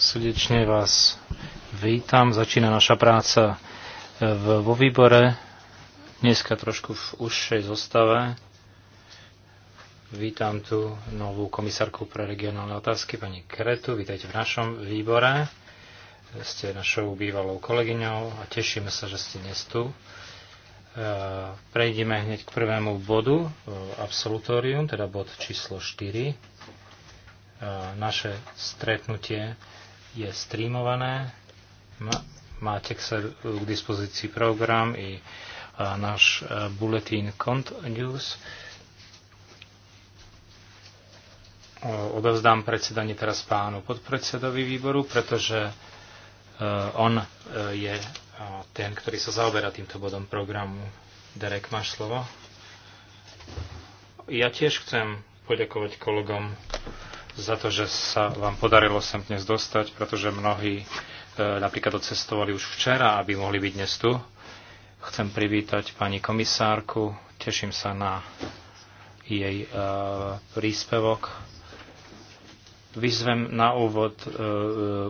Srdečne vás vítam, začína naša práca e, vo výbore. Dneska trošku v užšej zostave. Vítam tu novú komisárku pre regionálne otázky, pani Kretu. Vítajte v našom výbore. Ste našou bývalou kolegyňou a tešíme sa, že ste dnes tu. E, Prejdeme hneď k prvému bodu, e, absolutorium, teda bod číslo 4. E, naše stretnutie je streamované. Máte k dispozícii program i náš bulletin Cont News. Odovzdám predsedanie teraz pánu podpredsedovi výboru, pretože Eh, on eh, je eh, ten, ktorý sa zaoberá týmto bodom programu. Derek, máš slovo? Ja tiež chcem poďakovať kolegom za to, že sa vám podarilo sem dnes dostať, pretože mnohí napríklad odcestovali už včera, aby mohli byť dnes tu. Chcem privítať pani komisárku, teším sa na jej príspevok Vyzvem na úvod e, e,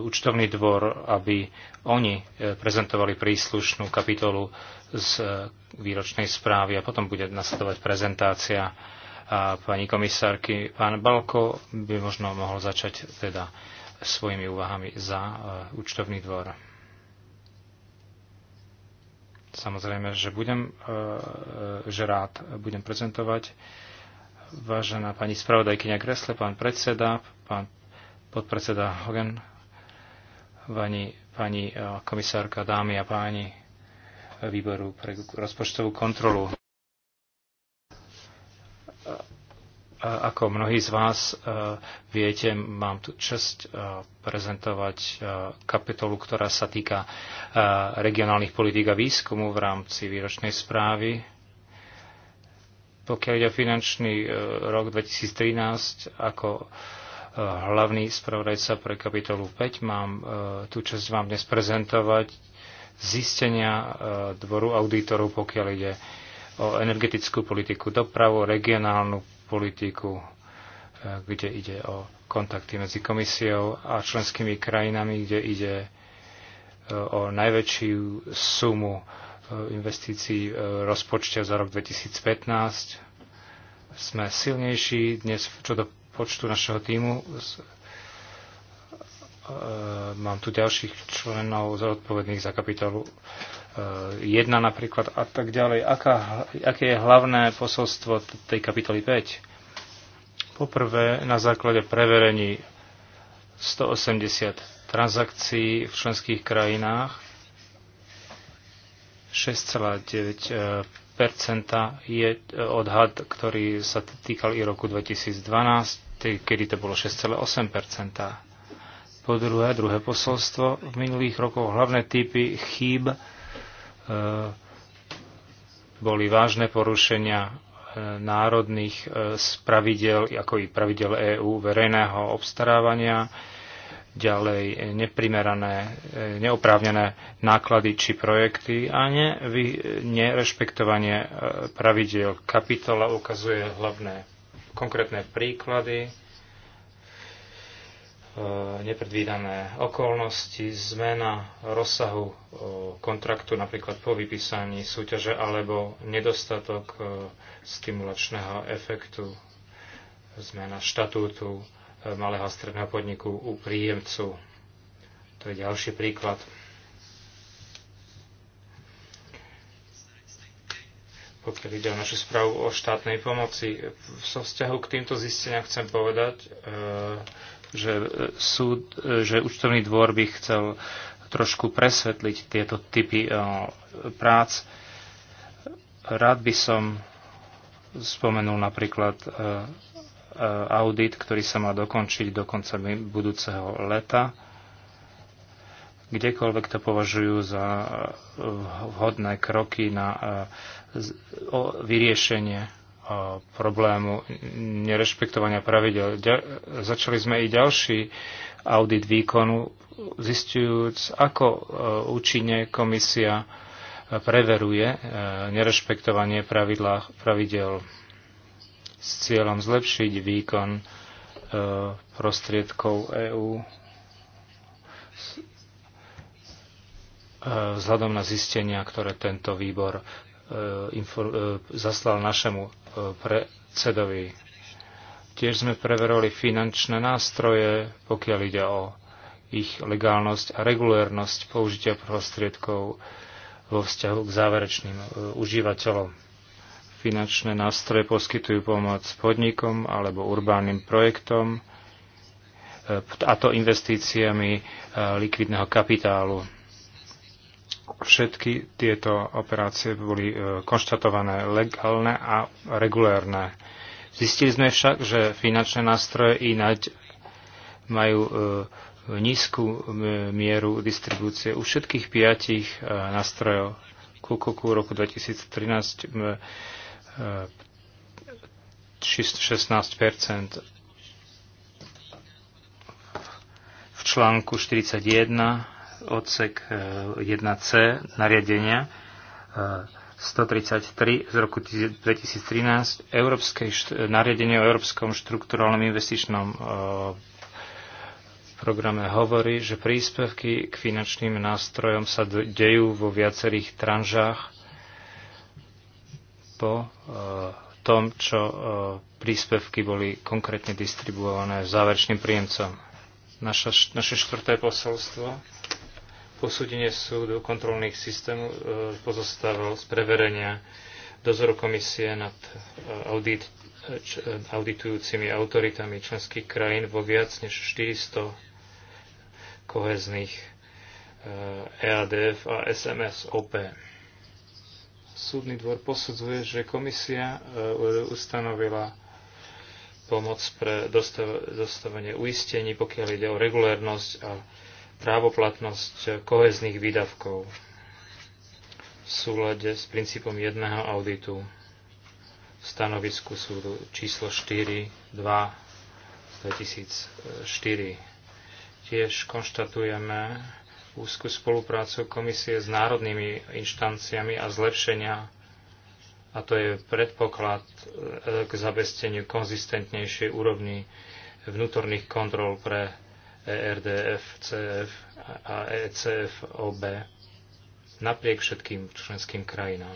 účtovný dvor, aby oni e, prezentovali príslušnú kapitolu z výročnej správy a potom bude nasledovať prezentácia a pani komisárky. Pán Balko by možno mohol začať teda svojimi úvahami za účtovný dvor. Samozrejme, že budem, že rád budem prezentovať vážená pani spravodajkyňa kresle, pán predseda, pán podpredseda Hogan, pani, pani e, komisárka, dámy a páni výboru pre rozpočtovú kontrolu. ako mnohí z vás e, viete, mám tu čest e, prezentovať kapitolu, ktorá sa týka regionálnych politík a výskumu v rámci výročnej správy pokiaľ ide o finančný e, rok 2013, ako e, hlavný spravodajca pre kapitolu 5, mám e, tú časť vám dnes prezentovať zistenia dvoru auditorov, pokiaľ ide o energetickú politiku, dopravu, regionálnu politiku, kde ide o kontakty medzi komisiou a členskými krajinami, kde ide o najväčšiu sumu investícií e, rozpočte za rok 2015. Sme silnejší dnes čo do počtu našeho týmu. E, mám tu ďalších členov zodpovedných za kapitolu 1 e, napríklad a tak ďalej. Aká, aké je hlavné posolstvo tej kapitoly 5? Poprvé, na základe preverení 180 transakcií v členských krajinách 6,9 je eh, odhad, ktorý sa týkal i roku 2012, kedy to bolo 6,8 Po druhé, druhé posolstvo, v minulých rokoch hlavné typy chýb eh, boli vážne porušenia eh, národných spravidel, ako i pravidel EÚ verejného obstarávania, ďalej e, neprimerané, e, neoprávnené náklady či projekty a ne, vy, nerešpektovanie e, pravidiel. Kapitola ukazuje hlavné konkrétne príklady, nepredvídané okolnosti, zmena rozsahu kontraktu napríklad po vypísaní súťaže alebo nedostatok stimulačného efektu, zmena štatútu malého a stredného podniku u príjemcu. To je ďalší príklad. Pokiaľ ide o našu správu o štátnej pomoci, v so vzťahu k týmto zisteniam chcem povedať, e, že, súd, e, že účtovný dvor by chcel trošku presvetliť tieto typy e, prác. Rád by som spomenul napríklad Eh, audit, ktorý sa má dokončiť do konca budúceho leta. Kdekoľvek to považujú za eh, vhodné kroky na eh, vyriešenie problému nerešpektovania pravidel. Začali sme i ďalší audit výkonu, zistujúc, ako účinne komisia preveruje nerešpektovanie pravidel s cieľom zlepšiť výkon e, prostriedkov EÚ e, vzhľadom na zistenia, ktoré tento výbor e, zaslal našemu predsedovi. Tiež sme preverovali finančné nástroje, pokiaľ ide o ich legálnosť a regulérnosť použitia prostriedkov vo vzťahu k záverečným užívateľom. Finančné nástroje poskytujú pomoc podnikom alebo urbánnym projektom, e, a to investíciami e, likvidného kapitálu. Všetky tieto operácie boli e, konštatované legálne a regulérne. Zistili sme však, že finančné nástroje ináč majú nízku mieru distribúcie u všetkých piatich nástrojov. Kukuku roku 2013 16 v článku 41 odsek 1c e, nariadenia 133 e, z roku 2013 Európskej, nariadenie o Európskom štruktúralnom investičnom e, programe hovorí, že príspevky k finančným nástrojom sa dejú vo viacerých tranžách po eh, tom, čo eh, príspevky boli konkrétne distribuované záverečným príjemcom. Naša, naše štvrté posolstvo. Posúdenie súdu kontrolných systémov eh, pozostávalo z preverenia dozoru komisie nad audit, auditujúcimi autoritami členských krajín vo viac než 400 kohezných EADF e a SMS OP súdny dvor posudzuje, že komisia e, ustanovila pomoc pre dostavenie uistení, pokiaľ ide o regulérnosť a právoplatnosť kohezných výdavkov v súlade s princípom jedného auditu v stanovisku súdu číslo 4 2 2004. Tiež konštatujeme, úzku spoluprácu komisie s národnými inštanciami a zlepšenia, a to je predpoklad e, k zabesteniu konzistentnejšej úrovni vnútorných kontrol pre ERDF, CF a ECF OB napriek všetkým členským krajinám.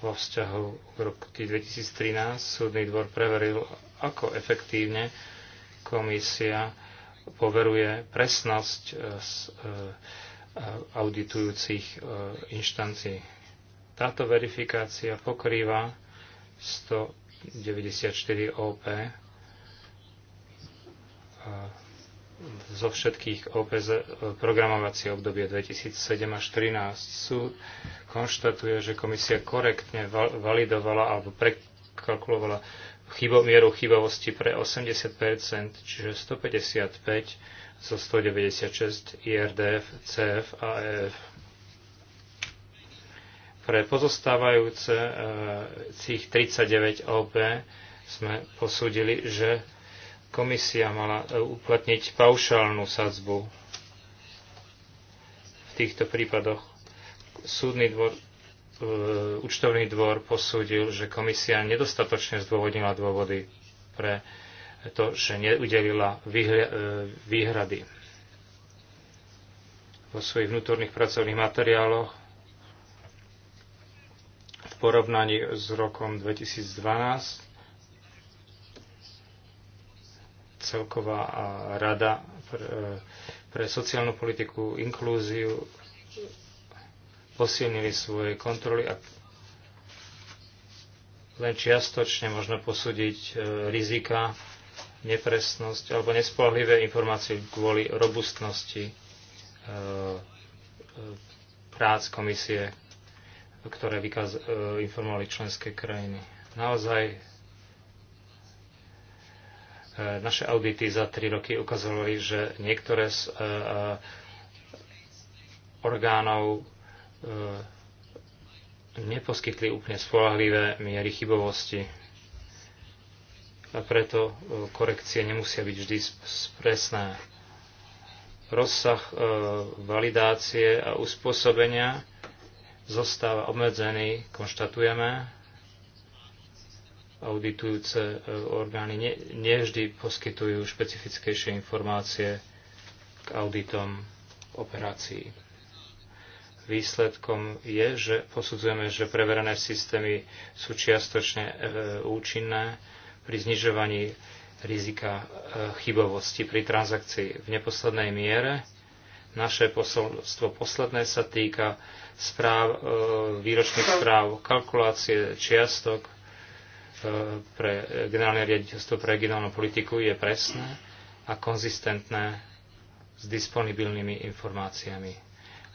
Vo vzťahu k roku 2013 súdny dvor preveril, ako efektívne komisia poveruje presnosť z e, e, auditujúcich e, inštancií. Táto verifikácia pokrýva 194 OP zo všetkých OP programovacie obdobie 2007 až 2013. Súd konštatuje, že komisia korektne validovala alebo prekalkulovala chybo, mieru chybovosti pre 80 čiže 155 zo 196 IRDF, CF a EF. Pre pozostávajúce cich 39 OP sme posúdili, že komisia mala e, uplatniť paušálnu sadzbu v týchto prípadoch. Súdny dvor E, účtovný dvor posúdil, že komisia nedostatočne zdôvodnila dôvody pre to, že neudelila e, výhrady. Vo svojich vnútorných pracovných materiáloch v porovnaní s rokom 2012 celková rada pre, e, pre sociálnu politiku, inklúziu posilnili svoje kontroly a len čiastočne možno posúdiť e, rizika, nepresnosť alebo nespolahlivé informácie kvôli robustnosti e, e, prác komisie, ktoré vykaz- informovali členské krajiny. Naozaj naše audity za tri roky ukazovali, že niektoré z orgánov E, neposkytli úplne spolahlivé miery chybovosti. A preto e, korekcie nemusia byť vždy presné. Rozsah e, validácie a uspôsobenia zostáva obmedzený, konštatujeme. Auditujúce orgány nevždy poskytujú špecifickejšie informácie k auditom operácií. Výsledkom je, že posudzujeme, že preverené systémy sú čiastočne e, účinné pri znižovaní rizika e, chybovosti pri transakcii v neposlednej miere. Naše posolstvo posledné sa týka správ, e, výročných správ, kalkulácie čiastok e, pre generálne riaditeľstvo pre regionálnu politiku je presné a konzistentné s disponibilnými informáciami.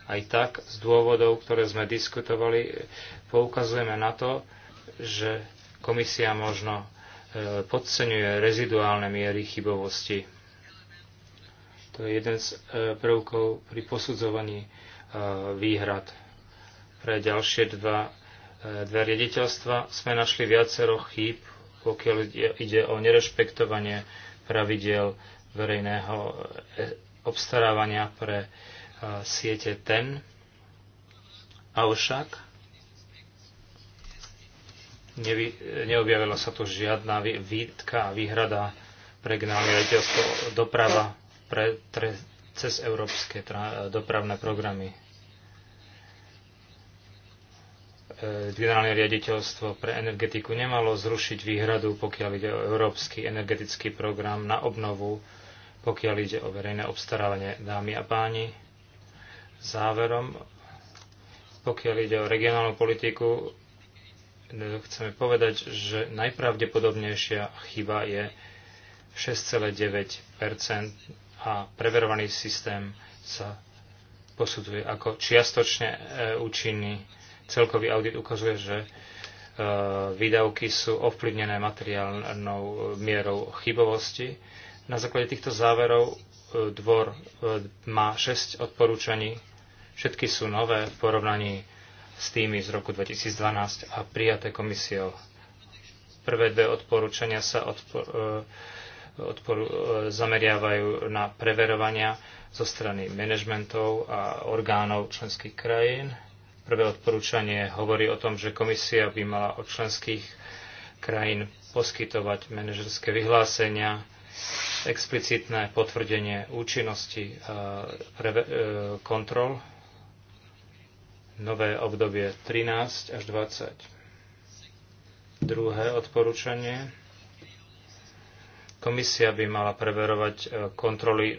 Aj tak, z dôvodov, ktoré sme diskutovali, poukazujeme na to, že komisia možno e, podceňuje reziduálne miery chybovosti. To je jeden z e, prvkov pri posudzovaní e, výhrad. Pre ďalšie dva, dve riaditeľstva sme našli viacero chýb, pokiaľ ide o nerešpektovanie pravidel verejného obstarávania pre siete TEN. Avšak nevy, neobjavila sa tu žiadna výtka a výhrada pre generálne riaditeľstvo doprava pre, tre, cez európske tra, dopravné programy. E, generálne riaditeľstvo pre energetiku nemalo zrušiť výhradu, pokiaľ ide o európsky energetický program na obnovu, pokiaľ ide o verejné obstarávanie, dámy a páni Záverom, pokiaľ ide o regionálnu politiku, chceme povedať, že najpravdepodobnejšia chyba je 6,9 a preverovaný systém sa posudzuje ako čiastočne e, účinný. Celkový audit ukazuje, že e, výdavky sú ovplyvnené materiálnou e, mierou chybovosti. Na základe týchto záverov dvor e, má 6 odporúčaní, všetky sú nové v porovnaní s tými z roku 2012 a prijaté komisiou. Prvé dve odporúčania sa odpor, e, odpor, e, zameriavajú na preverovania zo strany manažmentov a orgánov členských krajín. Prvé odporúčanie hovorí o tom, že komisia by mala od členských krajín poskytovať manažerské vyhlásenia explicitné potvrdenie účinnosti e, e, kontrol, nové obdobie 13 až 20. Druhé odporúčanie. Komisia by mala preverovať e, kontroly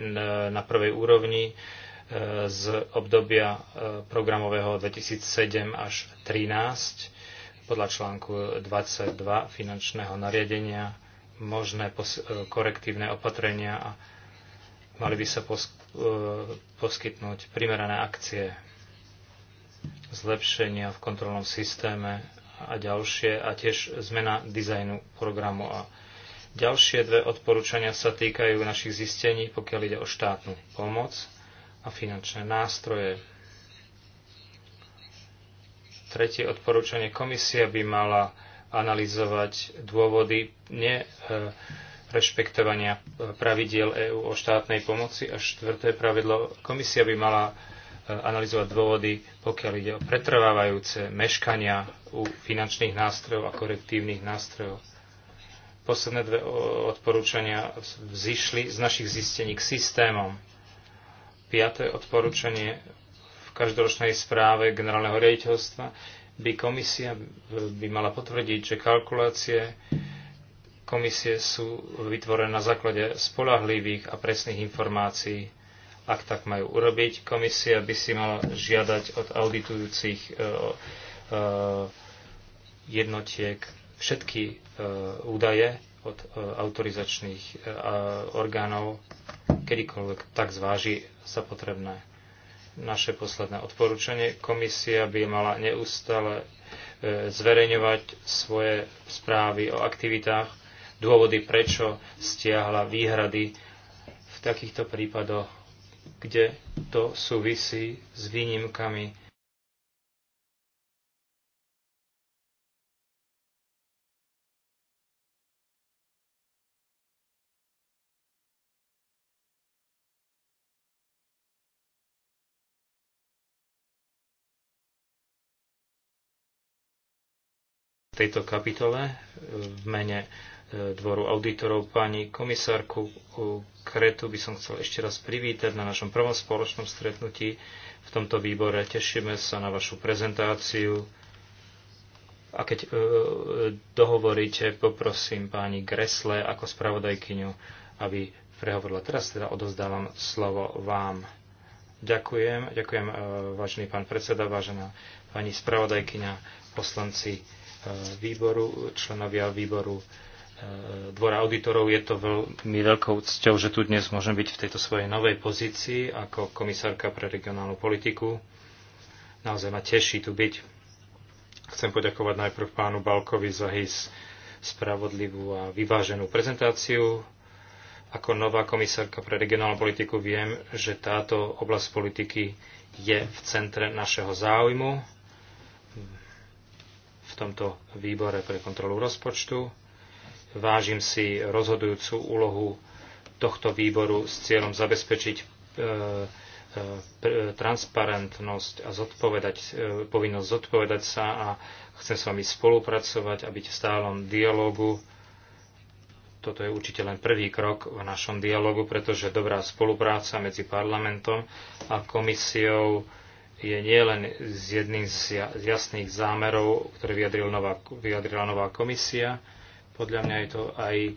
na prvej úrovni z obdobia programového 2007 až 2013 podľa článku 22 finančného nariadenia možné e, korektívne opatrenia a mali by sa e, poskytnúť primerané akcie zlepšenia v kontrolnom systéme a ďalšie a tiež zmena dizajnu programu a Ďalšie dve odporúčania sa týkajú našich zistení, pokiaľ ide o štátnu pomoc a finančné nástroje. Tretie odporúčanie komisia by mala analyzovať dôvody nerešpektovania pravidiel EÚ o štátnej pomoci. A štvrté pravidlo, komisia by mala e, analyzovať dôvody, pokiaľ ide o pretrvávajúce meškania u finančných nástrojov a korektívnych nástrojov. Posledné dve odporúčania vzýšli z našich zistení k systémom. Piaté odporúčanie v každoročnej správe generálneho riaditeľstva by komisia e, by mala potvrdiť, že kalkulácie komisie sú vytvorené na základe spolahlivých a presných informácií. Ak tak majú urobiť, komisia by si mala žiadať od auditujúcich e, e, jednotiek všetky údaje od autorizačných orgánov, kedykoľvek tak zváži za potrebné naše posledné odporúčanie. Komisia by mala neustále e, zverejňovať svoje správy o aktivitách, dôvody, prečo stiahla výhrady v takýchto prípadoch, kde to súvisí s výnimkami tejto kapitole v mene e, dvoru auditorov pani komisárku e, Kretu by som chcel ešte raz privítať na našom prvom spoločnom stretnutí v tomto výbore. Tešíme sa na vašu prezentáciu. A keď e, e dohovoríte, poprosím pani Gresle ako spravodajkyňu, aby prehovorila. Teraz teda odozdávam slovo vám. Ďakujem, ďakujem e, vážený pán predseda, vážená pani spravodajkyňa, poslanci výboru, členovia výboru e, dvora auditorov. Je to veľmi veľkou cťou, že tu dnes môžem byť v tejto svojej novej pozícii ako komisárka pre regionálnu politiku. Naozaj ma teší tu byť. Chcem poďakovať najprv pánu Balkovi za his spravodlivú a vyváženú prezentáciu. Ako nová komisárka pre regionálnu politiku viem, že táto oblasť politiky je v centre našeho záujmu tomto výbore pre kontrolu rozpočtu. Vážim si rozhodujúcu úlohu tohto výboru s cieľom zabezpečiť e, e, transparentnosť a zodpovedať, e, povinnosť zodpovedať sa a chcem s vami spolupracovať a byť v stálom dialogu. Toto je určite len prvý krok v našom dialogu, pretože dobrá spolupráca medzi parlamentom a komisiou je nielen z jedným z jasných zámerov, ktoré vyjadril nová, vyjadrila nová komisia, podľa mňa je to aj e,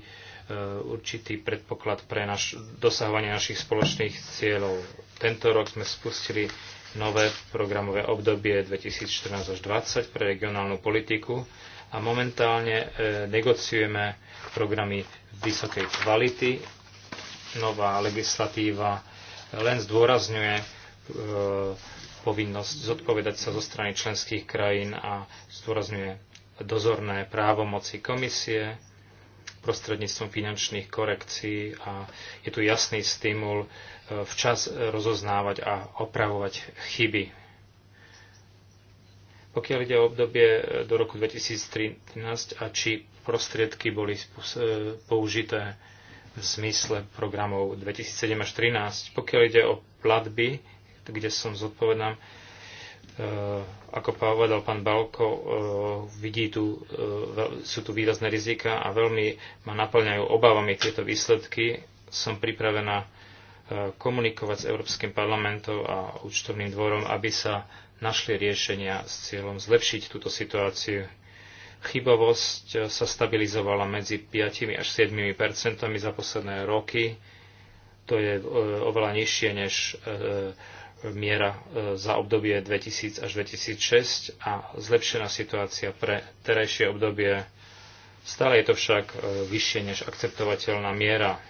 určitý predpoklad pre naš, dosahovanie našich spoločných cieľov. Tento rok sme spustili nové programové obdobie 2014 až 2020 pre regionálnu politiku a momentálne e, negociujeme programy vysokej kvality. Nová legislatíva len zdôrazňuje e, povinnosť zodpovedať sa zo strany členských krajín a zdôrazňuje dozorné právomoci komisie prostredníctvom finančných korekcií a je tu jasný stimul e, včas rozoznávať a opravovať chyby. Pokiaľ ide o obdobie e, do roku 2013 a či prostriedky boli e, použité v zmysle programov 2007 až 2013, pokiaľ ide o platby, kde som zodpovedná. E, ako povedal pán Balko, e, vidí tu, e, sú tu výrazné rizika a veľmi ma naplňajú obávami tieto výsledky. Som pripravená komunikovať s Európskym parlamentom a účtovným dvorom, aby sa našli riešenia s cieľom zlepšiť túto situáciu chybovosť sa stabilizovala medzi 5 až 7 percentami za posledné roky. To je oveľa nižšie než miera e, za obdobie 2000 až 2006 a zlepšená situácia pre terajšie obdobie. Stále je to však e, vyššie než akceptovateľná miera.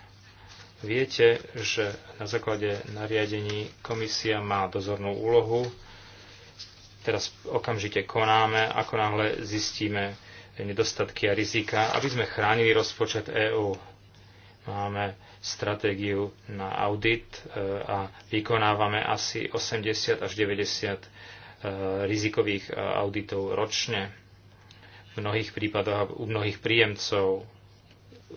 Viete, že na základe nariadení komisia má dozornú úlohu. Teraz okamžite konáme, ako náhle zistíme nedostatky a rizika, aby sme chránili rozpočet EÚ Máme stratégiu na audit e, a vykonávame asi 80 až 90 e, rizikových e, auditov ročne v mnohých prípadoch a u mnohých príjemcov.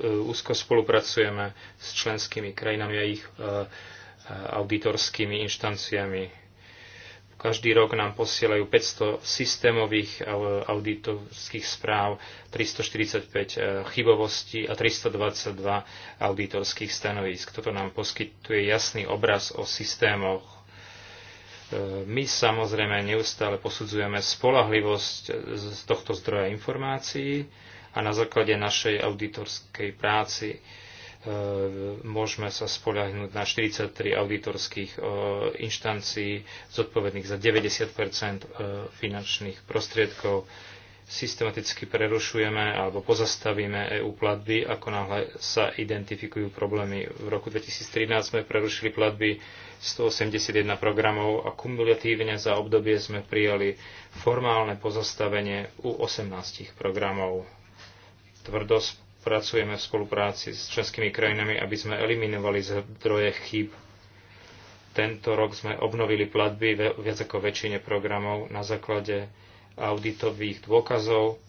Úzko spolupracujeme s členskými krajinami a ich auditorskými inštanciami každý rok nám posielajú 500 systémových auditorských správ, 345 e, chybovostí a 322 auditorských stanovisk. Toto nám poskytuje jasný obraz o systémoch. E, my samozrejme neustále posudzujeme spolahlivosť z tohto zdroja informácií a na základe našej auditorskej práci E, môžeme sa spoľahnúť na 43 auditorských e, inštancií zodpovedných za 90 e, finančných prostriedkov. Systematicky prerušujeme alebo pozastavíme EU platby, ako náhle sa identifikujú problémy. V roku 2013 sme prerušili platby 181 programov a kumulatívne za obdobie sme prijali formálne pozastavenie u 18 programov. Tvrdosť pracujeme v spolupráci s členskými krajinami, aby sme eliminovali zdroje chýb. Tento rok sme obnovili platby viac ako väčšine programov na základe auditových dôkazov,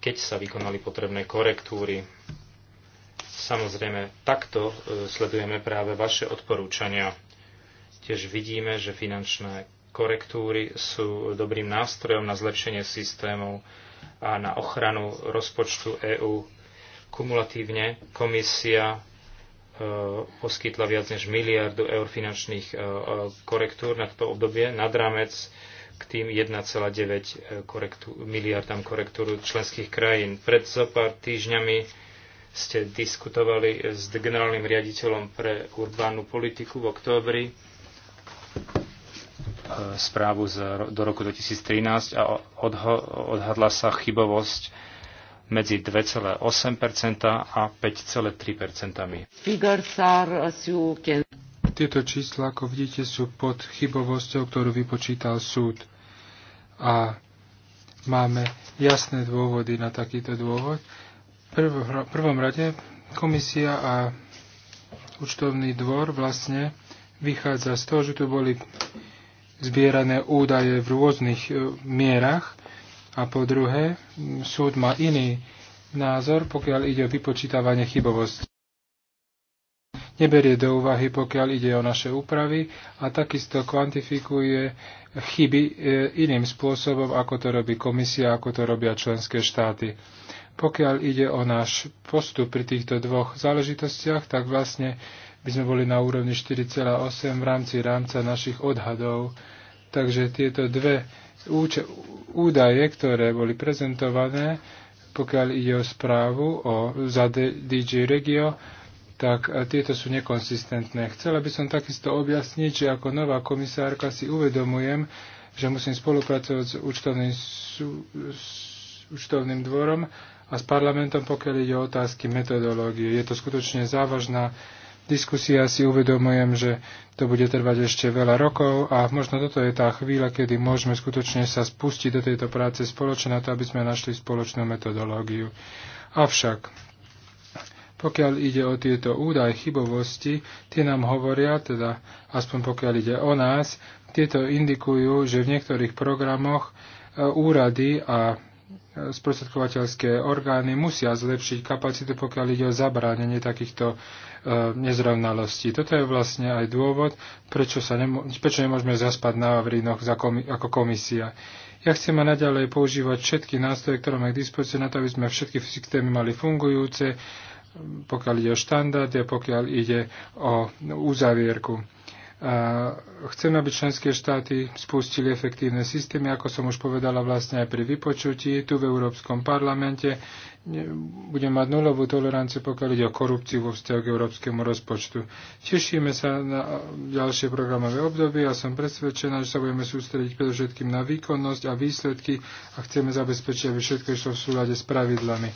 keď sa vykonali potrebné korektúry. Samozrejme, takto e, sledujeme práve vaše odporúčania. Tiež vidíme, že finančné korektúry sú dobrým nástrojom na zlepšenie systémov a na ochranu rozpočtu EÚ. Kumulatívne komisia e, poskytla viac než miliardu eur finančných e, e, korektúr na toto obdobie nad rámec k tým 1,9 korektú, miliardám korektúru členských krajín. Pred zo pár týždňami ste diskutovali s generálnym riaditeľom pre urbánnu politiku v októbri správu z, do roku 2013 a odho, odhadla sa chybovosť medzi 2,8% a 5,3%. Tieto čísla, ako vidíte, sú pod chybovosťou, ktorú vypočítal súd. A máme jasné dôvody na takýto dôvod. V prvom rade komisia a účtovný dvor vlastne vychádza z toho, že tu boli zbierané údaje v rôznych e, mierach. A po druhé, súd má iný názor, pokiaľ ide o vypočítavanie chybovosti. Neberie do úvahy, pokiaľ ide o naše úpravy a takisto kvantifikuje chyby e, iným spôsobom, ako to robí komisia, ako to robia členské štáty. Pokiaľ ide o náš postup pri týchto dvoch záležitostiach, tak vlastne by sme boli na úrovni 4,8 v rámci rámca našich odhadov. Takže tieto dve údaje, ktoré boli prezentované, pokiaľ ide o správu o, za DG Regio, tak e, tieto sú nekonsistentné. Chcela by som takisto objasniť, že ako nová komisárka si uvedomujem, že musím spolupracovať s účtovným, sú, s účtovným dvorom a s parlamentom, pokiaľ ide o otázky metodológie. Je to skutočne závažná diskusia si uvedomujem, že to bude trvať ešte veľa rokov a možno toto je tá chvíľa, kedy môžeme skutočne sa spustiť do tejto práce spoločne na to, aby sme našli spoločnú metodológiu. Avšak, pokiaľ ide o tieto údaj chybovosti, tie nám hovoria, teda aspoň pokiaľ ide o nás, tieto indikujú, že v niektorých programoch e, úrady a sprostredkovateľské orgány musia zlepšiť kapacitu, pokiaľ ide o zabránenie takýchto e, nezrovnalostí. Toto je vlastne aj dôvod, prečo, sa nemo- prečo nemôžeme zaspať na Vavrinoch komi- ako komisia. Ja chcem naďalej používať všetky nástroje, ktoré máme k dispozícii, na to, aby sme všetky systémy mali fungujúce, pokiaľ ide o štandardy, pokiaľ ide o uzavierku. Chcem, aby členské štáty spustili efektívne systémy, ako som už povedala vlastne aj pri vypočutí tu v Európskom parlamente budeme mať nulovú toleranciu, pokiaľ ide o korupciu vo vzťahu k európskemu rozpočtu. Tešíme sa na ďalšie programové obdobie a som presvedčená, že sa budeme sústrediť predovšetkým na výkonnosť a výsledky a chceme zabezpečiť, aby všetko išlo v súlade s pravidlami.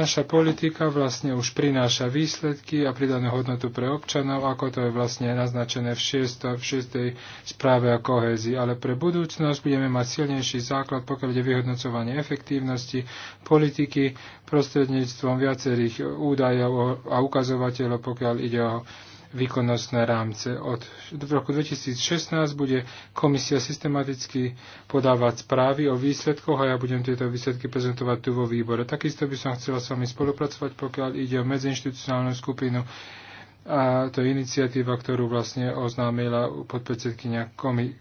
Naša politika vlastne už prináša výsledky a pridanú hodnotu pre občanov, ako to je vlastne naznačené v 6. V 6. správe o kohézii. Ale pre budúcnosť budeme mať silnejší základ, pokiaľ ide vyhodnocovanie efektívnosti politiky prostredníctvom viacerých údajov a ukazovateľov, pokiaľ ide o výkonnostné rámce. Od roku 2016 bude komisia systematicky podávať správy o výsledkoch a ja budem tieto výsledky prezentovať tu vo výbore. Takisto by som chcela s vami spolupracovať, pokiaľ ide o medziinstitucionálnu skupinu a to je iniciatíva, ktorú vlastne oznámila podpredsedkynia Komi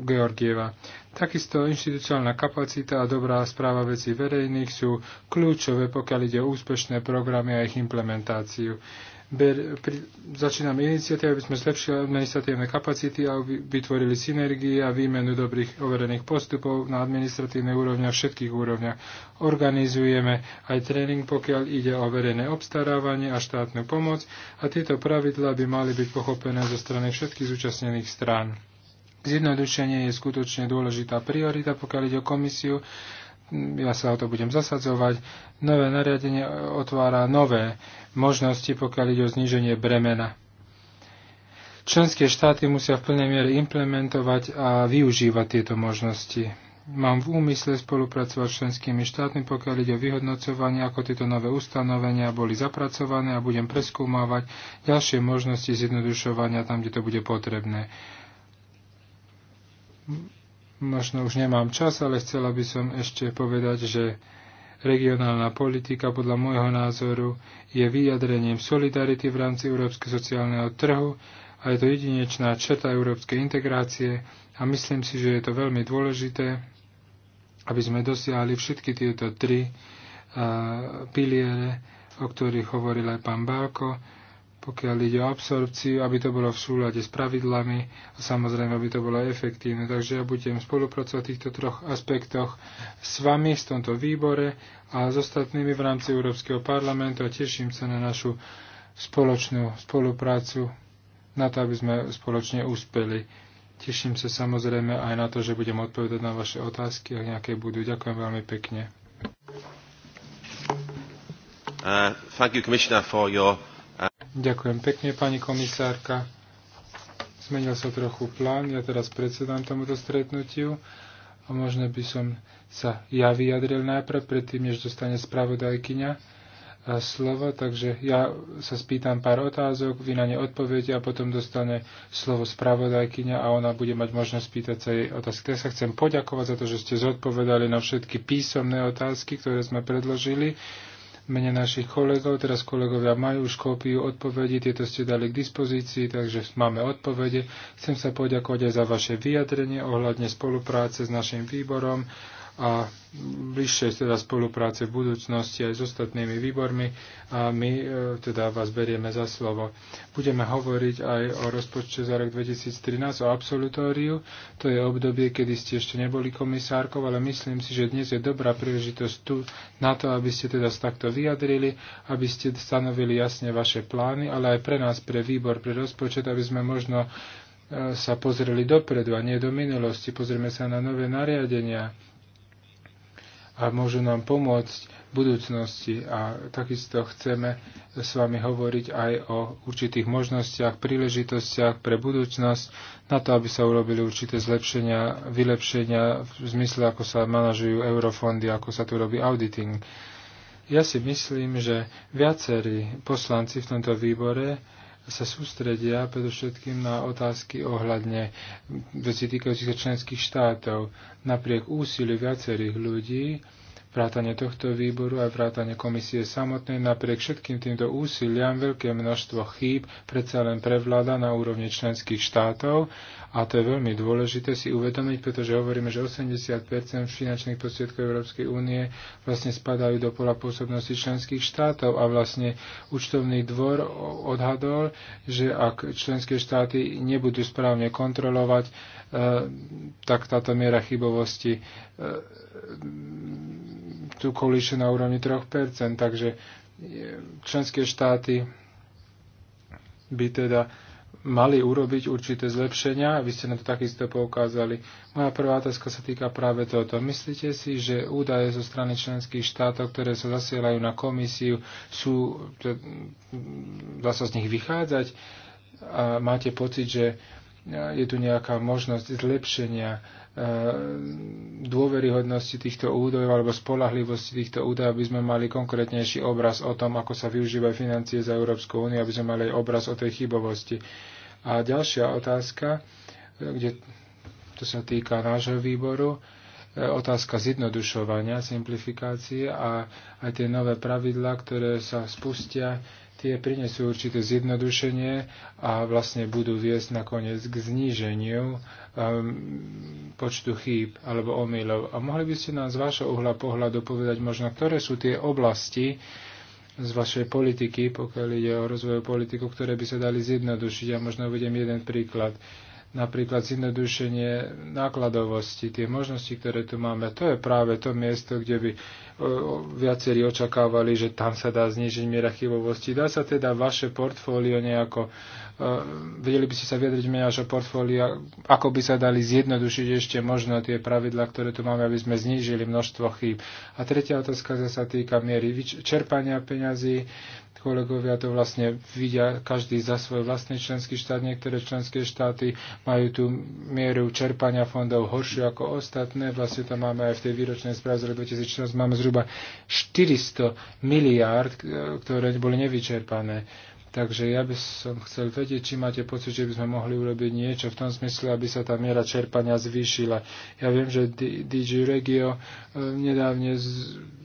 Georgieva. Takisto inštitucionálna kapacita a dobrá správa vecí verejných sú kľúčové, pokiaľ ide o úspešné programy a ich implementáciu ber, pri, začíname iniciatívy, aby sme zlepšili administratívne kapacity a vytvorili synergie a výmenu dobrých overených postupov na administratívnej úrovni a všetkých úrovniach. Organizujeme aj tréning, pokiaľ ide o verejné obstarávanie a štátnu pomoc a tieto pravidlá by mali byť pochopené zo strany všetkých zúčastnených strán. Zjednodušenie je skutočne dôležitá priorita, pokiaľ ide o komisiu ja sa o to budem zasadzovať. Nové nariadenie otvára nové možnosti, pokiaľ ide o zníženie bremena. Členské štáty musia v plnej miere implementovať a využívať tieto možnosti. Mám v úmysle spolupracovať s členskými štátmi, pokiaľ ide o vyhodnocovanie, ako tieto nové ustanovenia boli zapracované a budem preskúmavať ďalšie možnosti zjednodušovania tam, kde to bude potrebné možno už nemám čas, ale chcela by som ešte povedať, že regionálna politika podľa môjho názoru je vyjadrením solidarity v rámci európskeho sociálneho trhu a je to jedinečná četa európskej integrácie a myslím si, že je to veľmi dôležité, aby sme dosiahli všetky tieto tri uh, piliere, o ktorých hovoril aj pán Bálko, pokiaľ ide o absorpciu, aby to bolo v súlade s pravidlami a samozrejme, aby to bolo efektívne. Takže ja budem spolupracovať v týchto troch aspektoch s vami, v tomto výbore a s ostatnými v rámci Európskeho parlamentu a teším sa na našu spoločnú spoluprácu, na to, aby sme spoločne úspeli. Teším sa samozrejme aj na to, že budem odpovedať na vaše otázky, ak nejaké budú. Ďakujem veľmi pekne. Uh, thank you, Commissioner, for your Ďakujem pekne, pani komisárka. Zmenil sa trochu plán, ja teraz predsedám tomuto stretnutiu a možno by som sa ja vyjadril najprv, predtým, než dostane spravodajkyňa e, slovo, takže ja sa spýtam pár otázok, vy na ne odpoviete a potom dostane slovo spravodajkyňa a ona bude mať možnosť spýtať sa jej otázky. Ja sa chcem poďakovať za to, že ste zodpovedali na všetky písomné otázky, ktoré sme predložili mene našich kolegov. Teraz kolegovia majú už kópiu odpovedí, tieto ste dali k dispozícii, takže máme odpovede. Chcem sa poďakovať aj za vaše vyjadrenie ohľadne spolupráce s našim výborom a bližšej teda spolupráce v budúcnosti aj s ostatnými výbormi a my e, teda vás berieme za slovo. Budeme hovoriť aj o rozpočte za rok 2013, o absolutóriu. To je obdobie, kedy ste ešte neboli komisárkou, ale myslím si, že dnes je dobrá príležitosť tu na to, aby ste teda takto vyjadrili, aby ste stanovili jasne vaše plány, ale aj pre nás, pre výbor, pre rozpočet, aby sme možno e, sa pozreli dopredu a nie do minulosti. Pozrieme sa na nové nariadenia, a môžu nám pomôcť v budúcnosti. A takisto chceme s vami hovoriť aj o určitých možnostiach, príležitostiach pre budúcnosť, na to, aby sa urobili určité zlepšenia, vylepšenia v zmysle, ako sa manažujú eurofondy, ako sa tu robí auditing. Ja si myslím, že viacerí poslanci v tomto výbore sa sústredia predovšetkým na otázky ohľadne veci týkajúcich sa členských štátov. Napriek úsiliu viacerých ľudí vrátane tohto výboru a vrátane komisie samotnej. Napriek všetkým týmto úsiliam veľké množstvo chýb predsa len prevláda na úrovni členských štátov a to je veľmi dôležité si uvedomiť, pretože hovoríme, že 80 finančných prostriedkov Európskej únie vlastne spadajú do pola pôsobnosti členských štátov a vlastne účtovný dvor odhadol, že ak členské štáty nebudú správne kontrolovať, eh, tak táto miera chybovosti eh, tu kolíšu na úrovni 3%, takže e, členské štáty by teda mali urobiť určité zlepšenia, vy ste na to takisto poukázali. Moja prvá otázka sa týka práve tohoto. Myslíte si, že údaje zo strany členských štátov, ktoré sa zasielajú na komisiu, sú, dá sa z nich vychádzať? A máte pocit, že e, je tu nejaká možnosť zlepšenia Eh, dôveryhodnosti týchto údajov alebo spolahlivosti týchto údajov, aby sme mali konkrétnejší obraz o tom, ako sa využívajú financie za Európsku úniu, aby sme mali obraz o tej chybovosti. A ďalšia otázka, eh, kde to sa týka nášho výboru, eh, otázka zjednodušovania, simplifikácie a aj tie nové pravidlá, ktoré sa spustia, tie prinesú určité zjednodušenie a vlastne budú viesť nakoniec k zníženiu um, počtu chýb alebo omylov. A mohli by ste nám z vášho uhla pohľadu povedať možno, ktoré sú tie oblasti z vašej politiky, pokiaľ ide o rozvoju politiku, ktoré by sa dali zjednodušiť. Ja možno uvediem jeden príklad napríklad zjednodušenie nákladovosti, tie možnosti, ktoré tu máme, to je práve to miesto, kde by e, viacerí očakávali, že tam sa dá znižiť miera chybovosti. Dá sa teda vaše portfólio nejako, e, vedeli by ste sa vyjadriť menej vašho portfólia, ako by sa dali zjednodušiť ešte možno tie pravidlá, ktoré tu máme, aby sme znížili množstvo chýb. A tretia otázka sa týka miery čerpania peňazí kolegovia to vlastne vidia každý za svoj vlastný členský štát. Niektoré členské štáty majú tú mieru čerpania fondov horšiu ako ostatné. Vlastne to máme aj v tej výročnej správe z roku 2014. Máme zhruba 400 miliárd, ktoré boli nevyčerpané Takže ja by som chcel vedieť, či máte pocit, že by sme mohli urobiť niečo v tom smysle, aby sa tá miera čerpania zvýšila. Ja viem, že DG Regio e, nedávne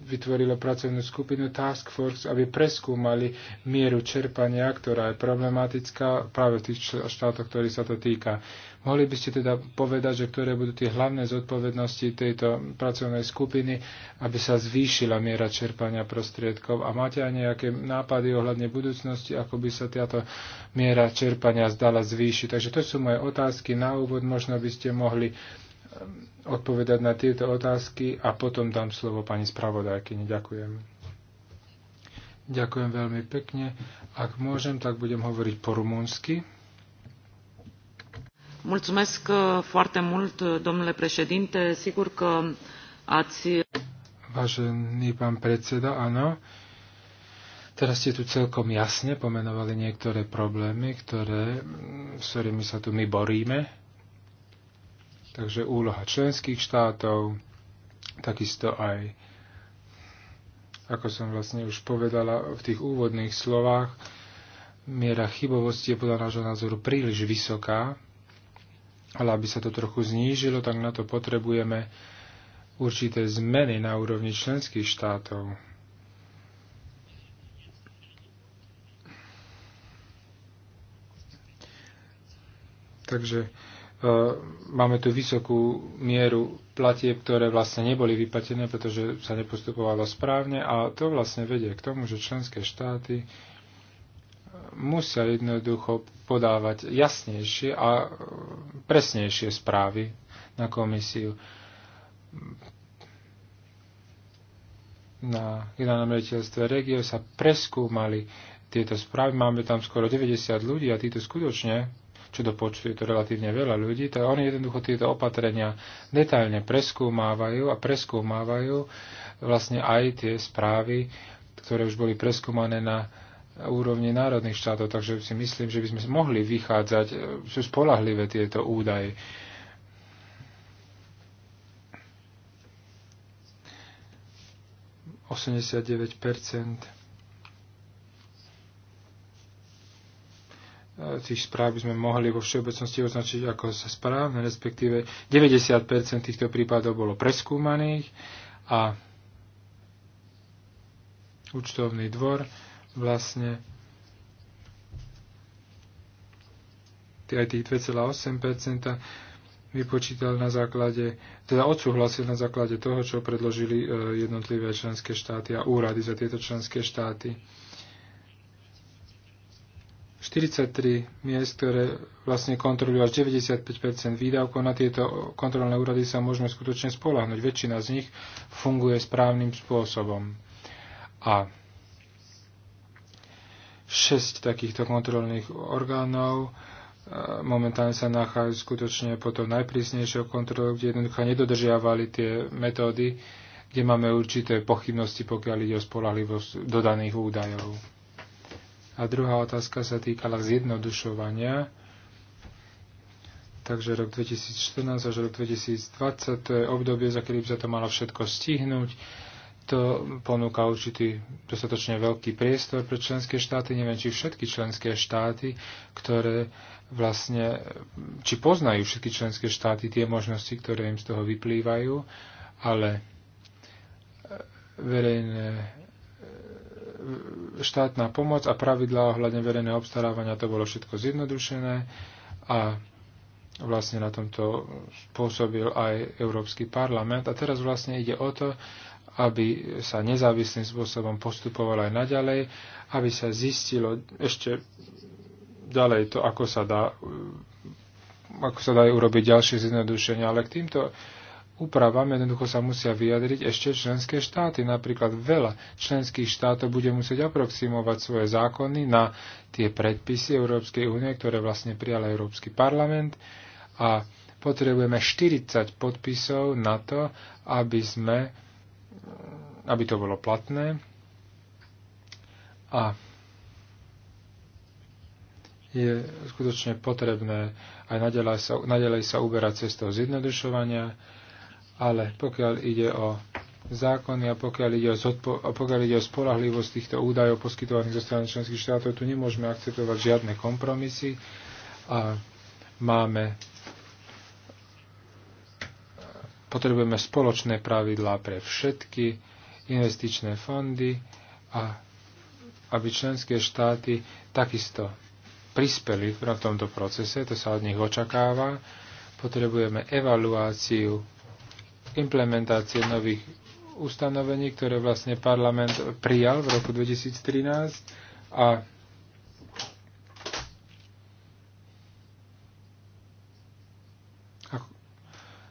vytvorilo pracovnú skupinu Task Force, aby preskúmali mieru čerpania, ktorá je problematická práve v tých štátoch, ktorých sa to týka. Mohli by ste teda povedať, že ktoré budú tie hlavné zodpovednosti tejto pracovnej skupiny, aby sa zvýšila miera čerpania prostriedkov? A máte aj nejaké nápady ohľadne budúcnosti, ako by sa táto miera čerpania zdala zvýšiť? Takže to sú moje otázky na úvod. Možno by ste mohli um, odpovedať na tieto otázky a potom dám slovo pani spravodajkyni. Ďakujem. Ďakujem veľmi pekne. Ak môžem, tak budem hovoriť po rumúnsky. Mulțumesc uh, foarte mult, uh, domnule președinte. Sigur că ați... Uh, Vážený pán predseda, áno. Teraz ste tu celkom jasne pomenovali niektoré problémy, ktoré, s ktorými sa tu my boríme. Takže úloha členských štátov, takisto aj, ako som vlastne už povedala v tých úvodných slovách, miera chybovosti je podľa nášho názoru príliš vysoká ale aby sa to trochu znížilo, tak na to potrebujeme určité zmeny na úrovni členských štátov. Takže e, máme tu vysokú mieru platieb, ktoré vlastne neboli vyplatené, pretože sa nepostupovalo správne a to vlastne vedie k tomu, že členské štáty musia jednoducho podávať jasnejšie a e, presnejšie správy na komisiu. Na generálnom riaditeľstve regio sa preskúmali tieto správy. Máme tam skoro 90 ľudí a títo skutočne, čo do počtu je to relatívne veľa ľudí, tak oni jednoducho tieto opatrenia detailne preskúmávajú a preskúmávajú vlastne aj tie správy, ktoré už boli preskúmané na úrovni národných štátov, takže si myslím, že by sme mohli vychádzať, e, sú spolahlivé tieto údaje. Osemdesiat e, tých správ by sme mohli vo všeobecnosti označiť ako správne, respektíve 90% týchto prípadov bolo preskúmaných a účtovný dvor vlastne aj tých 2,8% vypočítal na základe, teda odsúhlasil na základe toho, čo predložili e, jednotlivé členské štáty a úrady za tieto členské štáty. 43 miest, ktoré vlastne kontrolujú až 95 výdavkov. Na tieto kontrolné úrady sa môžeme skutočne spolahnuť. Väčšina z nich funguje správnym spôsobom. A 6 takýchto kontrolných orgánov. E, momentálne sa nachádzajú skutočne po to najprísnejšou kontrolou, kde jednoducho nedodržiavali tie metódy, kde máme určité pochybnosti, pokiaľ ide o spolahlivosť dodaných údajov. A druhá otázka sa týkala zjednodušovania. Takže rok 2014 až rok 2020 to je obdobie, za ktorým sa to malo všetko stihnúť to ponúka určitý dostatočne veľký priestor pre členské štáty. Neviem, či všetky členské štáty, ktoré vlastne, či poznajú všetky členské štáty tie možnosti, ktoré im z toho vyplývajú, ale e, verejné e, štátna pomoc a pravidlá ohľadne verejného obstarávania to bolo všetko zjednodušené a vlastne na tomto spôsobil aj Európsky parlament. A teraz vlastne ide o to, aby sa nezávislým spôsobom postupovalo aj naďalej, aby sa zistilo ešte ďalej to, ako sa dá e, ako sa dajú urobiť ďalšie zjednodušenia, ale k týmto úpravám jednoducho sa musia vyjadriť ešte členské štáty. Napríklad veľa členských štátov bude musieť aproximovať svoje zákony na tie predpisy Európskej únie, ktoré vlastne prijal Európsky parlament a potrebujeme 40 podpisov na to, aby sme aby to bolo platné. A je skutočne potrebné aj nadalej sa, sa uberať cestou zjednodušovania, ale pokiaľ ide o zákony a pokiaľ ide o, zodpo- a pokiaľ ide o spolahlivosť týchto údajov poskytovaných zo strany členských štátov, tu nemôžeme akceptovať žiadne kompromisy a máme Potrebujeme spoločné pravidlá pre všetky investičné fondy a aby členské štáty takisto prispeli v tomto procese, to sa od nich očakáva. Potrebujeme evaluáciu implementácie nových ustanovení, ktoré vlastne parlament prijal v roku 2013 a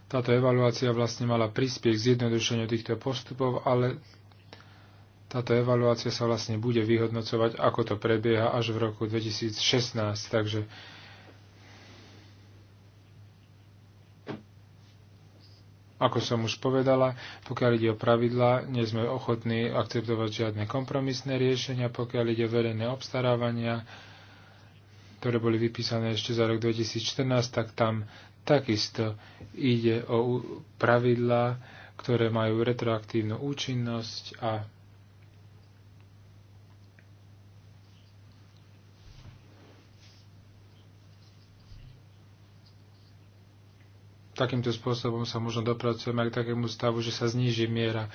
Táto evaluácia vlastne mala prispieť k zjednodušeniu týchto postupov, ale táto evaluácia sa vlastne bude vyhodnocovať, ako to prebieha až v roku 2016. Takže Ako som už povedala, pokiaľ ide o pravidlá, nie sme ochotní akceptovať žiadne kompromisné riešenia, pokiaľ ide o verejné obstarávania, ktoré boli vypísané ešte za rok 2014, tak tam Takisto ide o pravidlá, ktoré majú retroaktívnu účinnosť a takýmto spôsobom sa možno dopracujeme k takému stavu, že sa zníži miera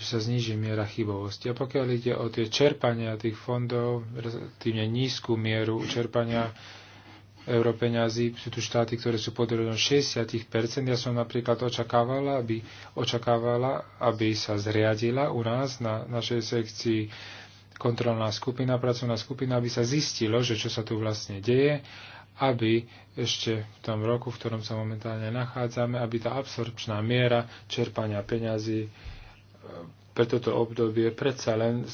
že sa zniží miera chybovosti. A pokiaľ ide o tie čerpania tých fondov, tým nízku mieru čerpania euro Sú tu štáty, ktoré sú podelené 60%. Ja som napríklad očakávala, aby, očakávala, aby sa zriadila u nás na našej sekcii kontrolná skupina, pracovná skupina, aby sa zistilo, že čo sa tu vlastne deje, aby ešte v tom roku, v ktorom sa momentálne nachádzame, aby tá absorpčná miera čerpania peňazí e, pre toto obdobie predsa len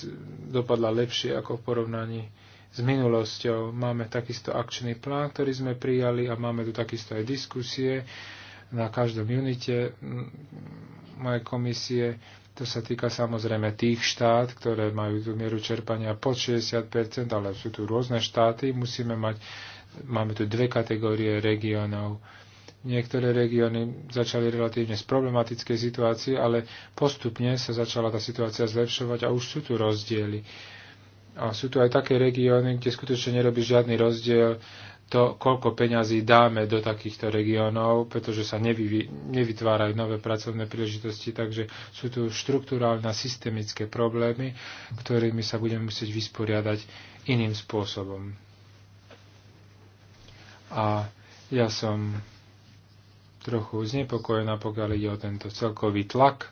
dopadla lepšie ako v porovnaní s minulosťou. Máme takisto akčný plán, ktorý sme prijali a máme tu takisto aj diskusie na každom unite mojej komisie. To sa týka samozrejme tých štát, ktoré majú tú mieru čerpania pod 60%, ale sú tu rôzne štáty. Musíme mať, máme tu dve kategórie regiónov. Niektoré regióny začali relatívne z problematickej situácie, ale postupne sa začala tá situácia zlepšovať a už sú tu rozdiely a sú tu aj také regióny, kde skutočne nerobí žiadny rozdiel to, koľko peňazí dáme do takýchto regiónov, pretože sa nevytvárajú nové pracovné príležitosti, takže sú tu štruktúrálne systemické problémy, ktorými sa budeme musieť vysporiadať iným spôsobom. A ja som trochu znepokojená, pokiaľ ide o tento celkový tlak,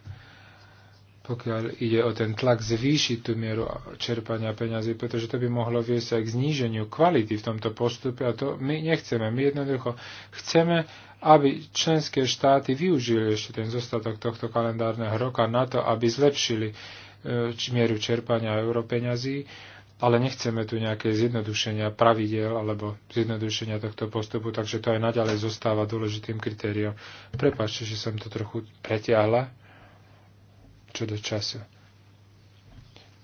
pokiaľ ide o ten tlak zvýšiť tú mieru čerpania peňazí, pretože to by mohlo viesť aj k zníženiu kvality v tomto postupe a to my nechceme. My jednoducho chceme, aby členské štáty využili ešte ten zostatok tohto kalendárneho roka na to, aby zlepšili e, mieru čerpania europeňazí, ale nechceme tu nejaké zjednodušenia pravidel alebo zjednodušenia tohto postupu, takže to aj naďalej zostáva dôležitým kritériom. Prepačte, že som to trochu pretiahla čo do času.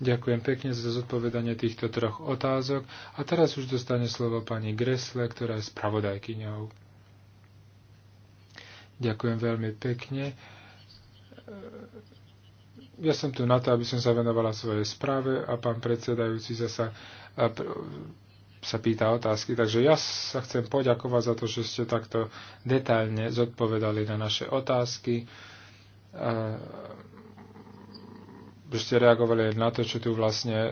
Ďakujem pekne za zodpovedanie týchto troch otázok a teraz už dostane slovo pani Gresle, ktorá je spravodajkyňou. Ďakujem veľmi pekne. Ja som tu na to, aby som sa venovala svojej správe a pán predsedajúci zasa sa pýta otázky. Takže ja sa chcem poďakovať za to, že ste takto detailne zodpovedali na naše otázky by ste reagovali na to, čo tu vlastne, e,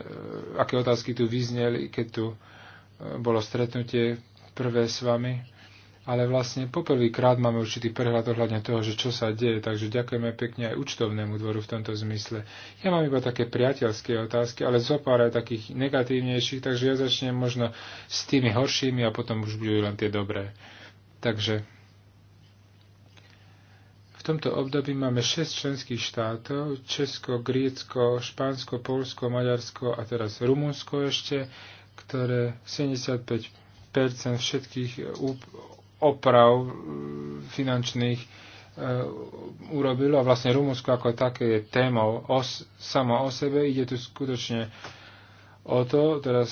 aké otázky tu vyzneli, keď tu e, bolo stretnutie prvé s vami. Ale vlastne poprvýkrát máme určitý prehľad ohľadne toho, že čo sa deje, takže ďakujeme pekne aj účtovnému dvoru v tomto zmysle. Ja mám iba také priateľské otázky, ale zopár aj takých negatívnejších, takže ja začnem možno s tými horšími a potom už budú len tie dobré. Takže v tomto období máme 6 členských štátov, Česko, Grécko, Špánsko, Polsko, Maďarsko a teraz Rumunsko ešte, ktoré 75% všetkých oprav e, finančných e, urobilo a vlastne Rumunsko ako také je témou os, samo o sebe. Ide tu skutočne o to. Teraz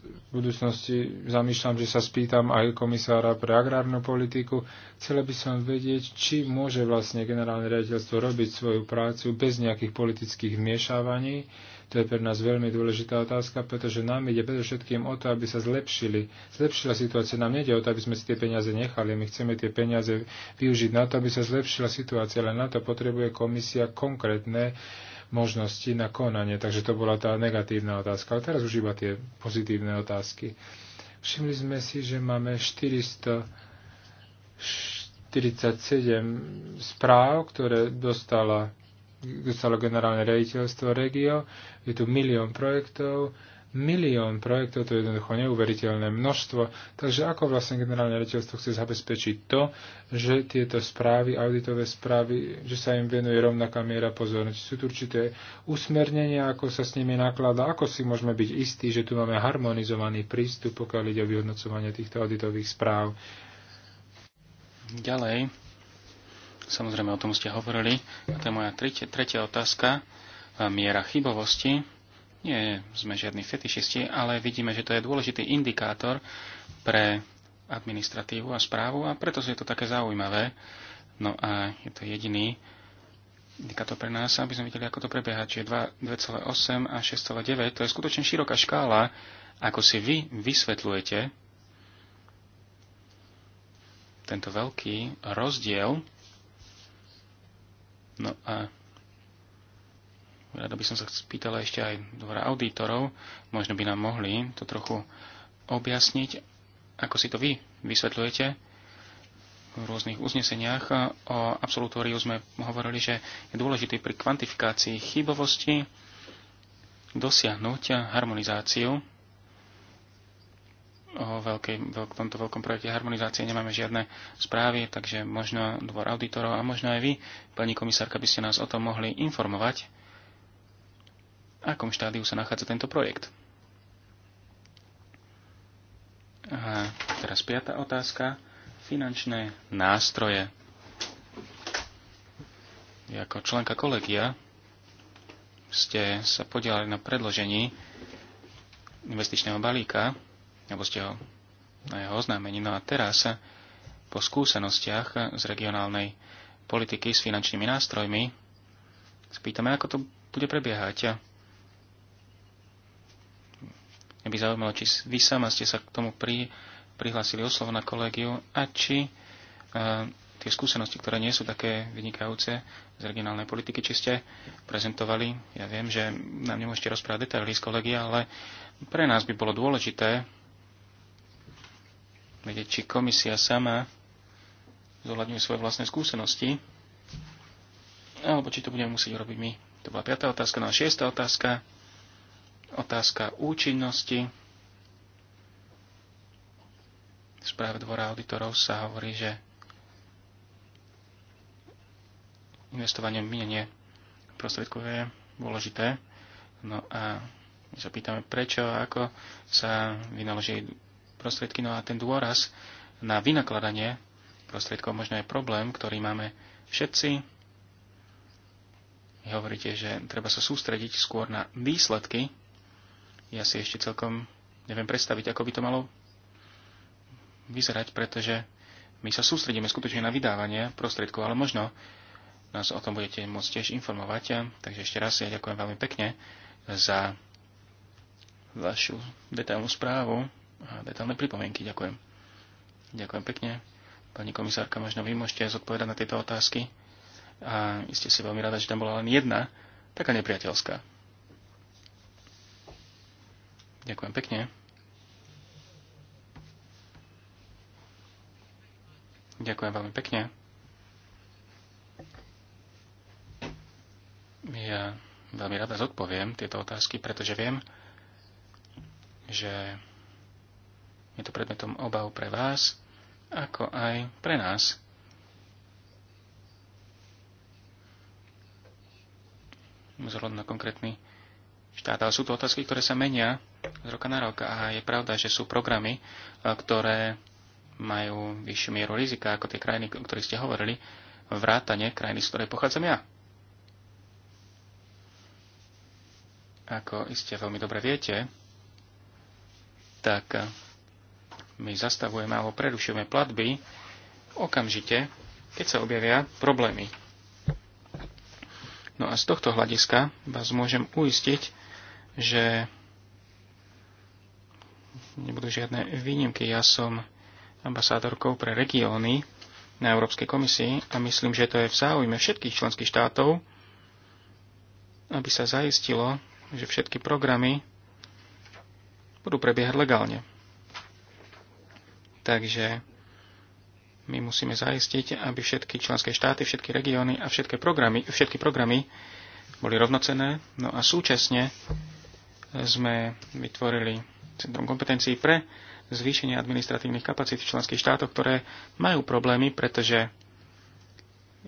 v budúcnosti zamýšľam, že sa spýtam aj komisára pre agrárnu politiku. Chcela by som vedieť, či môže vlastne generálne riaditeľstvo robiť svoju prácu bez nejakých politických vmiešávaní. To je pre nás veľmi dôležitá otázka, pretože nám ide predovšetkým o to, aby sa zlepšili. Zlepšila situácia. Nám nejde o to, aby sme si tie peniaze nechali. My chceme tie peniaze využiť na to, aby sa zlepšila situácia, ale na to potrebuje komisia konkrétne uh, možnosti na konanie. Takže to bola tá negatívna otázka. Ale teraz už iba tie pozitívne otázky. Všimli sme si, že máme 447 správ, ktoré dostala, dostalo generálne rejiteľstvo Regio. Je tu milión projektov, milión projektov, to je jednoducho neuveriteľné množstvo. Takže ako vlastne generálne rečiteľstvo chce zabezpečiť to, že tieto správy, auditové správy, že sa im venuje rovnaká miera pozornosti. Sú tu určité usmernenia, ako sa s nimi naklada, ako si môžeme byť istí, že tu máme harmonizovaný prístup, pokiaľ ide o vyhodnocovanie týchto auditových správ. Ďalej, samozrejme o tom ste hovorili, a to je moja tretia, tretia otázka, miera chybovosti nie sme žiadni fetišisti, ale vidíme, že to je dôležitý indikátor pre administratívu a správu a preto je to také zaujímavé. No a je to jediný indikátor pre nás, aby sme videli, ako to prebieha. Čiže 2,8 a 6,9, to je skutočne široká škála, ako si vy vysvetľujete tento veľký rozdiel. No a Rada by som sa spýtala ešte aj dvora auditorov, možno by nám mohli to trochu objasniť, ako si to vy vysvetľujete. V rôznych uzneseniach o absolutóriu sme hovorili, že je dôležité pri kvantifikácii chybovosti dosiahnuť harmonizáciu. O veľkej, veľk, tomto veľkom projekte harmonizácie nemáme žiadne správy, takže možno dvor auditorov a možno aj vy, pani komisárka, by ste nás o tom mohli informovať akom štádiu sa nachádza tento projekt. A teraz piata otázka. Finančné nástroje. Vy ako členka kolegia ste sa podielali na predložení investičného balíka, alebo ste ho na jeho oznámení. No a teraz po skúsenostiach z regionálnej politiky s finančnými nástrojmi spýtame, ako to bude prebiehať Mňa by zaujímalo, či vy sama ste sa k tomu pri, prihlásili slovo na kolégiu a či uh, tie skúsenosti, ktoré nie sú také vynikajúce z regionálnej politiky, či ste prezentovali. Ja viem, že nám nemôžete rozprávať detaily z kolegia, ale pre nás by bolo dôležité vedieť, či komisia sama zohľadňuje svoje vlastné skúsenosti, alebo či to budeme musieť robiť my. To bola piatá otázka. No a šiesta otázka otázka účinnosti. V správe dvora auditorov sa hovorí, že investovanie minenie prostriedkov je dôležité. No a my sa pýtame, prečo a ako sa vynaloží prostriedky. No a ten dôraz na vynakladanie prostriedkov možno je problém, ktorý máme všetci. Vy hovoríte, že treba sa sústrediť skôr na výsledky ja si ešte celkom neviem predstaviť, ako by to malo vyzerať, pretože my sa sústredíme skutočne na vydávanie prostriedkov, ale možno nás o tom budete môcť tiež informovať. Takže ešte raz ja ďakujem veľmi pekne za vašu detailnú správu a detailné pripomienky. Ďakujem. Ďakujem pekne. Pani komisárka, možno vy môžete zodpovedať na tieto otázky. A ste si veľmi rada, že tam bola len jedna, taká nepriateľská. Ďakujem pekne. Ďakujem veľmi pekne. Ja veľmi rada zodpoviem tieto otázky, pretože viem, že je to predmetom obav pre vás, ako aj pre nás. Vzhľadom na konkrétny štát. Ale sú to otázky, ktoré sa menia z roka na rok. A je pravda, že sú programy, e, ktoré majú vyššiu mieru rizika ako tie krajiny, o ktorých ste hovorili, vrátane krajiny, z ktorej pochádzam ja. Ako iste veľmi dobre viete, tak my zastavujeme alebo prerušujeme platby okamžite, keď sa objavia problémy. No a z tohto hľadiska vás môžem uistiť, že nebudú žiadne výnimky. Ja som ambasádorkou pre regióny na Európskej komisii a myslím, že to je v záujme všetkých členských štátov, aby sa zaistilo, že všetky programy budú prebiehať legálne. Takže my musíme zaistiť, aby všetky členské štáty, všetky regióny a všetky programy, všetky programy boli rovnocené, no a súčasne sme vytvorili Centrum kompetencií pre zvýšenie administratívnych kapacít v členských štátoch, ktoré majú problémy, pretože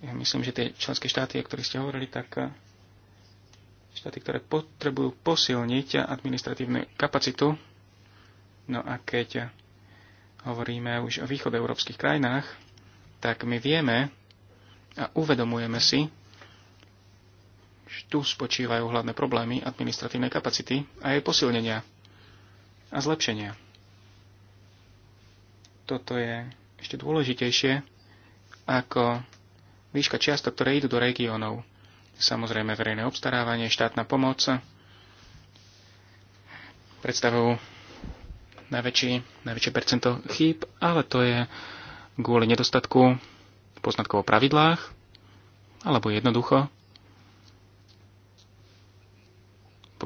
ja myslím, že tie členské štáty, o ktorých ste hovorili, tak eh, štáty, ktoré potrebujú posilniť administratívnu kapacitu, no a keď hovoríme už o európskych krajinách, tak my vieme a uvedomujeme si, tu spočívajú hlavné problémy administratívnej kapacity a jej posilnenia a zlepšenia. Toto je ešte dôležitejšie ako výška čiastok, ktoré idú do regiónov. Samozrejme verejné obstarávanie, štátna pomoc predstavujú najväčší, najväčšie percento chýb, ale to je kvôli nedostatku poznatkov o pravidlách, alebo jednoducho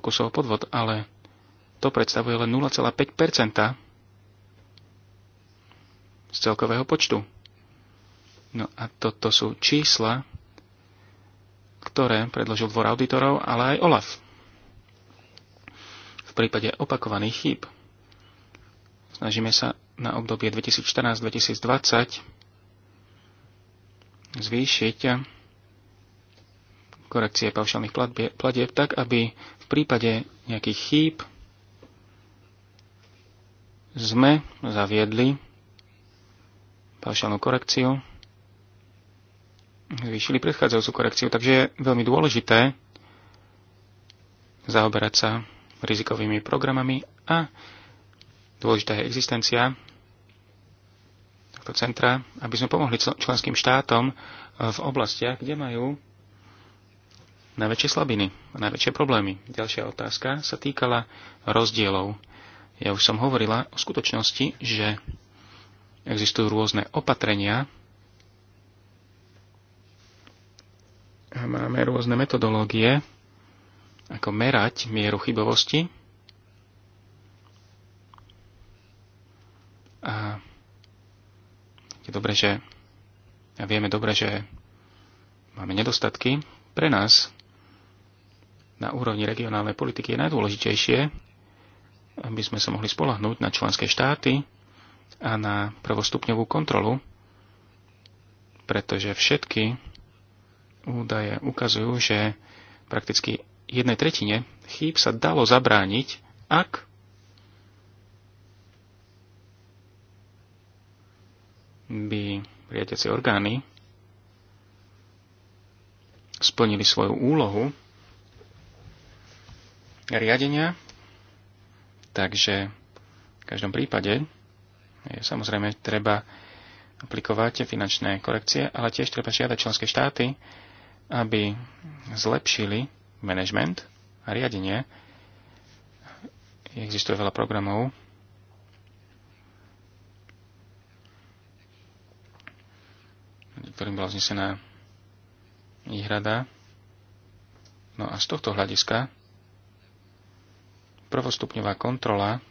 pokusov o podvod, ale to predstavuje len 0,5 z celkového počtu. No a toto sú čísla, ktoré predložil dvor auditorov, ale aj OLAF. V prípade opakovaných chýb snažíme sa na obdobie 2014-2020 zvýšiť korekcie paušálnych platieb tak, aby v prípade nejakých chýb sme zaviedli paušálnu korekciu, zvýšili predchádzajúcu korekciu, takže je veľmi dôležité zaoberať sa rizikovými programami a dôležitá je existencia tohto centra, aby sme pomohli členským štátom v oblastiach, kde majú najväčšie slabiny, najväčšie problémy. Ďalšia otázka sa týkala rozdielov. Ja už som hovorila o skutočnosti, že existujú rôzne opatrenia a máme rôzne metodológie, ako merať mieru chybovosti. A je dobre, že a vieme dobre, že máme nedostatky. Pre nás na úrovni regionálnej politiky je najdôležitejšie, aby sme sa mohli spolahnúť na členské štáty a na prvostupňovú kontrolu, pretože všetky údaje ukazujú, že prakticky jednej tretine chýb sa dalo zabrániť, ak by riadiaci orgány splnili svoju úlohu riadenia. Takže v každom prípade je samozrejme treba aplikovať finančné korekcie, ale tiež treba žiadať členské štáty, aby zlepšili management a riadenie. Existuje veľa programov, ktorým bola vznesená výhrada. No a z tohto hľadiska prvostupňová kontrola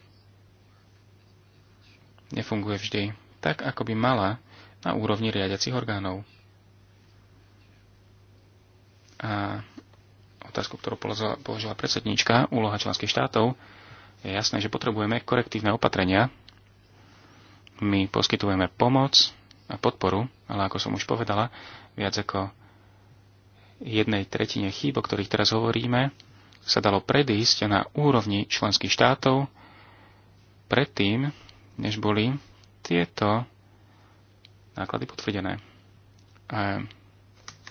nefunguje vždy tak, ako by mala na úrovni riadiacich orgánov. A otázku, ktorú položila predsedníčka, úloha členských štátov, je jasné, že potrebujeme korektívne opatrenia. My poskytujeme pomoc a podporu, ale ako som už povedala, viac ako jednej tretine chýb, o ktorých teraz hovoríme, sa dalo predísť na úrovni členských štátov predtým, než boli tieto náklady potvrdené. A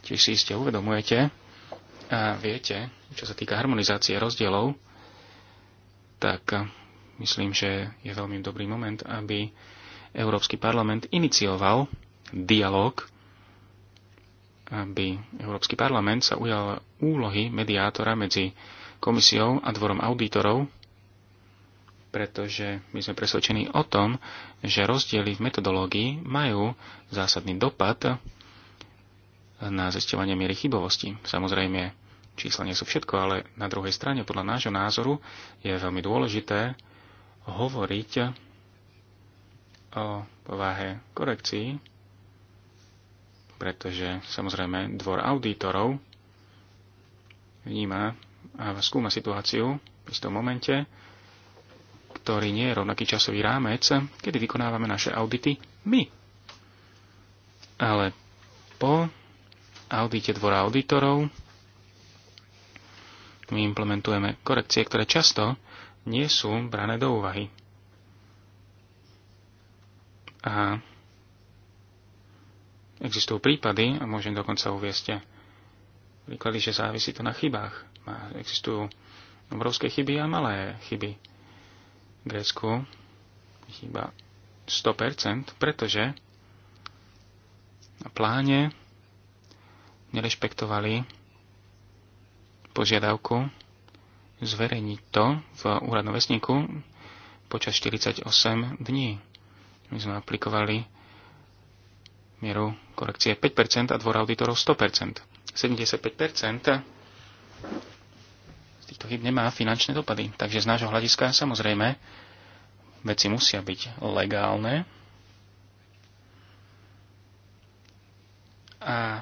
tiež si iste uvedomujete a viete, čo sa týka harmonizácie rozdielov, tak myslím, že je veľmi dobrý moment, aby Európsky parlament inicioval dialog, aby Európsky parlament sa ujal úlohy mediátora medzi komisiou a dvorom auditorov, pretože my sme presvedčení o tom, že rozdiely v metodológii majú zásadný dopad na zisťovanie miery chybovosti. Samozrejme, čísla nie sú všetko, ale na druhej strane, podľa nášho názoru, je veľmi dôležité hovoriť o povahe korekcií, pretože samozrejme dvor auditorov vníma a skúma situáciu v istom momente, ktorý nie je rovnaký časový rámec, kedy vykonávame naše audity my. Ale po audite dvora auditorov my implementujeme korekcie, ktoré často nie sú brané do úvahy. A existujú prípady, a môžem dokonca uviesť príklady, že závisí to na chybách existujú obrovské chyby a malé chyby. V Grécku chyba 100%, pretože na pláne nerešpektovali požiadavku zverejniť to v úradnom vesníku počas 48 dní. My sme aplikovali mieru korekcie 5% a dvor auditorov 100%. 75% týchto chyb nemá finančné dopady. Takže z nášho hľadiska samozrejme veci musia byť legálne a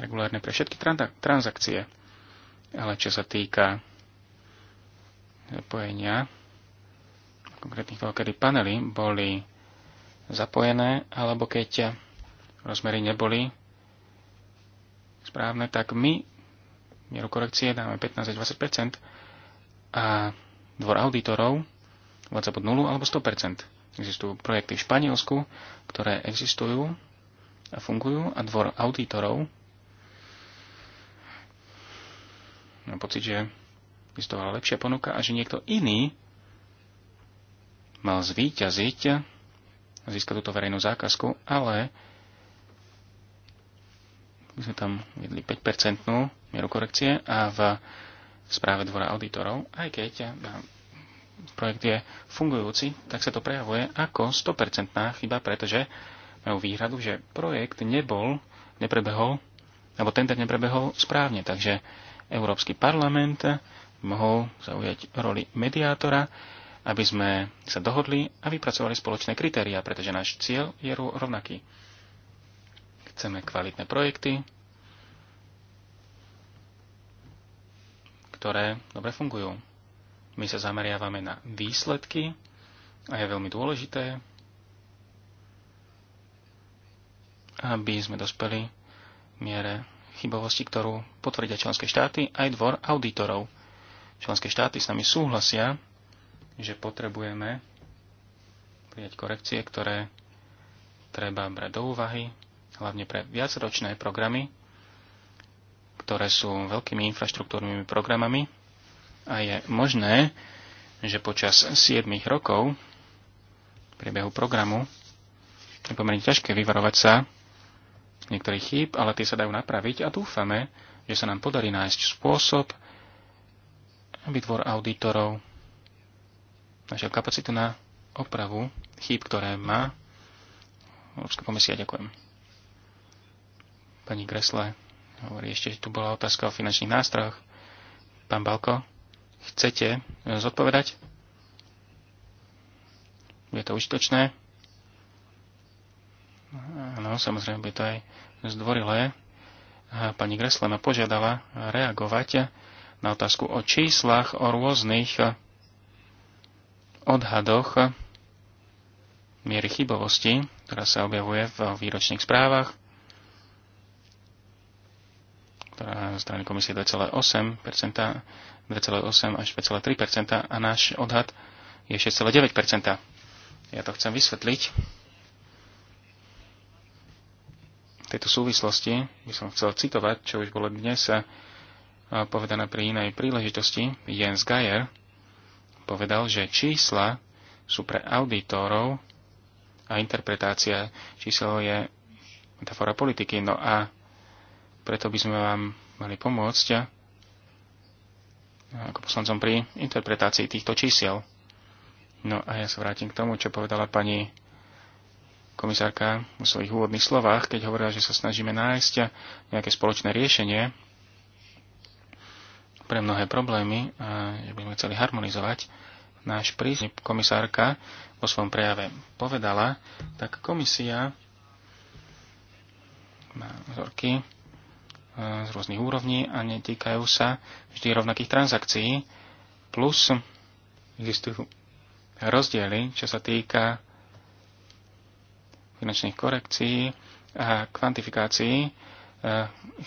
regulárne pre všetky transakcie. Ale čo sa týka zapojenia, konkrétnych toho, kedy panely boli zapojené, alebo keď rozmery neboli správne, tak my mieru korekcie dáme 15 až 20 a dvor auditorov uvádza pod 0 alebo 100 Existujú projekty v Španielsku, ktoré existujú a fungujú a dvor auditorov mám pocit, že existovala lepšia ponuka a že niekto iný mal zvíťaziť a získať túto verejnú zákazku, ale my sme tam vedli 5-percentnú mieru korekcie a v správe dvora auditorov, aj keď eh, projekt je fungujúci, tak sa to prejavuje ako 100% chyba, pretože majú výhradu, že projekt nebol, neprebehol, alebo tender neprebehol správne, takže Európsky parlament mohol zaujať roli mediátora, aby sme sa dohodli a vypracovali spoločné kritéria, pretože náš cieľ je rovnaký Chceme kvalitné projekty, ktoré dobre fungujú. My sa zameriavame na výsledky a je veľmi dôležité, aby sme dospeli miere chybovosti, ktorú potvrdia členské štáty aj dvor auditorov. Členské štáty s nami súhlasia, že potrebujeme prijať korekcie, ktoré treba brať do úvahy hlavne pre viacročné programy, ktoré sú veľkými infraštruktúrnymi programami a je možné, že počas 7 rokov v priebehu programu je pomerne ťažké vyvarovať sa niektorých chýb, ale tie sa dajú napraviť a dúfame, že sa nám podarí nájsť spôsob, aby dvor auditorov našiel kapacitu na opravu chýb, ktoré má Európska komisia. Ďakujem. Pani Gresle hovorí ešte, že tu bola otázka o finančných nástrojoch. Pán Balko, chcete e, zodpovedať? Je to užitočné? Áno, samozrejme, by to aj zdvorilé. Pani Gresle ma požiadala reagovať na otázku o číslach, o rôznych e, odhadoch e, miery chybovosti, ktorá sa objavuje v výročných správach ktorá e, strany komisie 2,8%, 2,8 až 5,3% a náš odhad je 6,9%. Ja to chcem vysvetliť. V tejto súvislosti by som chcel citovať, čo už bolo dnes e, povedané pri inej príležitosti. Jens Geier povedal, že čísla sú pre auditorov a interpretácia čísel je metafora politiky. No a preto by sme vám mali pomôcť ako poslancom pri interpretácii týchto čísiel. No a ja sa vrátim k tomu, čo povedala pani komisárka vo svojich úvodných slovách, keď hovorila, že sa snažíme nájsť nejaké spoločné riešenie pre mnohé problémy a že by sme chceli harmonizovať náš prístup. Komisárka vo svojom prejave povedala, tak komisia má vzorky E, z rôznych úrovní a netýkajú sa vždy rovnakých transakcií. Plus existujú rozdiely, čo sa týka finančných korekcií a kvantifikácií e,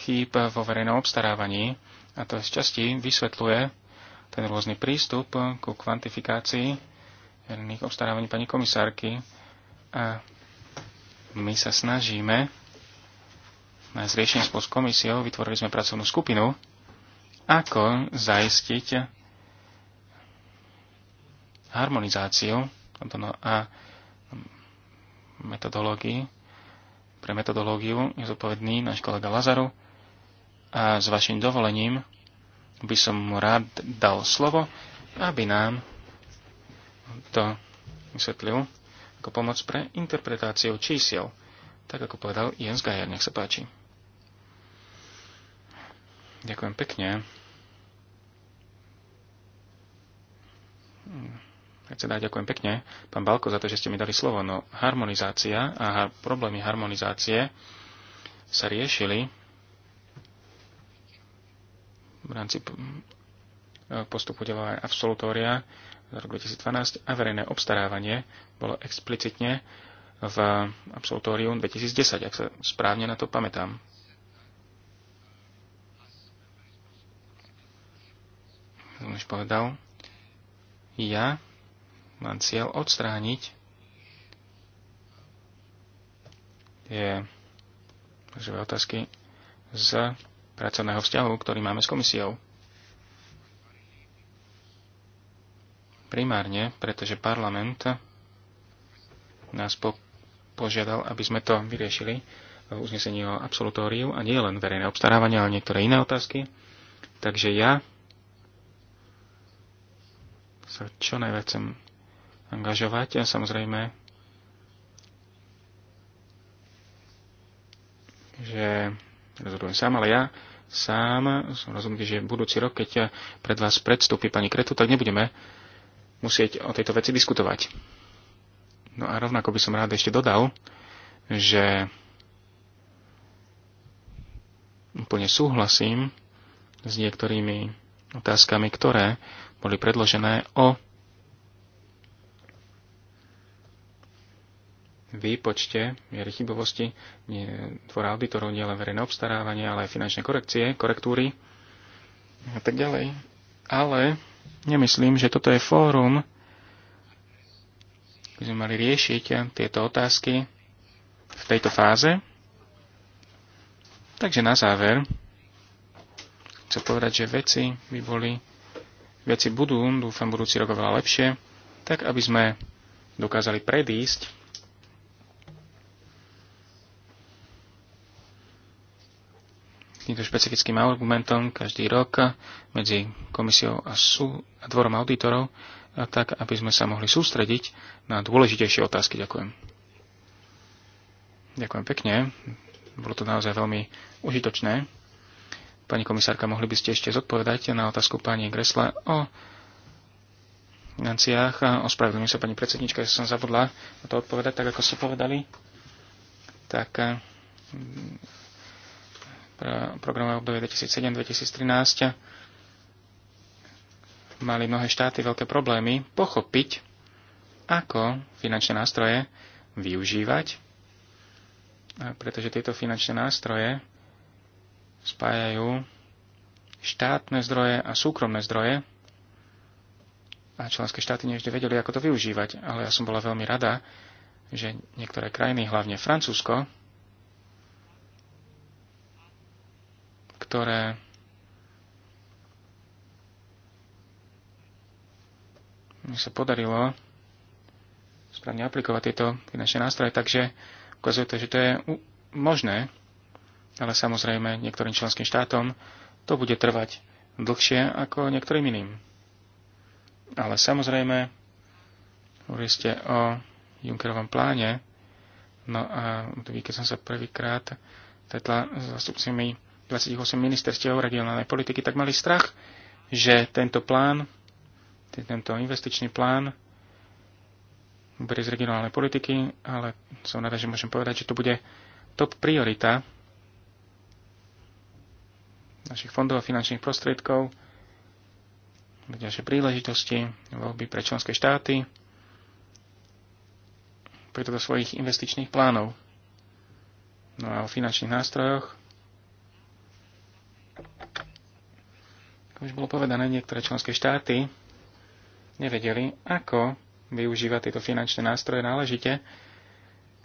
chýb vo verejnom obstarávaní. A to z časti vysvetľuje ten rôzny prístup ku kvantifikácii verejných obstarávaní pani komisárky. A my sa snažíme s riešením spolu s komisiou vytvorili sme pracovnú skupinu, ako zaistiť harmonizáciu no- a metodológii. Pre metodológiu je zodpovedný náš kolega Lazaru a s vašim dovolením by som mu rád dal slovo, aby nám to vysvetlil ako pomoc pre interpretáciu čísiel, tak ako povedal Jens Geier. Nech sa páči. Ďakujem pekne. Predseda, ďakujem pekne, pán Balko, za to, že ste mi dali slovo. No, harmonizácia a har- problémy harmonizácie sa riešili v rámci postupu delovania absolutória za rok 2012 a verejné obstarávanie bolo explicitne v absolutórium 2010, ak sa správne na to pamätám. som už povedal, ja mám cieľ odstrániť tie živé otázky z pracovného vzťahu, ktorý máme s komisiou. Primárne, pretože parlament nás po- požiadal, aby sme to vyriešili v uznesení o absolutóriu a nie len verejné obstarávanie, ale niektoré iné otázky. Takže ja sa čo najviac sem angažovať a samozrejme, že rozhodujem sám, ale ja sám som rozhodnutý, že budúci rok, keď ja pred vás predstúpi pani Kretu, tak nebudeme musieť o tejto veci diskutovať. No a rovnako by som rád ešte dodal, že úplne súhlasím s niektorými otázkami, ktoré boli predložené o výpočte miery chybovosti nie, dvora auditorov, nie len verejné obstarávanie, ale aj finančné korekcie, korektúry a tak ďalej. Ale nemyslím, že toto je fórum, kde sme mali riešiť tieto otázky v tejto fáze. Takže na záver chcem povedať, že veci by boli veci budú, dúfam, budúci rok oveľa lepšie, tak aby sme dokázali predísť týmto špecifickým argumentom každý rok medzi komisiou a, sú, a dvorom auditorov, a tak aby sme sa mohli sústrediť na dôležitejšie otázky. Ďakujem. Ďakujem pekne. Bolo to naozaj veľmi užitočné. Pani komisárka, mohli by ste ešte zodpovedať na otázku pani Gresle o financiách. ospravedlňujem sa, pani predsednička, že som zabudla na to odpovedať, tak ako ste povedali. Tak eh, pre programové obdobie 2007-2013 mali mnohé štáty veľké problémy pochopiť, ako finančné nástroje využívať, pretože tieto finančné nástroje spájajú štátne zdroje a súkromné zdroje a členské štáty nevždy vedeli, ako to využívať. Ale ja som bola veľmi rada, že niektoré krajiny, hlavne Francúzsko, ktoré sa podarilo správne aplikovať tieto finančné nástroje, takže ukazuje to, že to je možné ale samozrejme niektorým členským štátom to bude trvať dlhšie ako niektorým iným. Ale samozrejme, hovorili ste o Junckerovom pláne, no a období, keď som sa prvýkrát stretla s zastupcami 28 ministerstiev regionálnej politiky, tak mali strach, že tento plán, tento investičný plán bude z regionálnej politiky, ale som rada, že môžem povedať, že to bude top priorita našich fondov a finančných prostriedkov, ďalšie príležitosti, voľby pre členské štáty, preto do svojich investičných plánov. No a o finančných nástrojoch. Ako už bolo povedané, niektoré členské štáty nevedeli, ako využívať tieto finančné nástroje náležite.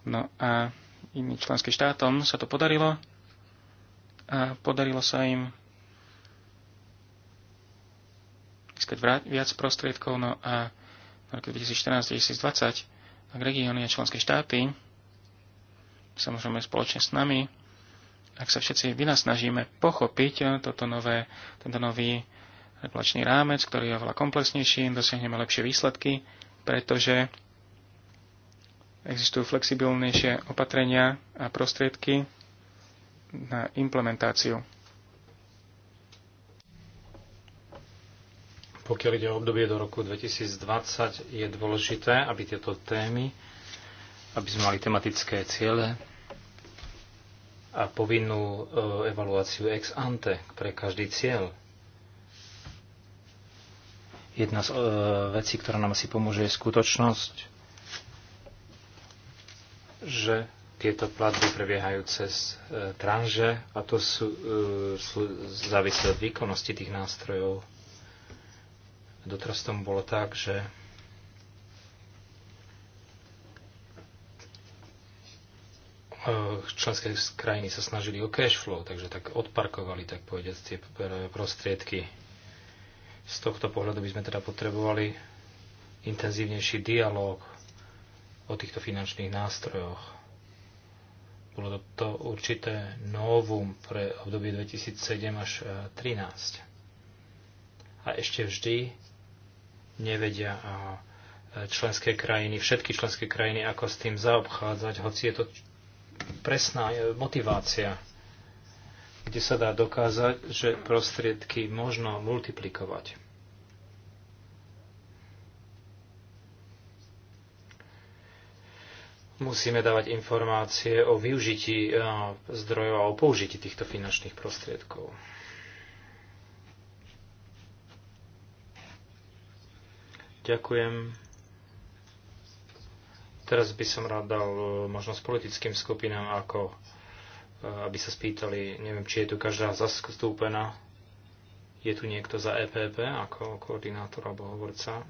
No a iným členským štátom sa to podarilo a podarilo sa im získať viac prostriedkov, no a v roku 2014-2020 ak regióny a členské štáty, samozrejme spoločne s nami, ak sa všetci vynasnažíme pochopiť toto nové, tento nový regulačný rámec, ktorý je oveľa komplexnejší, dosiahneme lepšie výsledky, pretože existujú flexibilnejšie opatrenia a prostriedky, na implementáciu. Pokiaľ ide o obdobie do roku 2020, je dôležité, aby tieto témy, aby sme mali tematické ciele a povinnú e, evaluáciu ex ante pre každý cieľ. Jedna z e, vecí, ktorá nám asi pomôže, je skutočnosť, že tieto platby prebiehajú cez e, tranže a to sú, e, sú závisí od výkonnosti tých nástrojov. Doteraz tomu bolo tak, že e, členské krajiny sa snažili o cash flow, takže tak odparkovali, tak povediať, tie prostriedky. Z tohto pohľadu by sme teda potrebovali intenzívnejší dialog o týchto finančných nástrojoch. Bolo to, to určité novum pre obdobie 2007 až 2013. E, A ešte vždy nevedia e, členské krajiny, všetky členské krajiny, ako s tým zaobchádzať, hoci je to presná e, motivácia, kde sa dá dokázať, že prostriedky možno multiplikovať. musíme dávať informácie o využití e, zdrojov a o použití týchto finančných prostriedkov. Ďakujem. Teraz by som rád dal e, možnosť politickým skupinám, ako e, aby sa spýtali, neviem, či je tu každá zastúpená. Je tu niekto za EPP ako koordinátor alebo hovorca?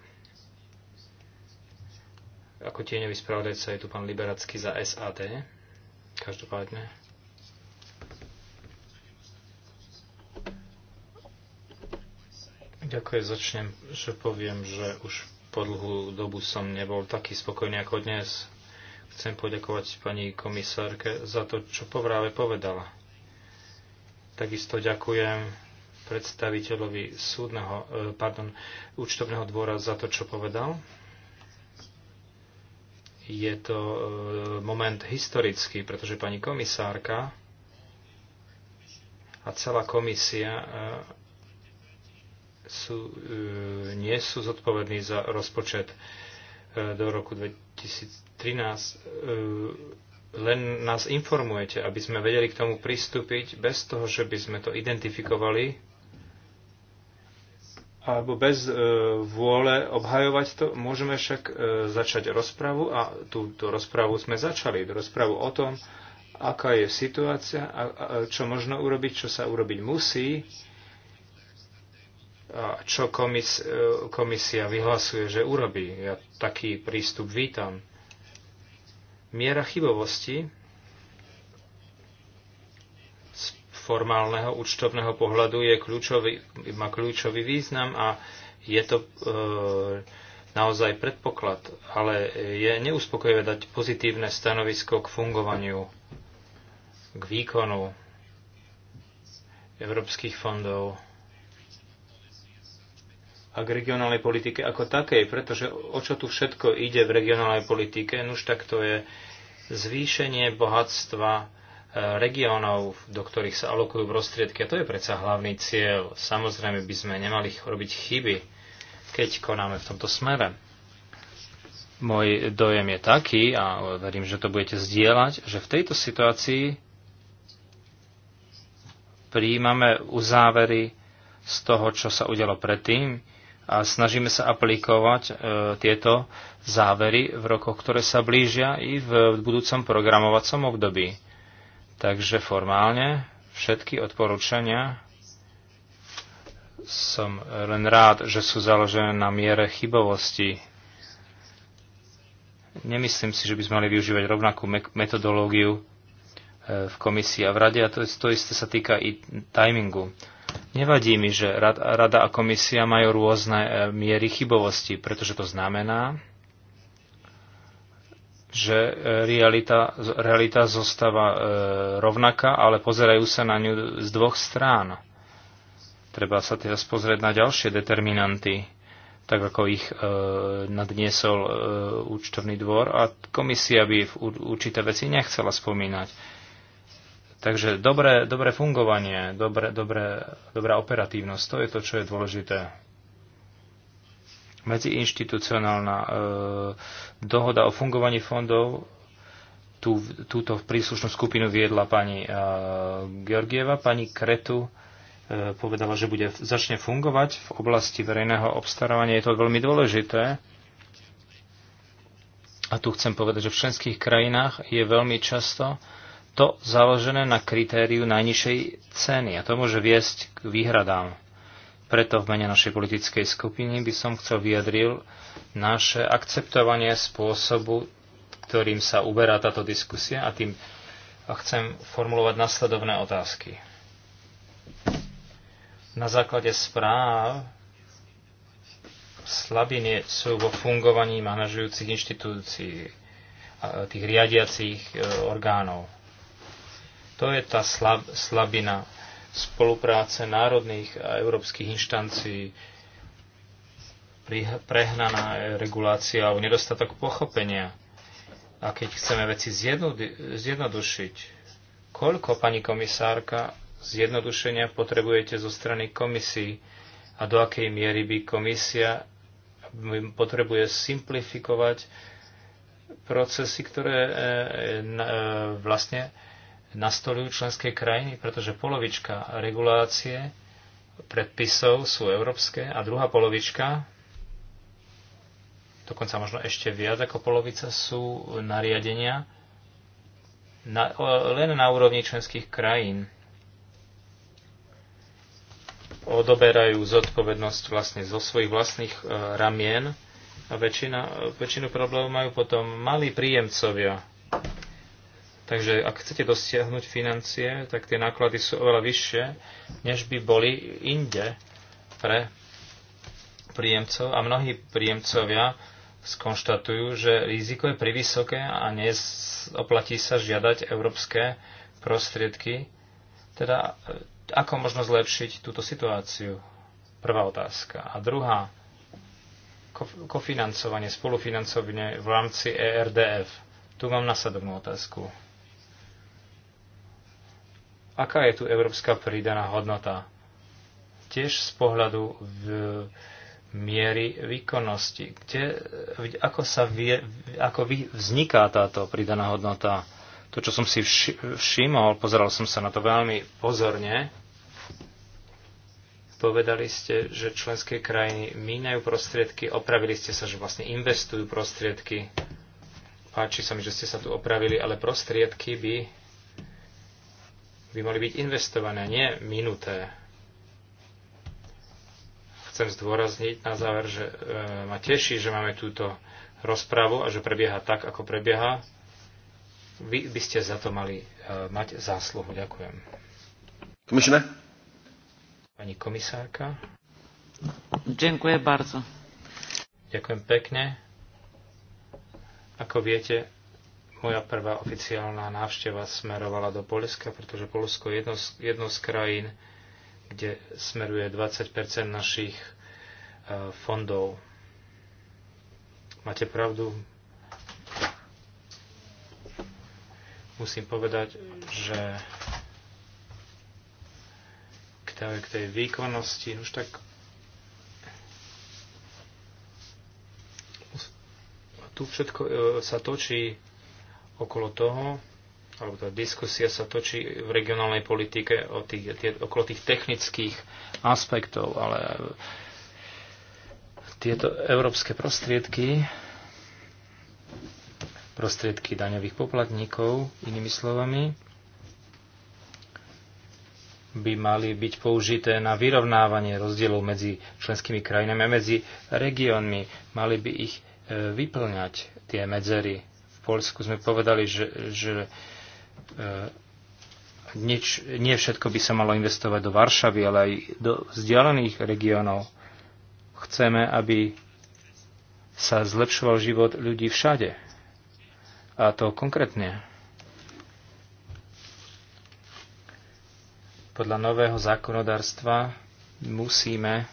Ako tieňový spravodajca je tu pán Liberacký za SAD. Každopádne. Ďakujem, začnem, že poviem, že už po dlhú dobu som nebol taký spokojný ako dnes. Chcem poďakovať pani komisárke za to, čo práve povedala. Takisto ďakujem predstaviteľovi súdneho, eh, pardon, účtovného dvora za to, čo povedal je to e, moment historický, pretože pani komisárka a celá komisia e, sú, e, nie sú zodpovední za rozpočet do roku 2013 len nás informujete, aby sme vedeli k tomu pristúpiť bez toho, že by sme to identifikovali alebo bez e, vôle obhajovať to, môžeme však e, začať rozpravu a túto rozpravu sme začali, rozpravu o tom, aká je situácia a, a čo možno urobiť, čo sa urobiť musí, a čo komis, e, komisia vyhlasuje, že urobí. Ja taký prístup vítam. Miera chybovosti formálneho účtovného pohľadu je kľúčový, má kľúčový význam a je to e, naozaj predpoklad, ale je neuspokojivé dať pozitívne stanovisko k fungovaniu, k výkonu európskych fondov a k regionálnej politike ako takej, pretože o čo tu všetko ide v regionálnej politike, už tak to je zvýšenie bohatstva regiónov, do ktorých sa alokujú prostriedky. A to je predsa hlavný cieľ. Samozrejme by sme nemali robiť chyby, keď konáme v tomto smere. Môj dojem je taký, a verím, že to budete zdieľať, že v tejto situácii príjmame uzávery z toho, čo sa udelo predtým a snažíme sa aplikovať e, tieto závery v rokoch, ktoré sa blížia i v budúcom programovacom období Takže formálne všetky odporúčania som len rád, že sú založené na miere chybovosti. Nemyslím si, že by sme mali využívať rovnakú metodológiu e, v komisii a v rade a to, to isté sa týka i timingu. Nevadí mi, že rada a komisia majú rôzne e, miery chybovosti, pretože to znamená, že e, realita, realita zostáva e, rovnaká, ale pozerajú sa na ňu z dvoch strán. Treba sa teraz pozrieť na ďalšie determinanty, tak ako ich e, nadniesol e, účtovný dvor a komisia by v určité veci nechcela spomínať. Takže dobré, dobré fungovanie, dobré, dobré, dobrá operatívnosť, to je to, čo je dôležité medziinštitucionálna e, dohoda o fungovaní fondov. Tú, túto príslušnú skupinu viedla pani e, Georgieva. Pani Kretu e, povedala, že bude, začne fungovať v oblasti verejného obstarávania. Je to veľmi dôležité. A tu chcem povedať, že v členských krajinách je veľmi často to založené na kritériu najnižšej ceny. A to môže viesť k výhradám preto v mene našej politickej skupiny by som chcel vyjadril naše akceptovanie spôsobu, ktorým sa uberá táto diskusia a tým chcem formulovať nasledovné otázky. Na základe správ slabiny sú vo fungovaní manažujúcich inštitúcií, tých riadiacich e, orgánov. To je tá slab, slabina spolupráce národných a európskych inštancií, prehnaná regulácia alebo nedostatok pochopenia. A keď chceme veci zjednodušiť, koľko, pani komisárka, zjednodušenia potrebujete zo strany komisii a do akej miery by komisia potrebuje simplifikovať procesy, ktoré e, e, e, vlastne nastolujú členské krajiny, pretože polovička regulácie predpisov sú európske a druhá polovička, dokonca možno ešte viac ako polovica, sú nariadenia na, len na úrovni členských krajín. Odoberajú zodpovednosť vlastne zo svojich vlastných e, ramien a väčšina, väčšinu problémov majú potom malí príjemcovia Takže ak chcete dosiahnuť financie, tak tie náklady sú oveľa vyššie, než by boli inde pre príjemcov. A mnohí príjemcovia skonštatujú, že riziko je privysoké a neoplatí sa žiadať európske prostriedky. Teda ako možno zlepšiť túto situáciu? Prvá otázka. A druhá, kofinancovanie, spolufinancovanie v rámci ERDF. Tu mám nasledovnú otázku Aká je tu európska pridaná hodnota? Tiež z pohľadu v miery výkonnosti. Kde, ako, sa vie, ako vzniká táto pridaná hodnota? To, čo som si všimol, pozeral som sa na to veľmi pozorne, povedali ste, že členské krajiny míňajú prostriedky, opravili ste sa, že vlastne investujú prostriedky. Páči sa mi, že ste sa tu opravili, ale prostriedky by by mali byť investované, nie minuté. Chcem zdôrazniť na záver, že e, ma teší, že máme túto rozpravu a že prebieha tak, ako prebieha. Vy by ste za to mali e, mať zásluhu. Ďakujem. Komisne? Pani komisárka. Ďakujem bardzo. Ďakujem pekne. Ako viete, moja prvá oficiálna návšteva smerovala do Polska, pretože Polsko je jedno z, jedno z krajín, kde smeruje 20 našich e, fondov. Máte pravdu. Musím povedať, že k tej, k tej výkonnosti, už tak tu všetko e, sa točí okolo toho, alebo tá diskusia sa točí v regionálnej politike o tých, tie, okolo tých technických aspektov, ale eh, tieto európske prostriedky, prostriedky daňových poplatníkov, inými slovami, by mali byť použité na vyrovnávanie rozdielov medzi členskými krajinami a medzi regiónmi. Mali by ich eh, vyplňať tie medzery Polsku sme povedali, že, že e, nieč, nie všetko by sa malo investovať do Varšavy, ale aj do vzdialených regiónov. Chceme, aby sa zlepšoval život ľudí všade. A to konkrétne. Podľa nového zákonodárstva musíme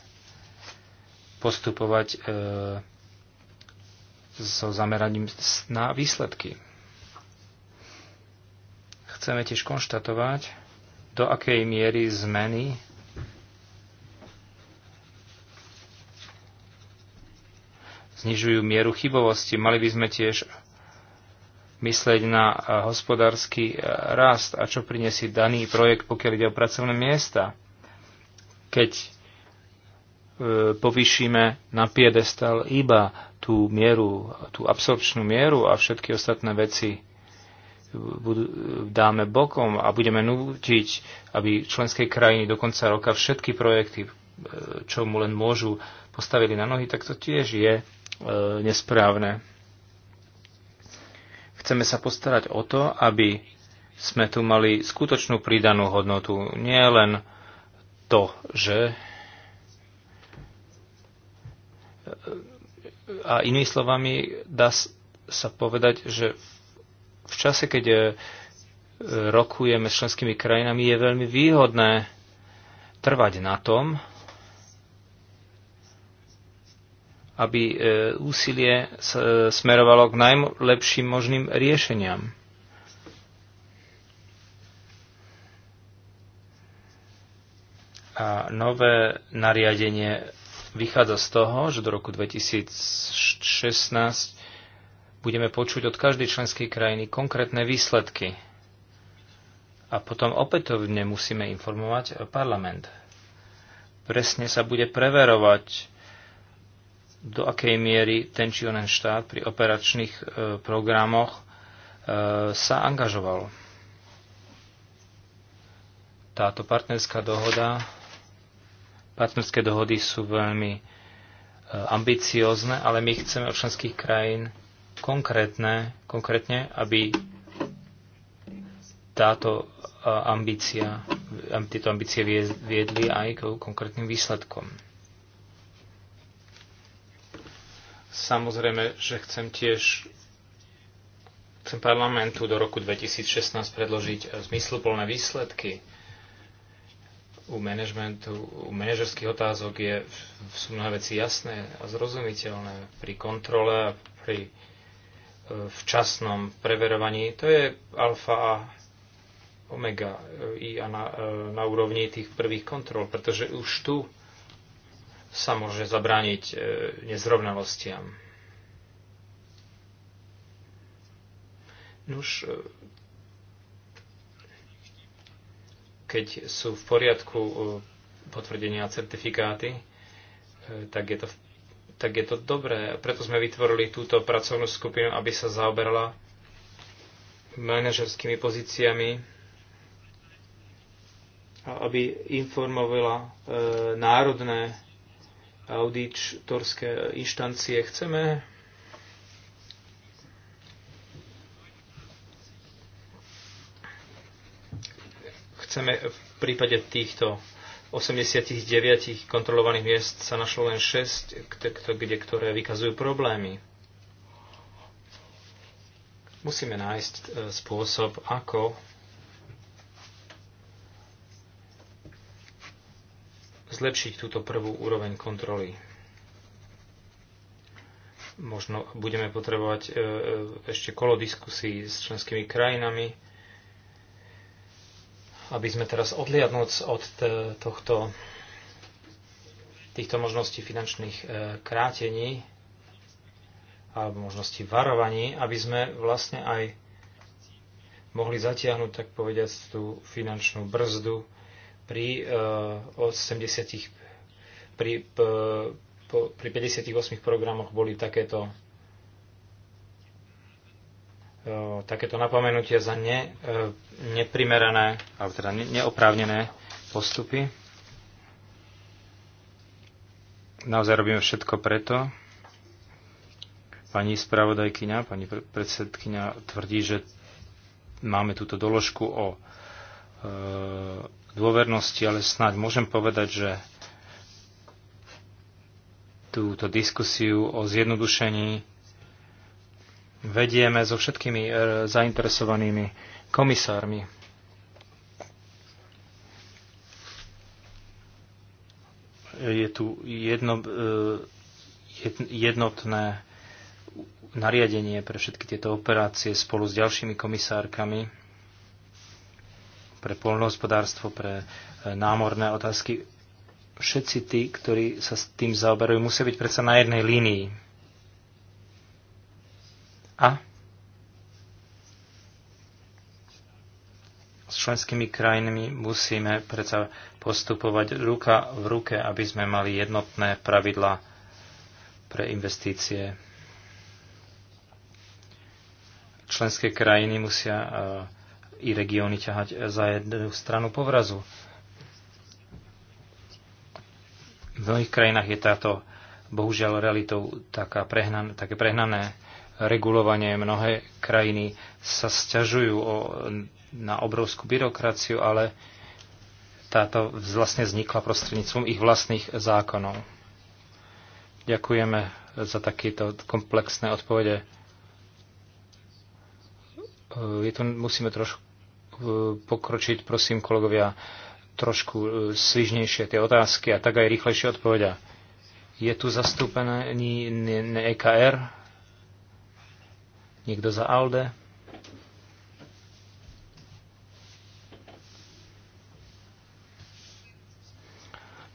postupovať e, so zameraním na výsledky. Chceme tiež konštatovať, do akej miery zmeny znižujú mieru chybovosti. Mali by sme tiež myslieť na eh, hospodársky eh, rast a čo prinesie daný projekt, pokiaľ ide o pracovné miesta. Keď povyšíme na piedestal iba tú mieru, tú absorpčnú mieru a všetky ostatné veci budú, dáme bokom a budeme nútiť, aby členské krajiny do konca roka všetky projekty, e, čo mu len môžu, postavili na nohy, tak to tiež je e, nesprávne. Chceme sa postarať o to, aby sme tu mali skutočnú pridanú hodnotu. Nie len to, že a inými slovami, dá sa povedať, že v čase, keď e, rokujeme s členskými krajinami, je veľmi výhodné trvať na tom, aby e, úsilie e, smerovalo k najlepším možným riešeniam. A nové nariadenie vychádza z toho, že do roku 2016 budeme počuť od každej členskej krajiny konkrétne výsledky. A potom opätovne musíme informovať parlament. Presne sa bude preverovať, do akej miery ten či onen štát pri operačných e, programoch e, sa angažoval táto partnerská dohoda Partnerské dohody sú veľmi e, ambiciózne, ale my chceme od členských krajín konkrétne, konkrétne, aby táto e, ambícia, tieto ambície viedli aj k konkrétnym výsledkom. Samozrejme, že chcem tiež chcem parlamentu do roku 2016 predložiť e, zmysluplné výsledky u manažmentu, u manažerských otázok je, sú mnohé veci jasné a zrozumiteľné pri kontrole a pri e, včasnom preverovaní. To je alfa a omega e, i a na, e, na úrovni tých prvých kontrol, pretože už tu sa môže zabrániť nezrovnalostiam. Nuž, keď sú v poriadku e, potvrdenia a certifikáty, e, tak je to, tak je to dobré. Preto sme vytvorili túto pracovnú skupinu, aby sa zaoberala manažerskými pozíciami a aby informovala e, národné auditorské inštancie. Chceme chceme v prípade týchto 89 kontrolovaných miest sa našlo len 6, kde, ktoré vykazujú problémy. Musíme nájsť e, spôsob, ako zlepšiť túto prvú úroveň kontroly. Možno budeme potrebovať e, e, ešte kolo diskusí s členskými krajinami, aby sme teraz odliadnúc od e, tohto, týchto možností finančných e, krátení alebo možností varovaní, aby sme vlastne aj mohli zatiahnuť, tak povediať, tú finančnú brzdu pri e, pri, pri 58 programoch boli takéto takéto napomenutie za ne, neprimerané, alebo teda neoprávnené postupy. Naozaj robíme všetko preto. Pani spravodajkyňa, pani predsedkyňa tvrdí, že máme túto doložku o e, dôvernosti, ale snáď môžem povedať, že túto diskusiu o zjednodušení vedieme so všetkými e, zainteresovanými komisármi. Je tu jedno, e, jednotné nariadenie pre všetky tieto operácie spolu s ďalšími komisárkami pre polnohospodárstvo, pre e, námorné otázky. Všetci tí, ktorí sa s tým zaoberajú, musia byť predsa na jednej línii a s členskými krajinami musíme predsa postupovať ruka v ruke, aby sme mali jednotné pravidla pre investície. Členské krajiny musia e, i regióny ťahať za jednu stranu povrazu. V mnohých krajinách je táto bohužiaľ realitou taká prehnan, také prehnané regulovanie. Mnohé krajiny sa sťažujú o, na obrovskú byrokraciu, ale táto vlastne vznikla prostredníctvom ich vlastných zákonov. Ďakujeme za takéto komplexné odpovede. E, je tu, musíme trošku e, pokročiť, prosím kolegovia, trošku e, svižnejšie tie otázky a tak aj rýchlejšie odpovedia. Je tu zastúpený EKR, Niekto za ALDE?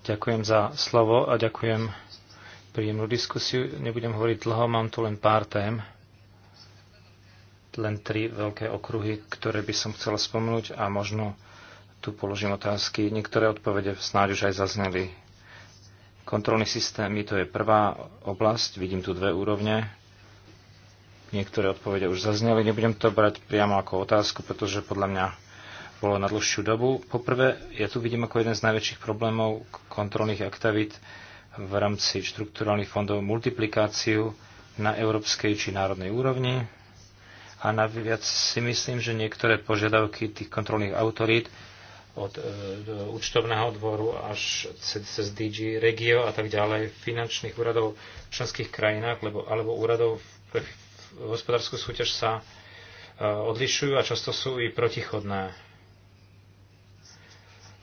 Ďakujem za slovo a ďakujem príjemnú diskusiu. Nebudem hovoriť dlho, mám tu len pár tém. Len tri veľké okruhy, ktoré by som chcela spomenúť a možno tu položím otázky. Niektoré odpovede snáď už aj zazneli. Kontrolný systém, to je prvá oblasť, vidím tu dve úrovne. Niektoré odpovede už zazneli, nebudem to brať priamo ako otázku, pretože podľa mňa bolo na dlhšiu dobu. Poprvé, ja tu vidím ako jeden z najväčších problémov kontrolných aktivít v rámci štrukturálnych fondov multiplikáciu na európskej či národnej úrovni. A naviac si myslím, že niektoré požiadavky tých kontrolných autorít od e, účtovného dvoru až cez DG, regio a tak ďalej, finančných úradov v členských krajinách lebo, alebo úradov pre hospodárskú súťaž sa e, odlišujú a často sú i protichodné.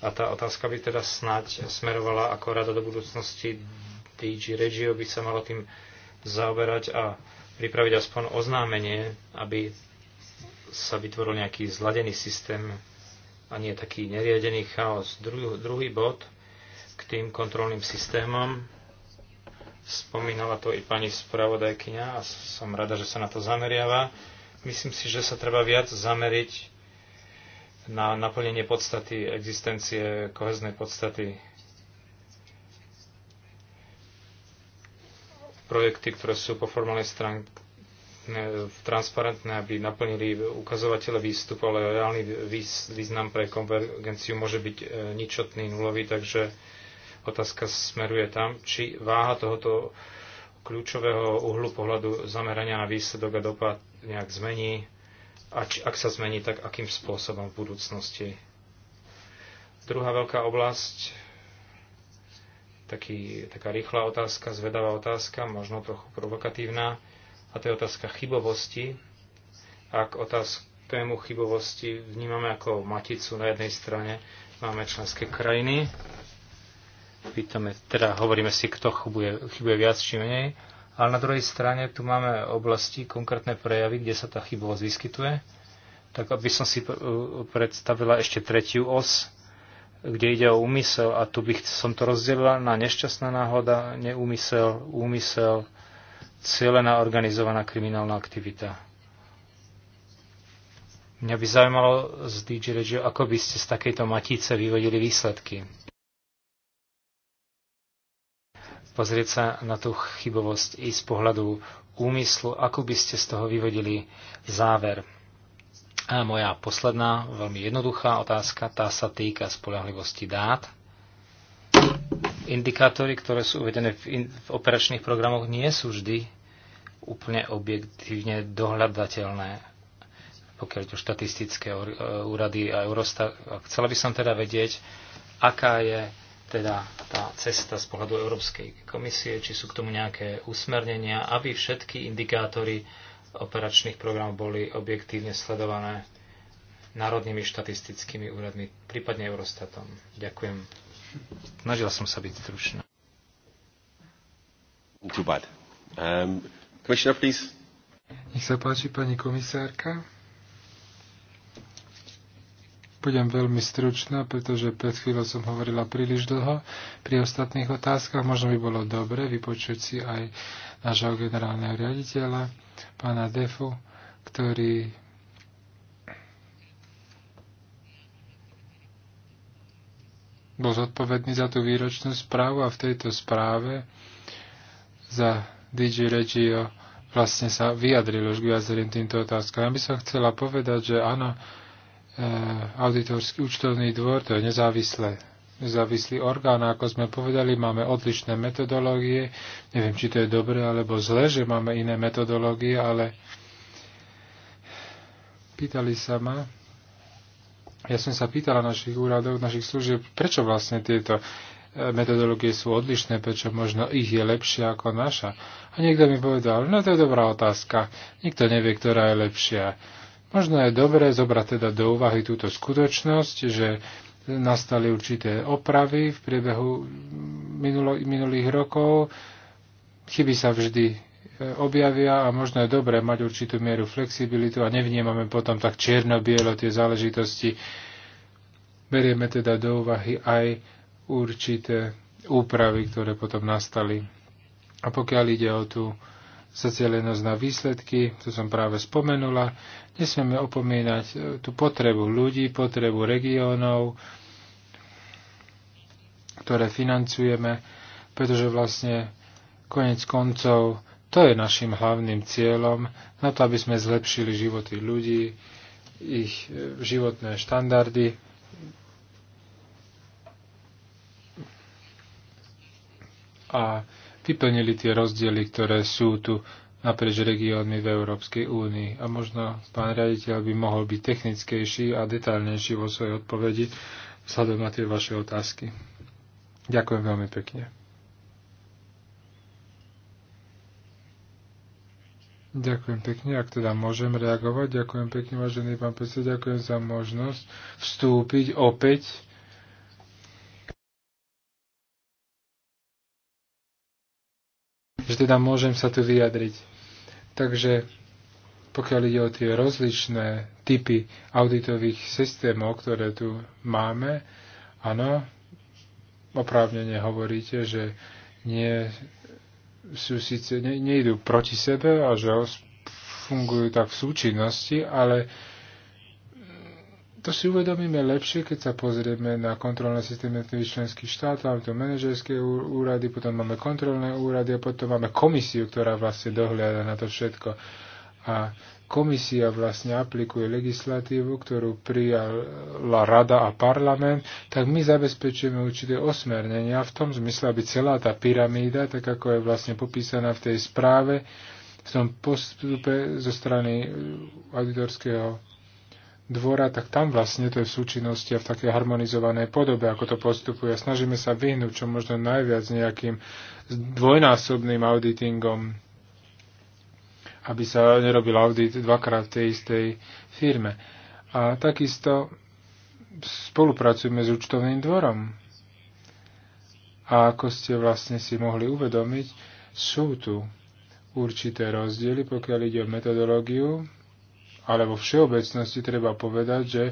A tá otázka by teda snáď smerovala ako rada do budúcnosti DG Regio by sa malo tým zaoberať a pripraviť aspoň oznámenie, aby sa vytvoril nejaký zladený systém a nie taký neriadený chaos. Druhý, druhý bod k tým kontrolným systémom Spomínala to i pani spravodajkyňa a som rada, že sa na to zameriava. Myslím si, že sa treba viac zameriť na naplnenie podstaty existencie, koheznej podstaty projekty, ktoré sú po formálnej stránke transparentné, aby naplnili ukazovatele výstupu, ale reálny význam pre konvergenciu môže byť e, ničotný, nulový, takže Otázka smeruje tam, či váha tohoto kľúčového uhlu pohľadu zamerania na výsledok a dopad nejak zmení a či, ak sa zmení, tak akým spôsobom v budúcnosti. Druhá veľká oblasť, taký, taká rýchla otázka, zvedavá otázka, možno trochu provokatívna, a to je otázka chybovosti. Ak otázku tému chybovosti vnímame ako maticu na jednej strane, máme členské krajiny, Pýtame, teda hovoríme si, kto chybuje, chybuje viac či menej, ale na druhej strane tu máme oblasti, konkrétne prejavy, kde sa tá chybovosť vyskytuje. Tak aby som si uh, predstavila ešte tretiu os, kde ide o úmysel a tu by som to rozdelila na nešťastná náhoda, neúmysel, úmysel, cieľená organizovaná kriminálna aktivita. Mňa by zaujímalo z DJ Regio, ako by ste z takejto matice vyvodili výsledky pozrieť sa na tú chybovosť i z pohľadu úmyslu, ako by ste z toho vyvodili záver. A moja posledná, veľmi jednoduchá otázka, tá sa týka spolahlivosti dát. Indikátory, ktoré sú uvedené v, in, v operačných programoch, nie sú vždy úplne objektívne dohľadateľné, pokiaľ to štatistické úrady a Eurostat. Chcela by som teda vedieť, aká je teda tá cesta z pohľadu Európskej komisie, či sú k tomu nejaké usmernenia, aby všetky indikátory operačných programov boli objektívne sledované národnými štatistickými úradmi, prípadne Eurostatom. Ďakujem. Snažil som sa byť stručný. Too bad. Um, commissioner, please. Nech sa páči, pani komisárka. Budem veľmi stručná, pretože pred chvíľou som hovorila príliš dlho. Pri ostatných otázkach možno by bolo dobre vypočuť si aj nášho generálneho riaditeľa, pána Defu, ktorý bol zodpovedný za tú výročnú správu a v tejto správe za DJ Regio vlastne sa vyjadril už k viacerým týmto otázkam. Ja by som chcela povedať, že áno, Eh, auditorský účtovný dvor, to je nezávislé nezávislý orgán. ako sme povedali, máme odlišné metodológie. Neviem, či to je dobré alebo zle, že máme iné metodológie, ale pýtali sa ma, ja som sa pýtala našich úradov, našich služieb, prečo vlastne tieto eh, metodológie sú odlišné, prečo možno ich je lepšia ako naša. A niekto mi povedal, no to je dobrá otázka, nikto nevie, ktorá je lepšia. Možno je dobré zobrať teda do úvahy túto skutočnosť, že nastali určité opravy v priebehu minulo, minulých rokov. Chyby sa vždy e, objavia a možno je dobré mať určitú mieru flexibilitu a nevnímame potom tak čierno-bielo tie záležitosti. Berieme teda do úvahy aj určité úpravy, ktoré potom nastali. A pokiaľ ide o tú zacielenosť na výsledky, to som práve spomenula. Nesmieme opomínať e, tú potrebu ľudí, potrebu regiónov, ktoré financujeme, pretože vlastne konec koncov to je našim hlavným cieľom na to, aby sme zlepšili životy ľudí, ich e, životné štandardy. A vyplnili tie rozdiely, ktoré sú tu naprieč regiónmi v Európskej únii. A možno pán riaditeľ by mohol byť technickejší a detaľnejší vo svojej odpovedi vzhľadom na tie vaše otázky. Ďakujem veľmi pekne. Ďakujem pekne, ak teda môžem reagovať. Ďakujem pekne, vážený pán predseda, ďakujem za možnosť vstúpiť opäť že teda môžem sa tu vyjadriť. Takže pokiaľ ide o tie rozličné typy auditových systémov, ktoré tu máme, áno, oprávnene hovoríte, že nie sú síce, ne, nejdú proti sebe a že fungujú tak v súčinnosti, ale to si uvedomíme lepšie, keď sa pozrieme na kontrolné systémy jednotlivých členských štátov, to manažerské úrady, potom máme kontrolné úrady a potom máme komisiu, ktorá vlastne dohliada na to všetko. A komisia vlastne aplikuje legislatívu, ktorú prijala rada a parlament, tak my zabezpečujeme určité osmernenia v tom zmysle, aby celá tá pyramída, tak ako je vlastne popísaná v tej správe, v tom postupe zo strany auditorského dvora, tak tam vlastne to je v súčinnosti a v takej harmonizovanej podobe, ako to postupuje. Snažíme sa vyhnúť čo možno najviac nejakým dvojnásobným auditingom, aby sa nerobil audit dvakrát v tej istej firme. A takisto spolupracujeme s účtovným dvorom. A ako ste vlastne si mohli uvedomiť, sú tu určité rozdiely, pokiaľ ide o metodológiu ale vo všeobecnosti treba povedať, že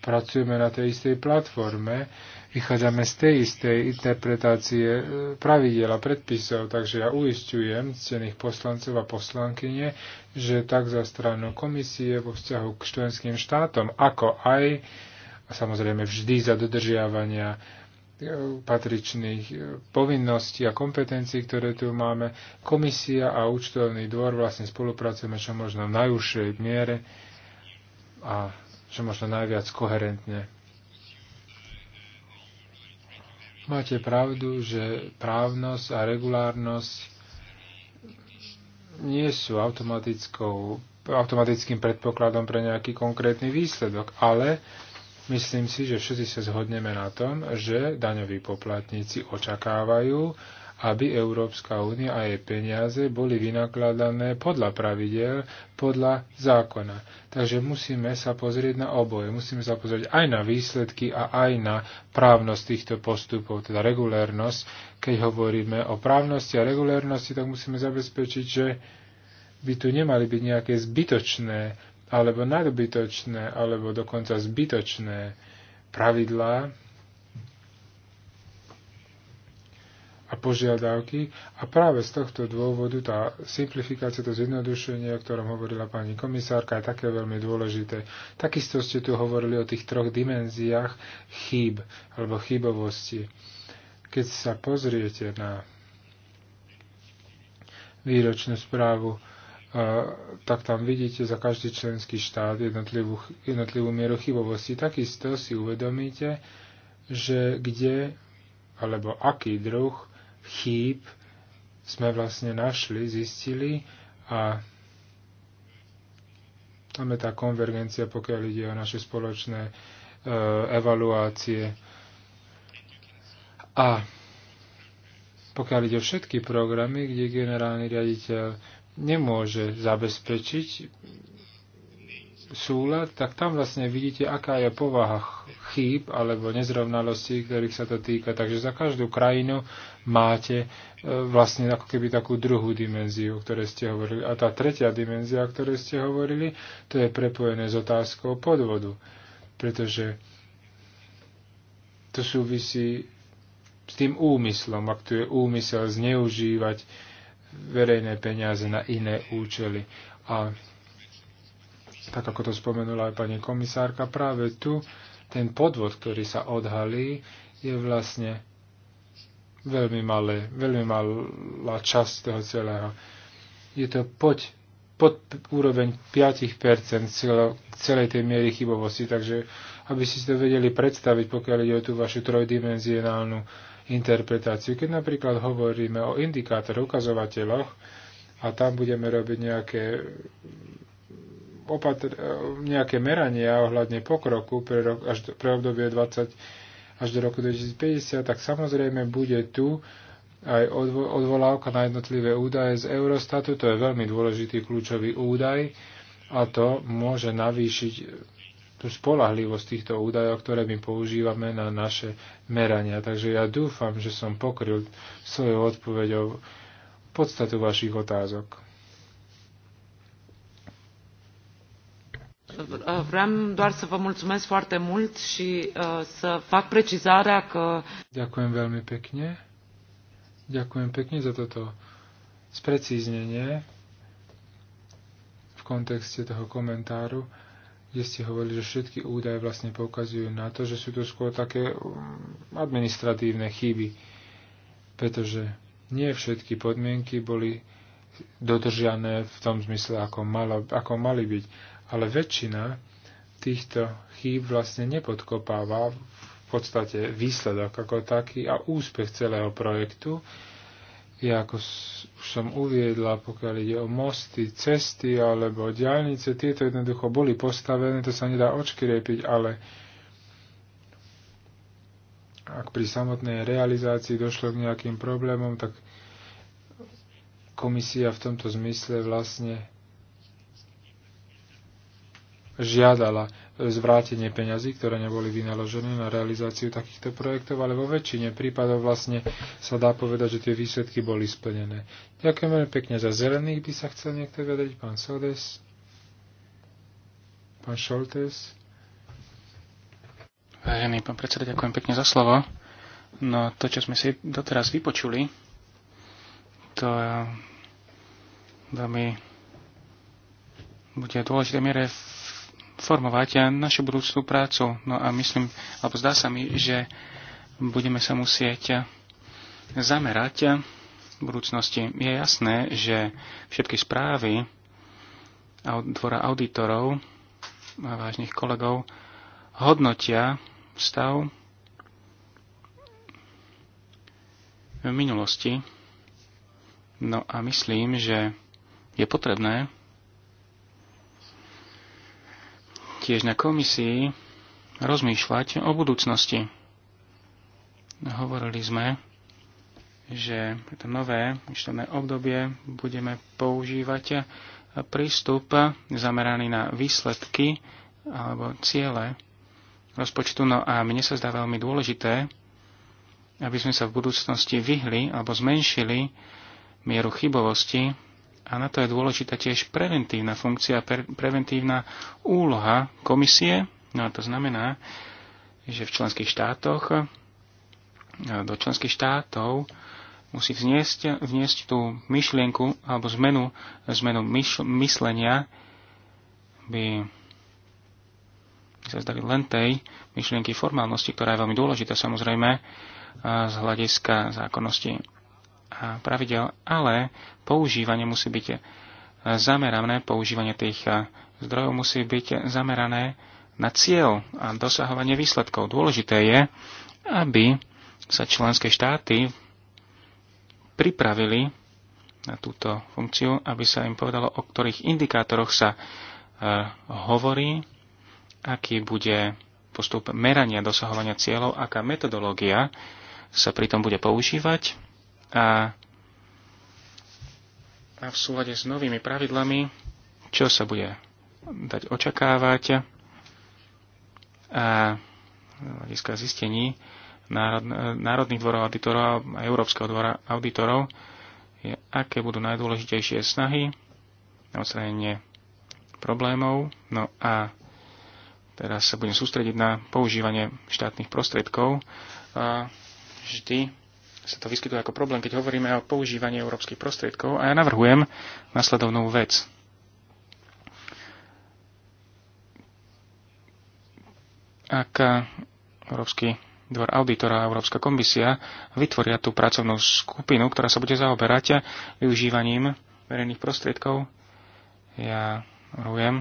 pracujeme na tej istej platforme, vychádzame z tej istej interpretácie e, pravidel a predpisov, takže ja uistujem cených poslancov a poslankyne, že tak za stranu komisie vo vzťahu k členským štátom, ako aj a samozrejme vždy za dodržiavania patričných e, povinností a kompetencií, ktoré tu máme. Komisia a účtovný dvor vlastne spolupracujeme čo možno v najúžšej miere a čo možno najviac koherentne. Máte pravdu, že právnosť a regulárnosť nie sú automatickou, automatickým predpokladom pre nejaký konkrétny výsledok, ale Myslím si, že všetci sa zhodneme na tom, že daňoví poplatníci očakávajú, aby Európska únia a jej peniaze boli vynakladané podľa pravidel, podľa zákona. Takže musíme sa pozrieť na oboje. Musíme sa pozrieť aj na výsledky a aj na právnosť týchto postupov, teda regulérnosť. Keď hovoríme o právnosti a regulérnosti, tak musíme zabezpečiť, že by tu nemali byť nejaké zbytočné alebo nadbytočné, alebo dokonca zbytočné pravidlá a požiadavky. A práve z tohto dôvodu tá simplifikácia, to zjednodušenie, o ktorom hovorila pani komisárka, je také veľmi dôležité. Takisto ste tu hovorili o tých troch dimenziách chýb alebo chybovosti. Keď sa pozriete na výročnú správu tak tam vidíte za každý členský štát jednotlivú, jednotlivú mieru chybovosti. Takisto si uvedomíte, že kde alebo aký druh chýb sme vlastne našli, zistili a tam je tá konvergencia, pokiaľ ide o naše spoločné e, evaluácie. A pokiaľ ide o všetky programy, kde generálny riaditeľ nemôže zabezpečiť súlad, tak tam vlastne vidíte, aká je povaha chýb alebo nezrovnalostí, ktorých sa to týka. Takže za každú krajinu máte e, vlastne ako keby takú druhú dimenziu, o ktorej ste hovorili. A tá tretia dimenzia, o ktorej ste hovorili, to je prepojené s otázkou podvodu. Pretože to súvisí s tým úmyslom, ak tu je úmysel zneužívať verejné peniaze na iné účely. A tak ako to spomenula aj pani komisárka, práve tu ten podvod, ktorý sa odhalí, je vlastne veľmi, malé, veľmi malá časť toho celého. Je to pod, pod úroveň 5% celo, celej tej miery chybovosti, takže aby si to vedeli predstaviť, pokiaľ ide o tú vašu trojdimenzionálnu interpretáciu. Keď napríklad hovoríme o indikátoroch, ukazovateľoch a tam budeme robiť nejaké opatr- nejaké merania ohľadne pokroku pre, rok, až do, pre obdobie 20 až do roku 2050, tak samozrejme bude tu aj odvo- odvolávka na jednotlivé údaje z Eurostatu, to je veľmi dôležitý kľúčový údaj a to môže navýšiť tú spolahlivosť týchto údajov, ktoré my používame na naše merania. Takže ja dúfam, že som pokryl svojou odpoveďou podstatu vašich otázok. Uh, vreau doar să vă mulțumesc foarte mult și uh, să fac precizarea că... Ďakujem veľmi pekne. Ďakujem pekne za toto sprecíznenie v kontexte toho komentáru kde ste hovorili, že všetky údaje vlastne poukazujú na to, že sú to skôr také um, administratívne chyby, pretože nie všetky podmienky boli dodržiané v tom zmysle, ako, malo, ako mali byť. Ale väčšina týchto chýb vlastne nepodkopáva v podstate výsledok ako taký a úspech celého projektu, ja ako už som uviedla, pokiaľ ide o mosty, cesty alebo diálnice, tieto jednoducho boli postavené, to sa nedá očkriepiť, ale ak pri samotnej realizácii došlo k nejakým problémom, tak komisia v tomto zmysle vlastne žiadala zvrátenie peňazí, ktoré neboli vynaložené na realizáciu takýchto projektov, ale vo väčšine prípadov vlastne sa dá povedať, že tie výsledky boli splnené. Ďakujem veľmi pekne za zelených, by sa chcel niekto vedieť, pán Sodes, pán Šoltes. Vážený pán predseda, ďakujem pekne za slovo. No to, čo sme si doteraz vypočuli, to eh, veľmi bude dôležité miere formovať našu budúcu prácu. No a myslím, alebo zdá sa mi, že budeme sa musieť zamerať v budúcnosti. Je jasné, že všetky správy dvora auditorov a vážnych kolegov hodnotia stav v minulosti. No a myslím, že je potrebné tiež na komisii rozmýšľať o budúcnosti. Hovorili sme, že to nové účtovné obdobie budeme používať prístup zameraný na výsledky alebo ciele rozpočtu. No a mne sa zdá veľmi dôležité, aby sme sa v budúcnosti vyhli alebo zmenšili mieru chybovosti a na to je dôležitá tiež preventívna funkcia, pre, preventívna úloha komisie. No a to znamená, že v členských štátoch, do členských štátov musí vniesť, vniesť tú myšlienku alebo zmenu, zmenu myš, myslenia by sa zdali len tej myšlienky formálnosti, ktorá je veľmi dôležitá samozrejme z hľadiska zákonnosti a pravidel, ale používanie musí byť zamerané, používanie tých eh, zdrojov musí byť zamerané na cieľ a dosahovanie výsledkov. Dôležité je, aby sa členské štáty pripravili na túto funkciu, aby sa im povedalo, o ktorých indikátoroch sa eh, hovorí, aký bude postup merania dosahovania cieľov, aká metodológia sa pritom bude používať a, v súlade s novými pravidlami, čo sa bude dať očakávať a hľadiska zistení národ, národných dvorov auditorov a Európskeho dvora auditorov, je, aké budú najdôležitejšie snahy na odstranenie problémov. No a teraz sa budem sústrediť na používanie štátnych prostriedkov. A vždy sa to vyskytuje ako problém, keď hovoríme o používaní európskych prostriedkov a ja navrhujem nasledovnú vec. Ak Európsky dvor auditora a Európska komisia vytvoria tú pracovnú skupinu, ktorá sa bude zaoberať využívaním verejných prostriedkov, ja navrhujem,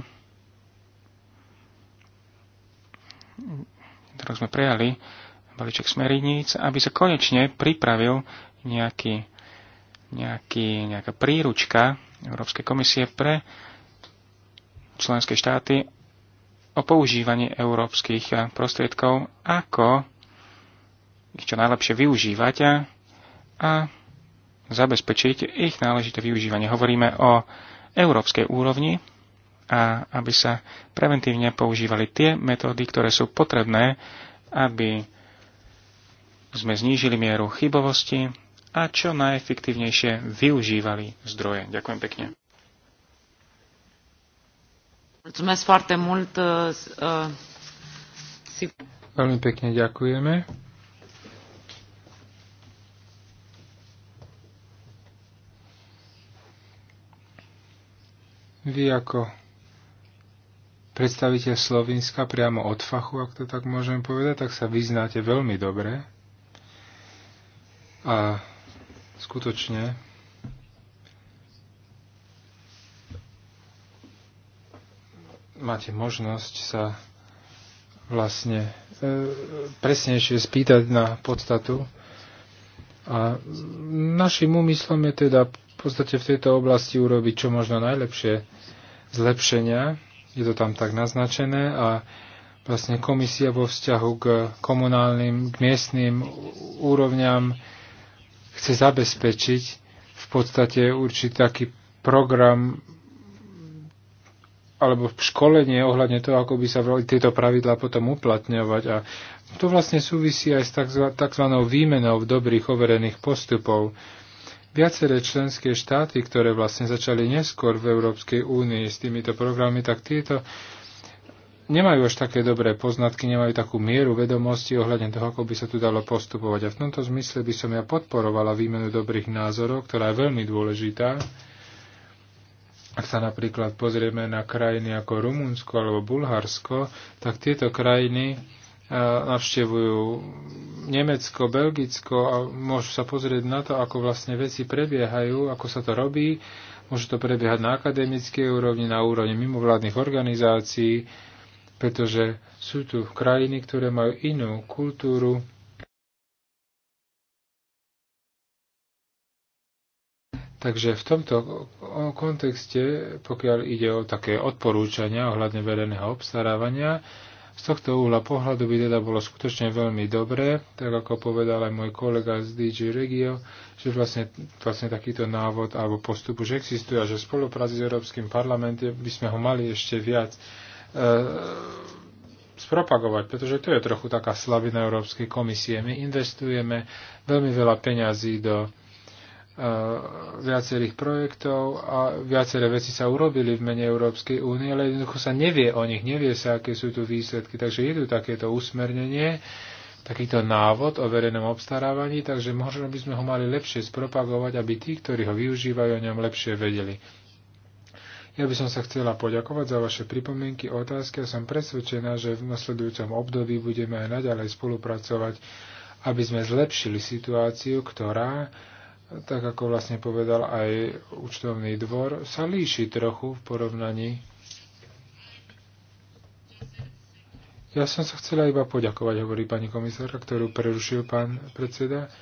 ktorú sme prejali, balíček smerníc, aby sa konečne pripravil nejaký, nejaký, nejaká príručka Európskej komisie pre členské štáty o používaní európskych eh, prostriedkov, ako ich čo najlepšie využívať a, a zabezpečiť ich náležité využívanie. Hovoríme o európskej úrovni a aby sa preventívne používali tie metódy, ktoré sú potrebné, aby sme znížili mieru chybovosti a čo najefektívnejšie využívali zdroje. Ďakujem pekne. Uh, uh, veľmi pekne ďakujeme. Vy ako predstaviteľ Slovenska priamo od fachu, ak to tak môžem povedať, tak sa vyznáte veľmi dobre a skutočne máte možnosť sa vlastne e, presnejšie spýtať na podstatu. A našim úmyslom je teda v podstate v tejto oblasti urobiť čo možno najlepšie zlepšenia. Je to tam tak naznačené a vlastne komisia vo vzťahu k komunálnym, k miestným úrovňam chce zabezpečiť v podstate určitý taký program alebo školenie ohľadne toho, ako by sa tieto pravidlá potom uplatňovať. A to vlastne súvisí aj s tzv. výmenou dobrých overených postupov. Viaceré členské štáty, ktoré vlastne začali neskôr v Európskej únii s týmito programy, tak tieto nemajú až také dobré poznatky, nemajú takú mieru vedomosti ohľadne toho, ako by sa tu dalo postupovať. A v tomto zmysle by som ja podporovala výmenu dobrých názorov, ktorá je veľmi dôležitá. Ak sa napríklad pozrieme na krajiny ako Rumunsko alebo Bulharsko, tak tieto krajiny navštevujú Nemecko, Belgicko a môžu sa pozrieť na to, ako vlastne veci prebiehajú, ako sa to robí. Môže to prebiehať na akademickej úrovni, na úrovni mimovládnych organizácií, pretože sú tu krajiny, ktoré majú inú kultúru, Takže v tomto kontexte, pokiaľ ide o také odporúčania ohľadne verejného obstarávania, z tohto úhla pohľadu by teda bolo skutočne veľmi dobré, tak ako povedal aj môj kolega z DG Regio, že vlastne, vlastne takýto návod alebo postup už existuje a že spolupráci s Európskym parlamentom by sme ho mali ešte viac E, spropagovať, pretože to je trochu taká slabina Európskej komisie. My investujeme veľmi veľa peňazí do e, viacerých projektov a viaceré veci sa urobili v mene Európskej únie, ale jednoducho sa nevie o nich, nevie sa, aké sú tu výsledky. Takže je tu takéto usmernenie, takýto návod o verejnom obstarávaní, takže možno by sme ho mali lepšie spropagovať, aby tí, ktorí ho využívajú, o ňom lepšie vedeli. Ja by som sa chcela poďakovať za vaše pripomienky, otázky a som presvedčená, že v nasledujúcom období budeme aj naďalej spolupracovať, aby sme zlepšili situáciu, ktorá, tak ako vlastne povedal aj účtovný dvor, sa líši trochu v porovnaní. Ja som sa chcela iba poďakovať, hovorí pani komisárka, ktorú prerušil pán predseda.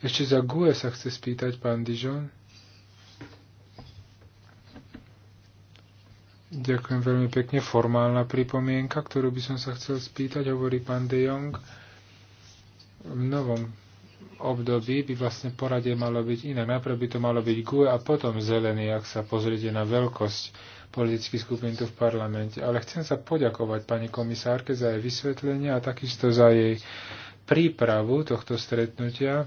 Ešte za GUE sa chce spýtať pán Dijon. Ďakujem veľmi pekne. Formálna pripomienka, ktorú by som sa chcel spýtať, hovorí pán De Jong. V novom období by vlastne poradie malo byť iné. Najprv by to malo byť GUE a potom zelený, ak sa pozriete na veľkosť politických skupín tu v parlamente. Ale chcem sa poďakovať pani komisárke za jej vysvetlenie a takisto za jej prípravu tohto stretnutia.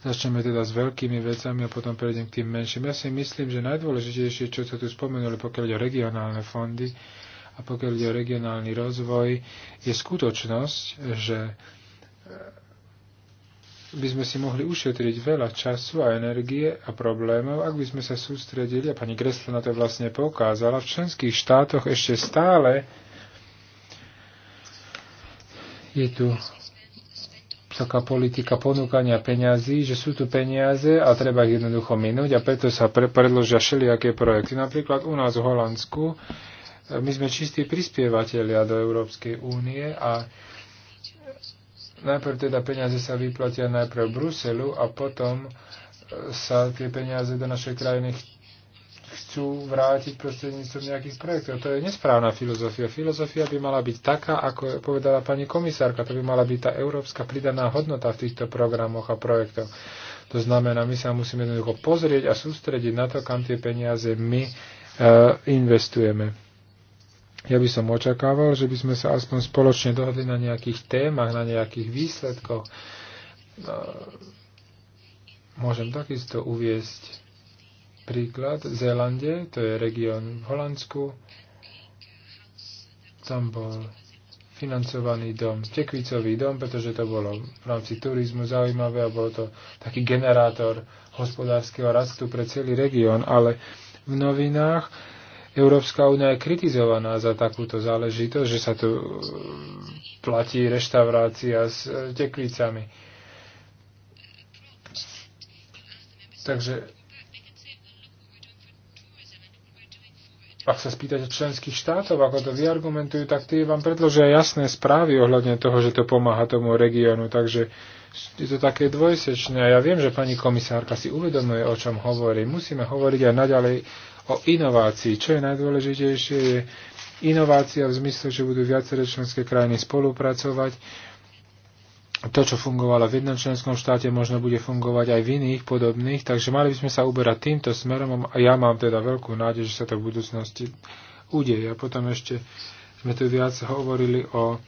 Začneme teda s veľkými vecami a potom prejdem k tým menším. Ja si myslím, že najdôležitejšie, čo sa tu spomenuli, pokiaľ ide o regionálne fondy a pokiaľ ide o regionálny rozvoj, je skutočnosť, že eh, by sme si mohli ušetriť veľa času a energie a problémov, ak by sme sa sústredili, a pani Gresla na to vlastne poukázala, v členských štátoch ešte stále je tu taká politika ponúkania peňazí, že sú tu peniaze a treba ich jednoducho minúť a preto sa pre, predložia všelijaké projekty. Napríklad u nás v Holandsku e, my sme čistí prispievateľia do Európskej únie a najprv teda peniaze sa vyplatia najprv Bruselu a potom e, sa tie peniaze do našej krajiny chcú vrátiť prostredníctvom nejakých projektov. To je nesprávna filozofia. Filozofia by mala byť taká, ako povedala pani komisárka, to by mala byť tá európska pridaná hodnota v týchto programoch a projektoch. To znamená, my sa musíme jednoducho pozrieť a sústrediť na to, kam tie peniaze my e, investujeme. Ja by som očakával, že by sme sa aspoň spoločne dohodli na nejakých témach, na nejakých výsledkoch. E, môžem takisto uviesť príklad Zélande, to je región v Holandsku. Tam bol financovaný dom, tekvicový dom, pretože to bolo v rámci turizmu zaujímavé a bol to taký generátor hospodárskeho rastu pre celý región, ale v novinách Európska únia je kritizovaná za takúto záležitosť, že sa tu e, platí reštaurácia s e, tekvicami. Takže ak sa spýtate členských štátov, ako to vyargumentujú, tak tie vám predložia jasné správy ohľadne toho, že to pomáha tomu regiónu. Takže je to také dvojsečné. A ja viem, že pani komisárka si uvedomuje, o čom hovorí. Musíme hovoriť aj naďalej o inovácii. Čo je najdôležitejšie, je inovácia v zmysle, že budú viaceré členské krajiny spolupracovať to, čo fungovalo v jednom členskom štáte, možno bude fungovať aj v iných podobných, takže mali by sme sa uberať týmto smerom a ja mám teda veľkú nádej, že sa to v budúcnosti udeje. A potom ešte sme tu viac hovorili o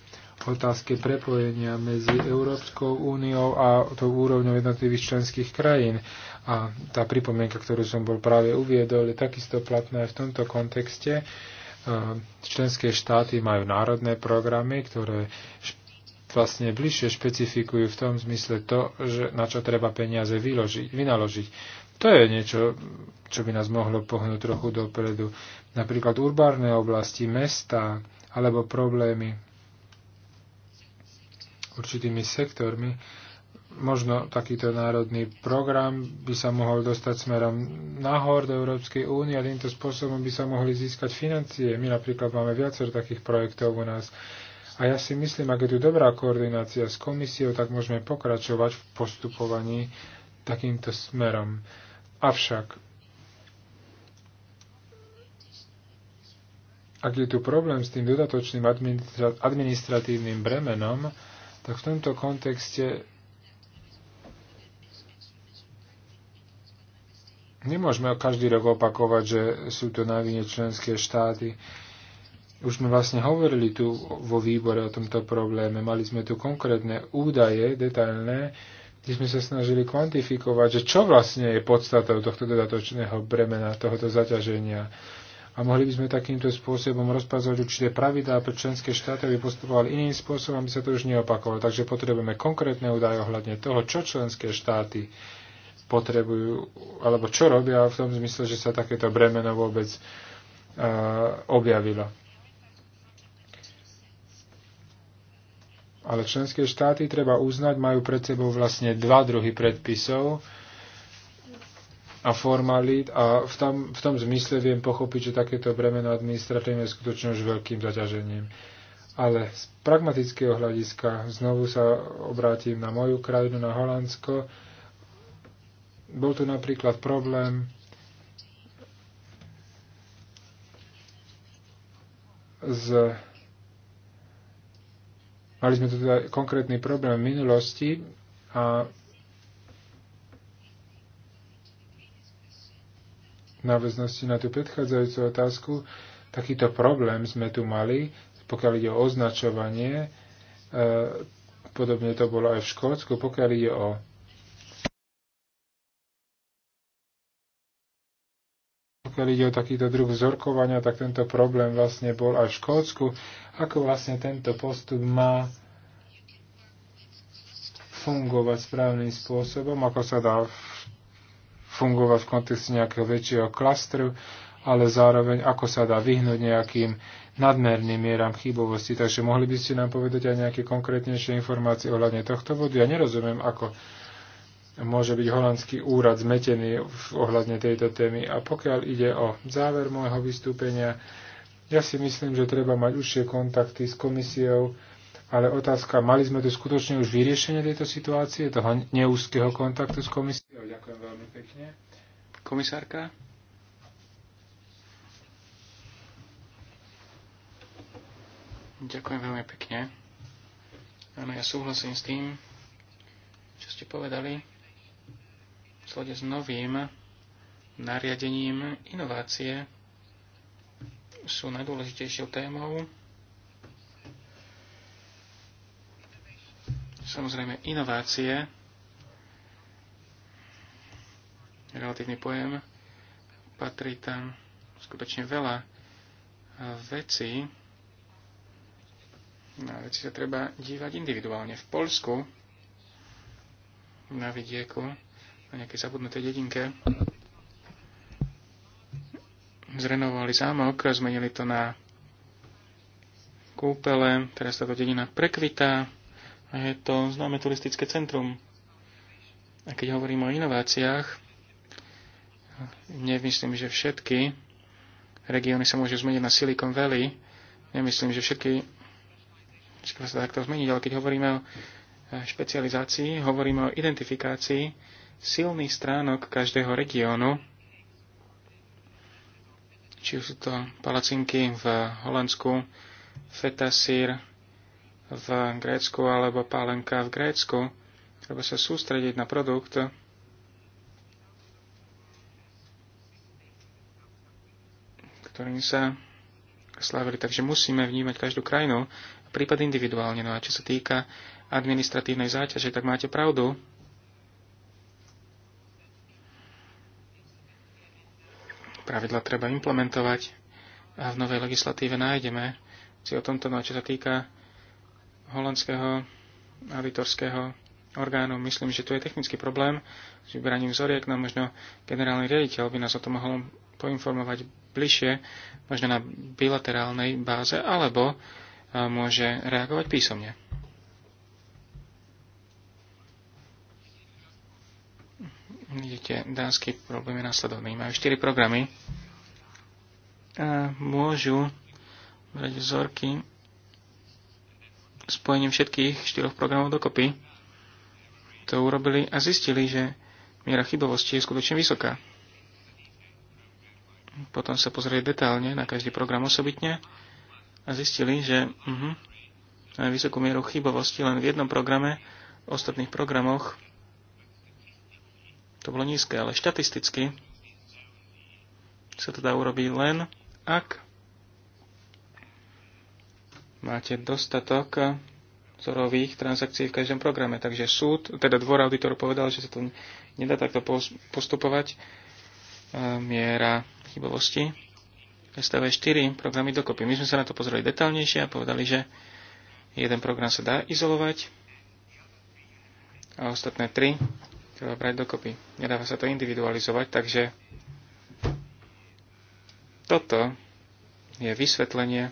otázke prepojenia medzi Európskou úniou a tou úrovňou jednotlivých členských krajín. A tá pripomienka, ktorú som bol práve uviedol, je takisto platná aj v tomto kontexte členské štáty majú národné programy, ktoré vlastne bližšie špecifikujú v tom zmysle to, že na čo treba peniaze vyložiť, vynaložiť. To je niečo, čo by nás mohlo pohnúť trochu dopredu. Napríklad urbárne oblasti, mesta alebo problémy určitými sektormi. Možno takýto národný program by sa mohol dostať smerom nahor do Európskej únie a týmto spôsobom by sa mohli získať financie. My napríklad máme viacero takých projektov u nás a ja si myslím, ak je tu dobrá koordinácia s komisiou, tak môžeme pokračovať v postupovaní takýmto smerom. Avšak, ak je tu problém s tým dodatočným administratívnym bremenom, tak v tomto kontexte nemôžeme každý rok opakovať, že sú to najvinne členské štáty. Už sme vlastne hovorili tu vo výbore o tomto probléme. Mali sme tu konkrétne údaje, detailné, kde sme sa snažili kvantifikovať, že čo vlastne je podstatou tohto dodatočného bremena, tohoto zaťaženia. A mohli by sme takýmto spôsobom rozpazovať, určité pravidlá pre členské štáty, aby postupovali iným spôsobom, aby sa to už neopakovalo. Takže potrebujeme konkrétne údaje ohľadne toho, čo členské štáty potrebujú, alebo čo robia v tom zmysle, že sa takéto bremeno vôbec uh, objavilo. Ale členské štáty, treba uznať, majú pred sebou vlastne dva druhy predpisov a formalít a v tom, v tom zmysle viem pochopiť, že takéto bremeno administratívne je skutočne už veľkým zaťažením. Ale z pragmatického hľadiska, znovu sa obrátim na moju krajinu, na Holandsko, bol tu napríklad problém s Mali sme tu teda konkrétny problém v minulosti a náväznosti na tú predchádzajúcu otázku, takýto problém sme tu mali, pokiaľ ide o označovanie, e, podobne to bolo aj v Škótsku, pokiaľ ide o pokiaľ ide o takýto druh vzorkovania, tak tento problém vlastne bol aj v Škótsku. Ako vlastne tento postup má fungovať správnym spôsobom, ako sa dá fungovať v kontexte nejakého väčšieho klastru, ale zároveň ako sa dá vyhnúť nejakým nadmerným mieram chybovosti. Takže mohli by ste nám povedať aj nejaké konkrétnejšie informácie ohľadne tohto bodu. Ja nerozumiem, ako môže byť holandský úrad zmetený v ohľadne tejto témy. A pokiaľ ide o záver môjho vystúpenia, ja si myslím, že treba mať užšie kontakty s komisiou, ale otázka, mali sme tu skutočne už vyriešenie tejto situácie, toho neúzkeho kontaktu s komisiou? Ďakujem veľmi pekne. Komisárka? Ďakujem veľmi pekne. Áno, ja súhlasím s tým, čo ste povedali slode s novým nariadením inovácie sú najdôležitejšou témou. Samozrejme, inovácie, relatívny pojem, patrí tam skutočne veľa vecí. Na veci sa treba dívať individuálne. V Polsku na vidieku na nejakej zabudnutej dedinke. Zrenovali zámok, zmenili to na kúpele, teraz táto dedina prekvitá a je to známe turistické centrum. A keď hovorím o inováciách, nemyslím, že všetky regióny sa môžu zmeniť na Silicon Valley. Nemyslím, že všetky, všetko sa takto zmeniť, ale keď hovoríme o špecializácii, hovoríme o identifikácii silných stránok každého regiónu, či už sú to palacinky v Holandsku, fetasír v Grécku alebo pálenka v Grécku. Treba sa sústrediť na produkt, ktorým sa slávili. Takže musíme vnímať každú krajinu, prípad individuálne. No a čo sa týka administratívnej záťaže, tak máte pravdu. pravidla treba implementovať a v novej legislatíve nájdeme si o tomto, no čo sa týka holandského auditorského orgánu, myslím, že tu je technický problém s vybraním vzoriek, no možno generálny riaditeľ by nás o tom mohol poinformovať bližšie, možno na bilaterálnej báze, alebo e, môže reagovať písomne. Vidíte, dánsky problém je následovný. Majú 4 programy a môžu brať vzorky spojením všetkých štyroch programov dokopy. To urobili a zistili, že miera chybovosti je skutočne vysoká. Potom sa pozreli detálne na každý program osobitne a zistili, že uh, mhm, -huh, vysokú mieru chybovosti len v jednom programe, v ostatných programoch to bolo nízke, ale štatisticky sa to dá urobiť len, ak máte dostatok vzorových transakcií v každom programe. Takže súd, teda dvor auditor povedal, že sa to nedá takto postupovať. E, miera chybovosti predstavuje 4 programy dokopy. My sme sa na to pozreli detálnejšie a povedali, že jeden program sa dá izolovať a ostatné tri treba brať dokopy. Nedáva sa to individualizovať, takže toto je vysvetlenie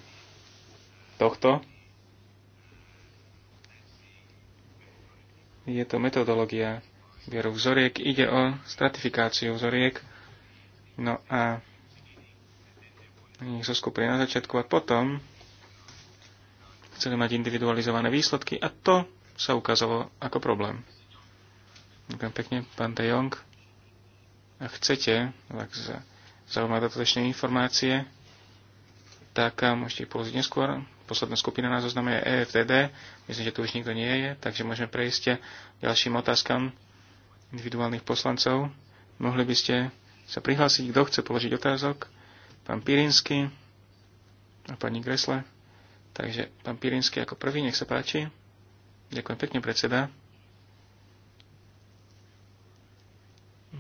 tohto. Je to metodológia vieru vzoriek, ide o stratifikáciu vzoriek, no a ich sa skupiny na začiatku a potom chceli mať individualizované výsledky a to sa ukázalo ako problém. Ďakujem pekne, pán De Jong. Ak chcete, ak zaujímavé dodatočné informácie, tak môžete ich položiť neskôr. Posledná skupina na zozname je EFTD. Myslím, že tu už nikto nie je, takže môžeme prejsť ďalším otázkam individuálnych poslancov. Mohli by ste sa prihlásiť, kto chce položiť otázok. Pán Pirinsky a pani Gresle. Takže pán Pirinsky ako prvý, nech sa páči. Ďakujem pekne, predseda.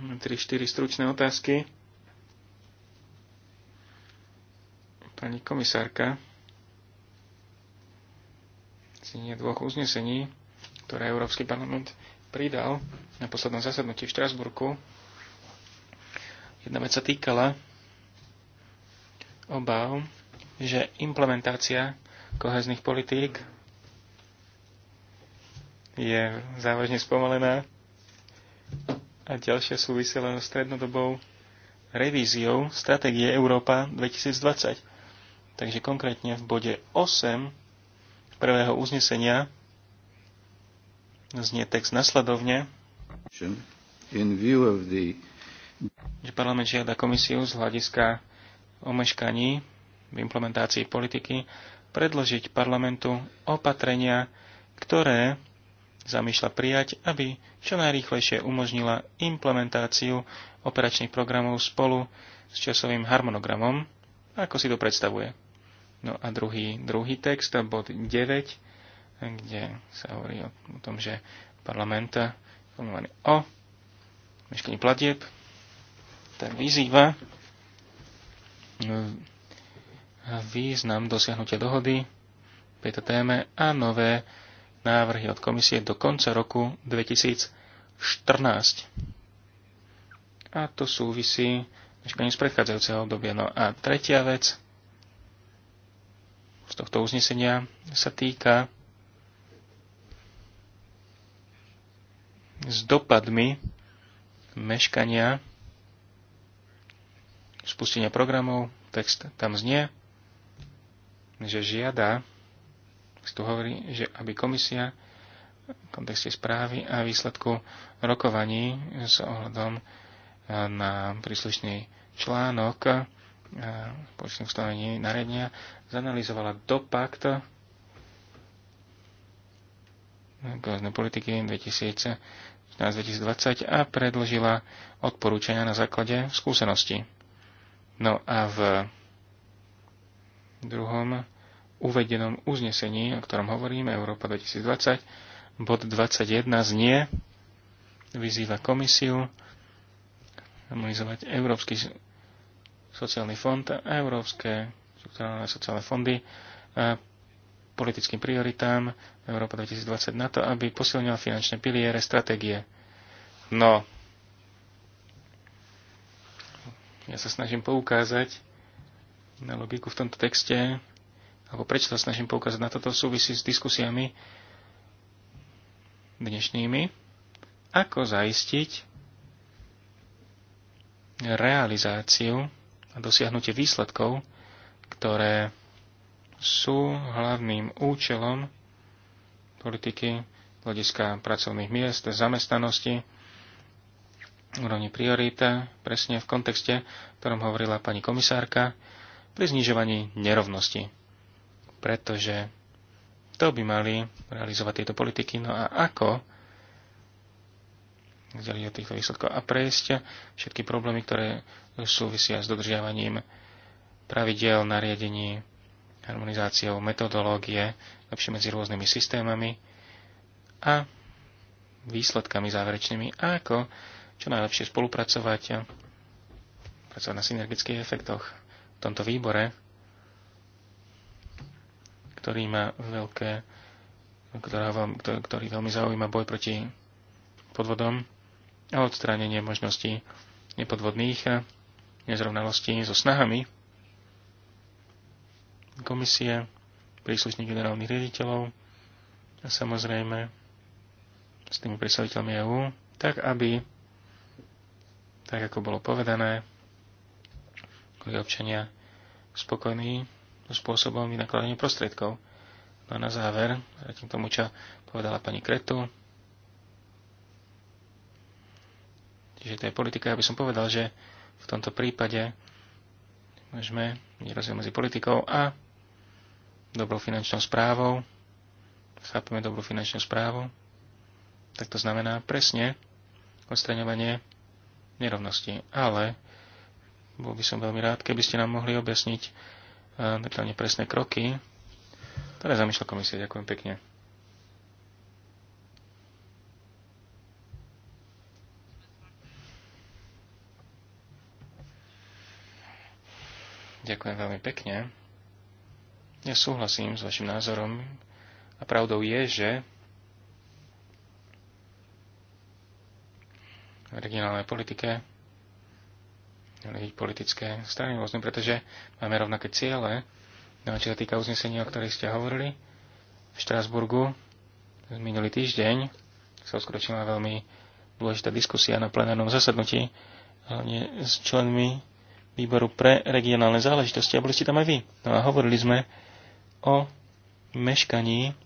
3-4 stručné otázky. Pani komisárka, znenie dvoch uznesení, ktoré Európsky parlament pridal na poslednom zasadnutí v Štrasburku. Jedna vec sa týkala obáv, že implementácia kohezných politík je závažne spomalená a ďalšia súvisia len s strednodobou revíziou stratégie Európa 2020. Takže konkrétne v bode 8 prvého uznesenia znie text nasledovne, the... že parlament žiada komisiu z hľadiska omeškaní v implementácii politiky predložiť parlamentu opatrenia, ktoré zamýšľa prijať, aby čo najrýchlejšie umožnila implementáciu operačných programov spolu s časovým harmonogramom, ako si to predstavuje. No a druhý, druhý text, bod 9, kde sa hovorí o, o tom, že parlament formovaný o meškaní platieb, tak vyzýva no, význam dosiahnutia dohody v tejto téme a nové návrhy od komisie do konca roku 2014. A to súvisí než koniec predchádzajúceho obdobia. No a tretia vec z tohto uznesenia sa týka s dopadmi meškania spustenia programov. Text tam znie, že žiada tu hovorí, že aby komisia v kontexte správy a výsledku rokovaní s ohľadom e, na príslušný článok e, počnom ustanovení nariadenia zanalizovala dopakt kohezné politiky 2014-2020 a predložila odporúčania na základe skúsenosti. No a v druhom uvedenom uznesení, o ktorom hovoríme, Európa 2020, bod 21 znie, vyzýva komisiu harmonizovať Európsky sociálny fond a Európske strukturálne sociálne fondy a politickým prioritám Európa 2020 na to, aby posilňoval finančné piliere stratégie. No, ja sa snažím poukázať na logiku v tomto texte, alebo prečo sa snažím poukázať na toto, súvisí s diskusiami dnešnými, ako zaistiť realizáciu a dosiahnutie výsledkov, ktoré sú hlavným účelom politiky hľadiska pracovných miest, zamestnanosti, úrovni priorita, presne v kontexte, o ktorom hovorila pani komisárka, pri znižovaní nerovnosti pretože to by mali realizovať tieto politiky. No a ako vzdeliť od týchto výsledkov a prejsť všetky problémy, ktoré súvisia s dodržiavaním pravidel, nariadení, harmonizáciou metodológie, lepšie medzi rôznymi systémami a výsledkami záverečnými a ako čo najlepšie spolupracovať a pracovať na synergických efektoch. V tomto výbore ktorý má veľké, ktorá, ktorý veľmi zaujíma boj proti podvodom a odstránenie možností nepodvodných nezrovnalostí so snahami komisie, príslušných generálnych riaditeľov a samozrejme s tými predstaviteľmi EÚ, tak aby, tak ako bolo povedané, boli občania spokojní spôsobom vynakladania prostriedkov. No a na záver, vrátim k tomu, čo povedala pani Kretu. Čiže to je politika, aby som povedal, že v tomto prípade môžeme rozdiel medzi politikou a dobrou finančnou správou. Chápeme dobrú finančnú správu. Tak to znamená presne odstraňovanie nerovnosti. Ale bol by som veľmi rád, keby ste nám mohli objasniť, detailne presné kroky, ktoré zamýšľa komisie, Ďakujem pekne. Ďakujem veľmi pekne. Ja súhlasím s vašim názorom a pravdou je, že regionálnej politike politické strany rôzne, pretože máme rovnaké ciele. No čo sa týka uznesenia, o ktorých ste hovorili, v Štrásburgu minulý týždeň sa uskutočnila veľmi dôležitá diskusia na plenárnom zasadnutí hlavne s členmi výboru pre regionálne záležitosti a boli ste tam aj vy. No a hovorili sme o meškaní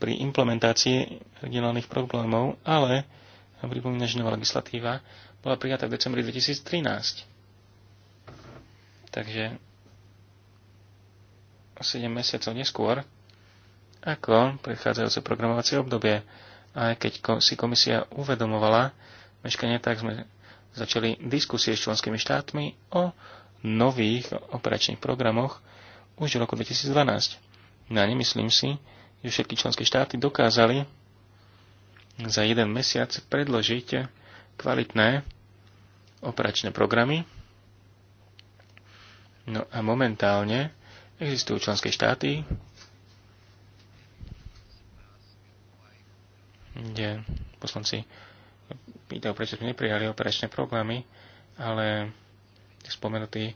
pri implementácii regionálnych problémov, ale pripomína, že nová legislatíva bola prijatá v decembri 2013. Takže 7 mesiacov neskôr ako prechádzajúce programovacie obdobie. A aj keď si komisia uvedomovala meškanie, tak sme začali diskusie s členskými štátmi o nových operačných programoch už v roku 2012. No a nemyslím si, že všetky členské štáty dokázali za jeden mesiac predložiť kvalitné operačné programy. No a momentálne existujú členské štáty, kde poslanci pýtajú, prečo sme neprijali operačné programy, ale spomenutí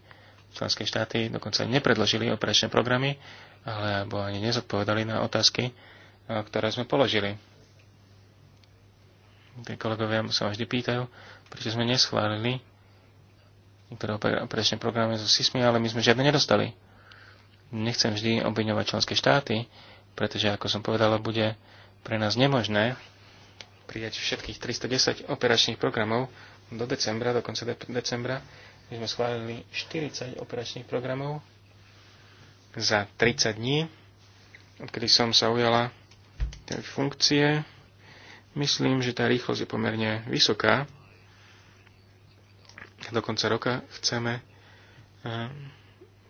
členské štáty dokonca nepredložili operačné programy, alebo ani nezodpovedali na otázky, ktoré sme položili. Tie kolegovia sa vždy pýtajú, pretože sme neschválili niektoré operačné programy so SISMI, ale my sme žiadne nedostali. Nechcem vždy obviňovať členské štáty, pretože, ako som povedala, bude pre nás nemožné prijať všetkých 310 operačných programov do decembra, do konca de- decembra. My sme schválili 40 operačných programov za 30 dní, odkedy som sa ujala tej funkcie. Myslím, že tá rýchlosť je pomerne vysoká do konca roka chceme eh,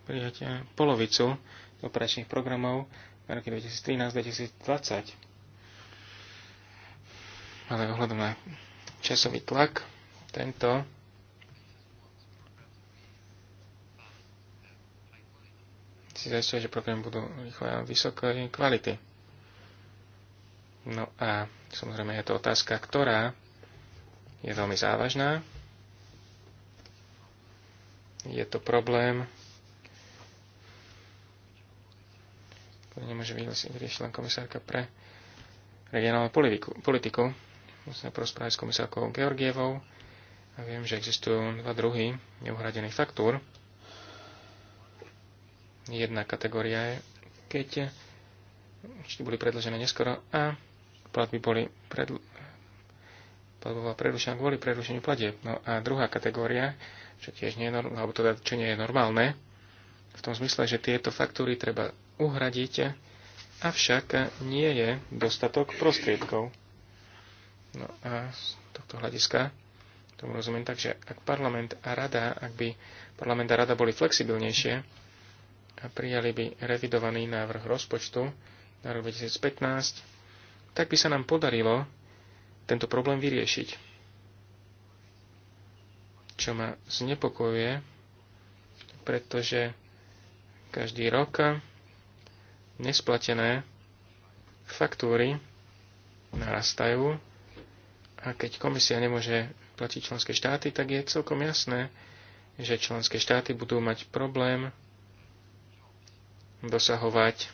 prijať eh, polovicu operačných programov na roky 2013-2020. Ale ohľadom na časový tlak tento si zaistuje, že programy budú rýchle a vysokej kvality. No a samozrejme je to otázka, ktorá je veľmi závažná je to problém, To nemôže vlastne vyriešiť len komisárka pre regionálnu politiku. politiku. Musíme porozprávať s komisárkou Georgievou a viem, že existujú dva druhy neuhradených faktúr. Jedna kategória je, keď určite boli predložené neskoro a platby boli predl- platba bola prerušená kvôli prerušeniu plade. No a druhá kategória, čo tiež nie je, alebo teda, čo nie je normálne, v tom zmysle, že tieto faktúry treba uhradiť, avšak nie je dostatok prostriedkov. No a z tohto hľadiska tomu rozumiem tak, že ak parlament a rada, ak by parlament a rada boli flexibilnejšie a prijali by revidovaný návrh rozpočtu na rok 2015, tak by sa nám podarilo tento problém vyriešiť. Čo ma znepokojuje, pretože každý rok nesplatené faktúry narastajú a keď komisia nemôže platiť členské štáty, tak je celkom jasné, že členské štáty budú mať problém dosahovať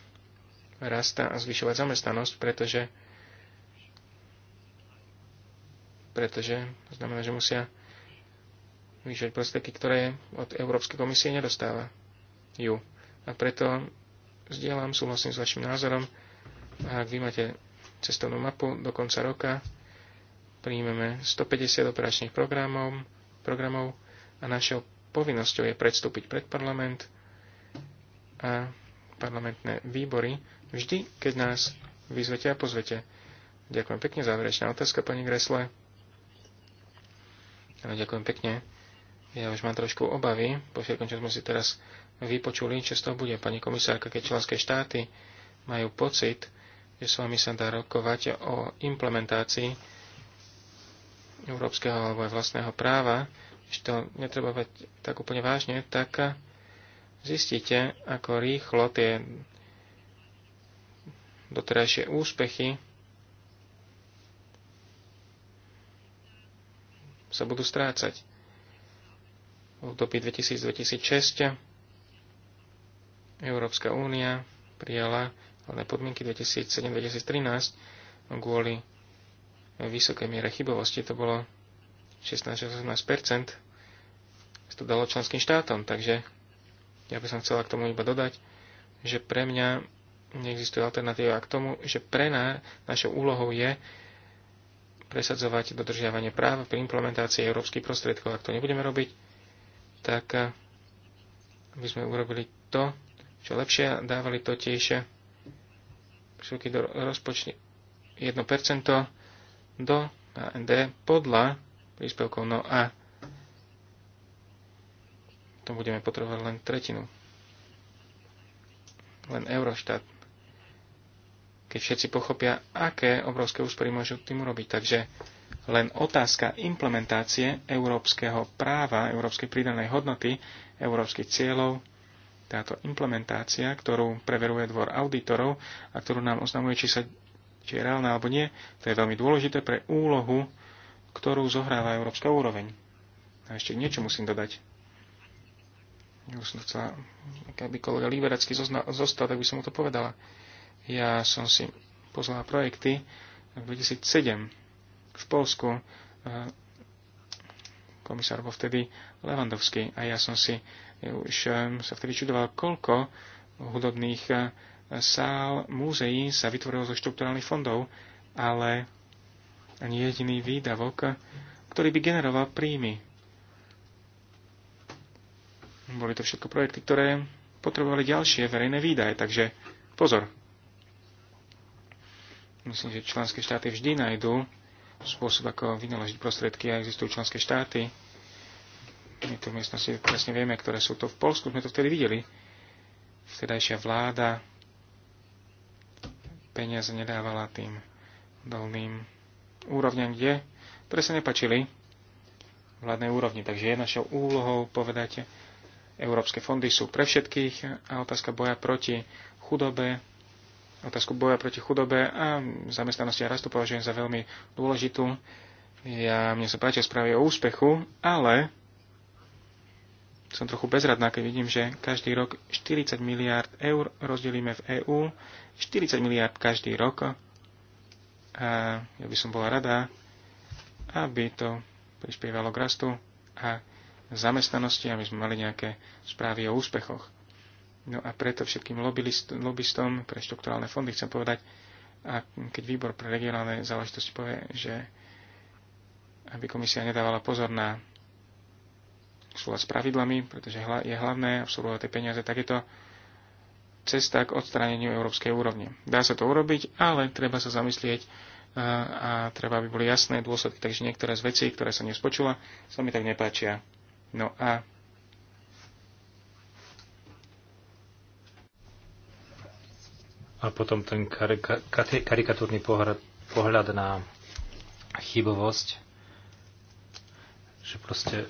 rasta a zvyšovať zamestnanosť, pretože pretože to znamená, že musia vyžať prostriedky, ktoré od Európskej komisie nedostáva ju. A preto vzdielam, súhlasím s vašim názorom a ak vy máte cestovnú mapu do konca roka, príjmeme 150 operačných programov, programov a našou povinnosťou je predstúpiť pred parlament a parlamentné výbory vždy, keď nás vyzvete a pozvete. Ďakujem pekne, záverečná otázka, pani Gresle. Áno, ďakujem pekne. Ja už mám trošku obavy, po všetkom, čo sme si teraz vypočuli, čo z toho bude. Pani komisárka, keď členské štáty majú pocit, že s vami sa dá rokovať o implementácii európskeho alebo aj vlastného práva, že to netreba bať tak úplne vážne, tak zistíte, ako rýchlo tie doterajšie úspechy sa budú strácať. V období 2000-2006 Európska únia prijala hlavné podmienky 2007-2013 kvôli vysokej miere chybovosti. To bolo 16-18%. To dalo členským štátom, takže ja by som chcela k tomu iba dodať, že pre mňa neexistuje alternatíva k tomu, že pre nás našou úlohou je presadzovať dodržiavanie práv pri implementácii európskych prostriedkov. Ak to nebudeme robiť, tak eh, by sme urobili to, čo lepšie, dávali totiž eh, príspevky do rozpočtu 1% do AND podľa príspevkov. No a to budeme potrebovať len tretinu. Len Eurostat keď všetci pochopia, aké obrovské úspory môžu tým urobiť. Takže len otázka implementácie európskeho práva, európskej pridanej hodnoty, európskych cieľov, táto implementácia, ktorú preveruje dvor auditorov a ktorú nám oznamuje, či, sa, či je reálna alebo nie, to je veľmi dôležité pre úlohu, ktorú zohráva európska úroveň. A ešte niečo musím dodať. Už som chcela, ak kolega Liberacký zostal, tak by som mu to povedala. Ja som si pozval projekty v 2007 v Polsku. Eh, komisár bol vtedy Levandovský a ja som si už eh, sa vtedy čudoval, koľko hudobných eh, sál múzeí sa vytvorilo zo štrukturálnych fondov, ale ani jediný výdavok, ktorý by generoval príjmy. Boli to všetko projekty, ktoré potrebovali ďalšie verejné výdaje, takže pozor, Myslím, že členské štáty vždy nájdú spôsob, ako vynaložiť prostriedky a existujú členské štáty. My tu v miestnosti presne vieme, ktoré sú to. V Polsku sme to vtedy videli. Vtedajšia vláda peniaze nedávala tým dolným úrovňam, kde, ktoré sa nepačili vládnej úrovni. Takže je našou úlohou povedať, európske fondy sú pre všetkých a otázka boja proti chudobe otázku boja proti chudobe a zamestnanosti a rastu považujem za veľmi dôležitú. Ja, mne sa páčia správy o úspechu, ale som trochu bezradná, keď vidím, že každý rok 40 miliard eur rozdelíme v EÚ, 40 miliard každý rok. A ja by som bola rada, aby to prispievalo k rastu a zamestnanosti, aby sme mali nejaké správy o úspechoch. No a preto všetkým lobbystom pre štrukturálne fondy chcem povedať, a keď výbor pre regionálne záležitosti povie, že aby komisia nedávala pozor na súľad s pravidlami, pretože je hlavné absolvovať tie peniaze, tak je to cesta k odstráneniu európskej úrovne. Dá sa to urobiť, ale treba sa zamyslieť a treba, aby boli jasné dôsledky, takže niektoré z vecí, ktoré sa nespočula, sa mi tak nepáčia. No a A potom ten karikatúrny pohľad na chybovosť, že proste e,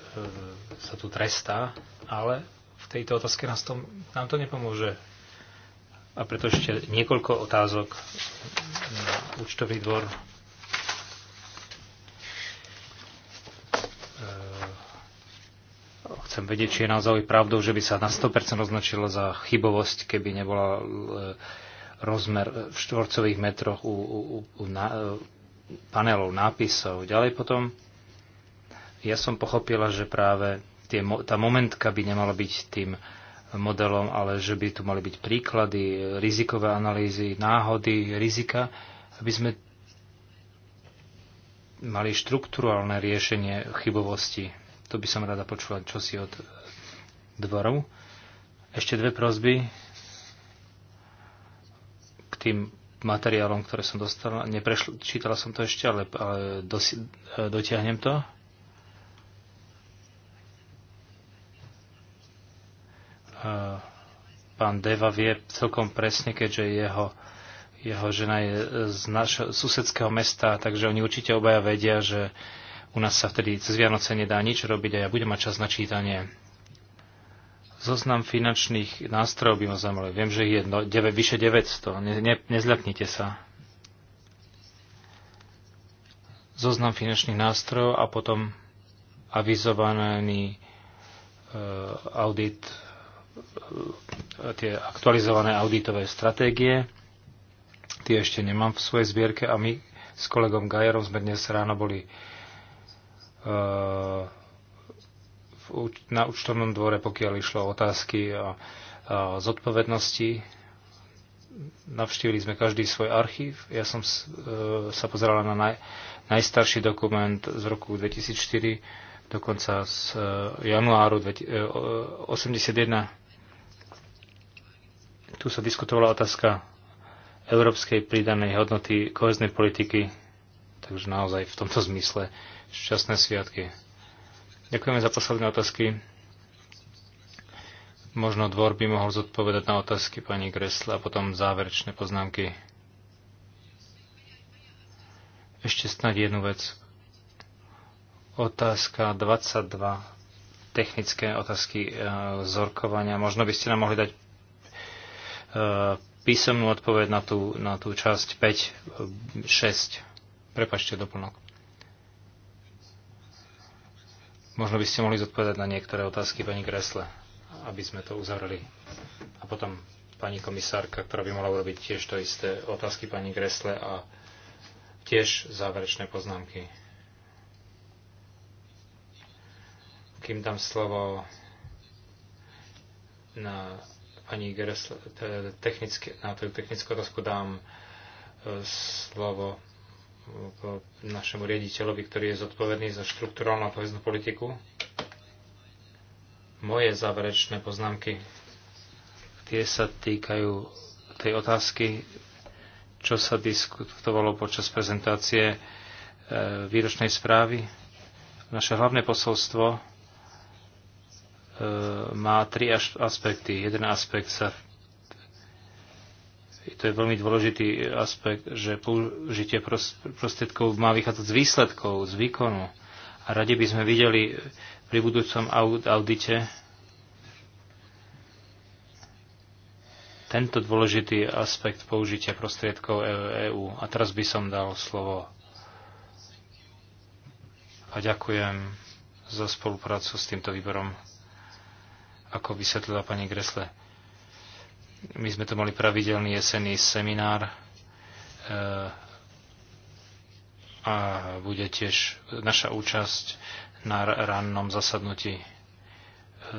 sa tu trestá, ale v tejto otázke nás to, nám to nepomôže. A preto ešte niekoľko otázok na účtový dvor. E, chcem vedieť, či je naozaj pravdou, že by sa na 100% označilo za chybovosť, keby nebola e, rozmer v štvorcových metroch u, u, u, na, e, panelov, nápisov. Ďalej potom ja som pochopila, že práve tie, tá momentka by nemala byť tým modelom, ale že by tu mali byť príklady, rizikové analýzy, náhody, rizika, aby sme mali štruktúrálne riešenie chybovosti. To by som rada počula, čo si od dvorov. Ešte dve prozby tým materiálom, ktoré som dostal, neprešl, čítal som to ešte, ale, ale dosi, e, dotiahnem to. E, pán Deva vie celkom presne, keďže jeho, jeho žena je z našho susedského mesta, takže oni určite obaja vedia, že u nás sa vtedy cez Vianoce nedá nič robiť a ja budem mať čas na čítanie Zoznam finančných nástrojov by ma zaujímalo. Viem, že ich je no, 9, vyše 900. Ne, ne, nezľaknite sa. Zoznam finančných nástrojov a potom avizovaný e, audit, e, tie aktualizované auditové stratégie. Tie ešte nemám v svojej zbierke a my s kolegom Gajerom sme dnes ráno boli e, na účtovnom dvore, pokiaľ išlo o otázky a, a zodpovednosti. Navštívili sme každý svoj archív. Ja som s, e, sa pozerala na naj, najstarší dokument z roku 2004, dokonca z e, januáru 81. E, tu sa diskutovala otázka európskej pridanej hodnoty koheznej politiky, takže naozaj v tomto zmysle šťastné sviatky. Ďakujeme za posledné otázky. Možno dvor by mohol zodpovedať na otázky pani Gresla a potom záverečné poznámky. Ešte snad jednu vec. Otázka 22. Technické otázky e, zorkovania. Možno by ste nám mohli dať e, písomnú odpoveď na tú, na tú časť 5, 6. Prepačte doplnok. Možno by ste mohli zodpovedať na niektoré otázky pani Gresle, aby sme to uzavreli. A potom pani komisárka, ktorá by mohla urobiť tiež to isté otázky pani Gresle a tiež záverečné poznámky. Kým dám slovo na pani Gresle, technické, na tú technickú otázku dám e, slovo k našemu riaditeľovi, ktorý je zodpovedný za štruktúralnú a poveznú politiku. Moje záverečné poznámky, tie sa týkajú tej otázky, čo sa diskutovalo počas prezentácie e, výročnej správy. Naše hlavné posolstvo e, má tri aspekty. Jeden aspekt sa to je veľmi dôležitý aspekt, že použitie prostriedkov má vychádzať z výsledkov, z výkonu. A radi by sme videli pri budúcom audite tento dôležitý aspekt použitia prostriedkov EÚ. E a teraz by som dal slovo a ďakujem za spoluprácu s týmto výborom, ako vysvetlila pani Gresle my sme to mali pravidelný jesenný seminár e, a bude tiež naša účasť na rannom zasadnutí e,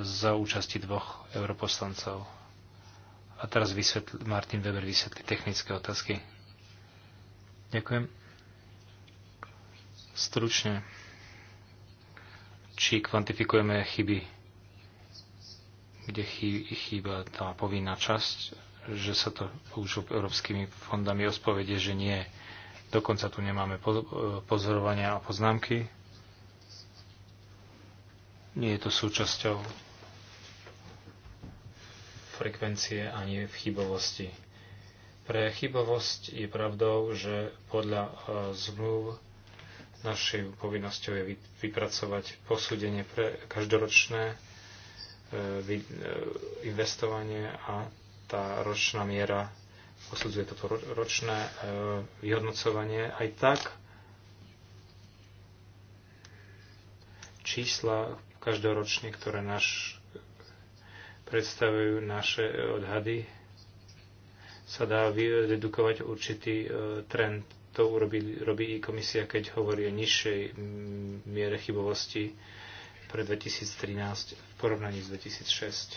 za účasti dvoch europoslancov. A teraz vysvetl- Martin Weber vysvetlí technické otázky. Ďakujem. Stručne. Či kvantifikujeme chyby kde chýba tá povinná časť, že sa to už európskymi fondami ospovedie, že nie. Dokonca tu nemáme e, pozorovania a poznámky. Nie je to súčasťou frekvencie ani v chybovosti. Pre chybovosť je pravdou, že podľa e, zmluv našej povinnosťou je vypracovať posúdenie pre každoročné E, e, investovanie a tá ročná miera posudzuje toto ročné e, vyhodnocovanie. Aj tak čísla každoročne, ktoré náš predstavujú naše odhady, sa dá dedukovať určitý trend. To urobí, robí i komisia, keď hovorí o nižšej miere chybovosti pre 2013 v porovnaní s 2006.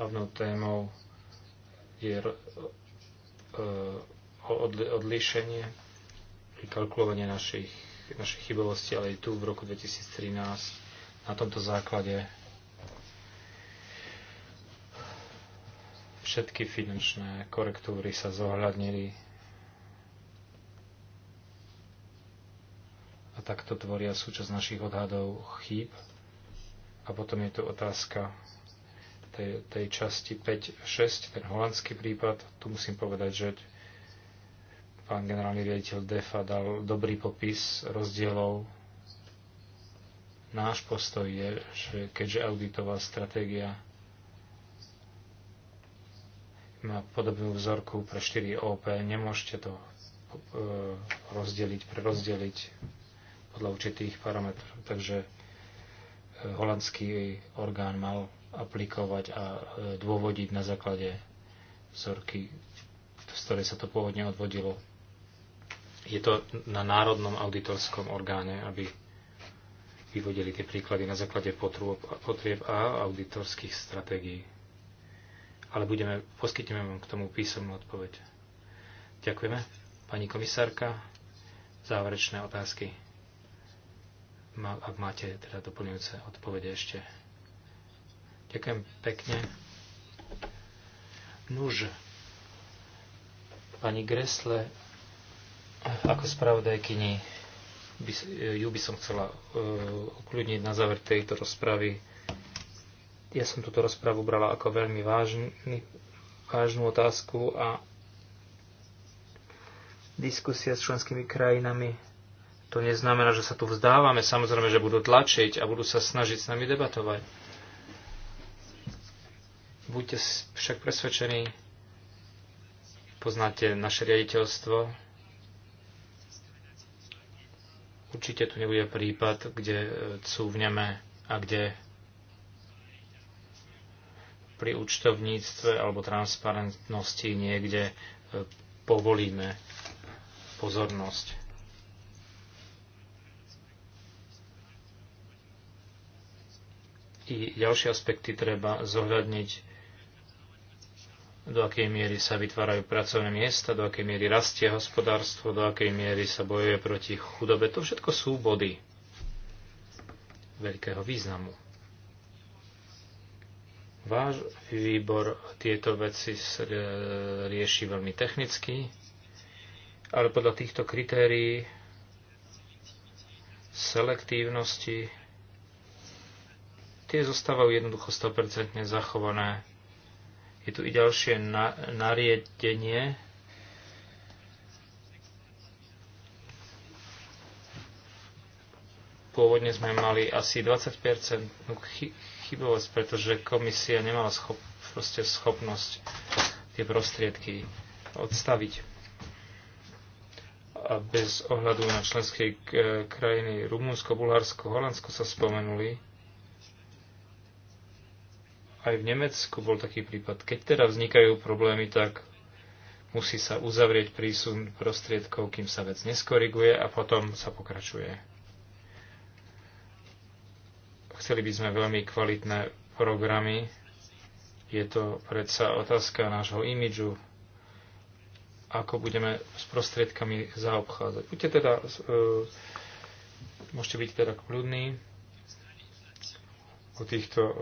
Hlavnou témou je e, odlišenie pri kalkulovaní našich, našich chybovosti, ale aj tu v roku 2013 na tomto základe všetky finančné korektúry sa zohľadnili a takto tvoria súčasť našich odhadov chýb. A potom je tu otázka tej, tej časti 5-6, ten holandský prípad. Tu musím povedať, že pán generálny riaditeľ DEFA dal dobrý popis rozdielov. Náš postoj je, že keďže auditová stratégia má podobnú vzorku pre 4 OP, nemôžete to e, rozdeliť, prerozdeliť podľa určitých parametrov. Takže e, holandský orgán mal aplikovať a e, dôvodiť na základe vzorky, z ktorej sa to pôvodne odvodilo. Je to na národnom auditorskom orgáne, aby vyvodili tie príklady na základe potrieb a auditorských stratégií. Ale budeme, poskytneme vám k tomu písomnú odpoveď. Ďakujeme. Pani komisárka, záverečné otázky ak máte teda doplňujúce odpovede ešte. Ďakujem pekne. Nuž, pani Gresle, ako spravodajkyni, ju by som chcela uh, e, ukľudniť na záver tejto rozpravy. Ja som túto rozpravu brala ako veľmi vážny, vážnu otázku a diskusia s členskými krajinami to neznamená, že sa tu vzdávame. Samozrejme, že budú tlačiť a budú sa snažiť s nami debatovať. Buďte však presvedčení, poznáte naše riaditeľstvo. Určite tu nebude prípad, kde e, cúvneme a kde pri účtovníctve alebo transparentnosti niekde e, povolíme pozornosť. i ďalšie aspekty treba zohľadniť, do akej miery sa vytvárajú pracovné miesta, do akej miery rastie hospodárstvo, do akej miery sa bojuje proti chudobe. To všetko sú body veľkého významu. Váš výbor tieto veci e, rieši veľmi technicky, ale podľa týchto kritérií selektívnosti tie zostávajú jednoducho 100% zachované. Je tu i ďalšie na, nariadenie. Pôvodne sme mali asi 20% chybovosť, pretože komisia nemala schop, schopnosť tie prostriedky odstaviť. A bez ohľadu na členské eh, krajiny Rumunsko, Bulharsko, Holandsko sa spomenuli, aj v Nemecku bol taký prípad. Keď teda vznikajú problémy, tak musí sa uzavrieť prísun prostriedkov, kým sa vec neskoriguje a potom sa pokračuje. Chceli by sme veľmi kvalitné programy. Je to predsa otázka nášho imidžu, ako budeme s prostriedkami zaobchádzať. Buďte teda, e, môžete byť teda kľudní u týchto e,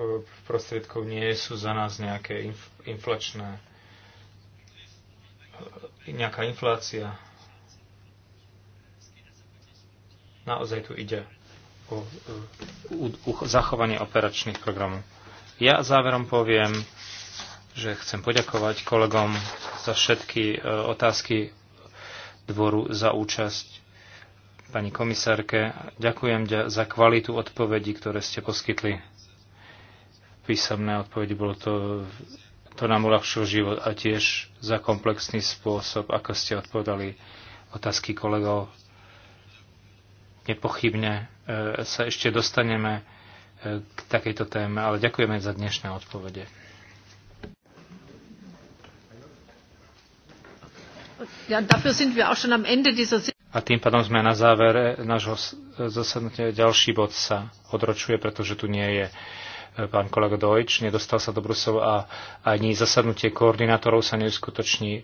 prostriedkov nie sú za nás nejaké inflačné e, nejaká inflácia. Naozaj tu ide o, o, e, o zachovanie operačných programov. Ja záverom poviem, že chcem poďakovať kolegom za všetky otázky dvoru za účasť pani komisárke. Ďakujem za kvalitu odpovedí, ktoré ste poskytli písomné odpovede, bolo to, to nám uľahčilo život a tiež za komplexný spôsob, ako ste odpovedali otázky kolegov. Nepochybne e, sa ešte dostaneme e, k takejto téme, ale ďakujeme za dnešné odpovede. A tým pádom sme na závere nášho zasadnutia. Ďalší bod sa odročuje, pretože tu nie je pán kolega Dojč, nedostal sa do Bruselu a ani zasadnutie koordinátorov sa neuskutoční. E,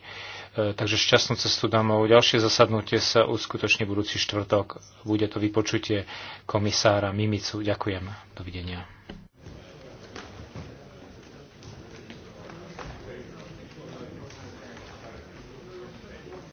takže šťastnú cestu domov. Ďalšie zasadnutie sa uskutoční budúci štvrtok. Bude to vypočutie komisára Mimicu. Ďakujem. Dovidenia.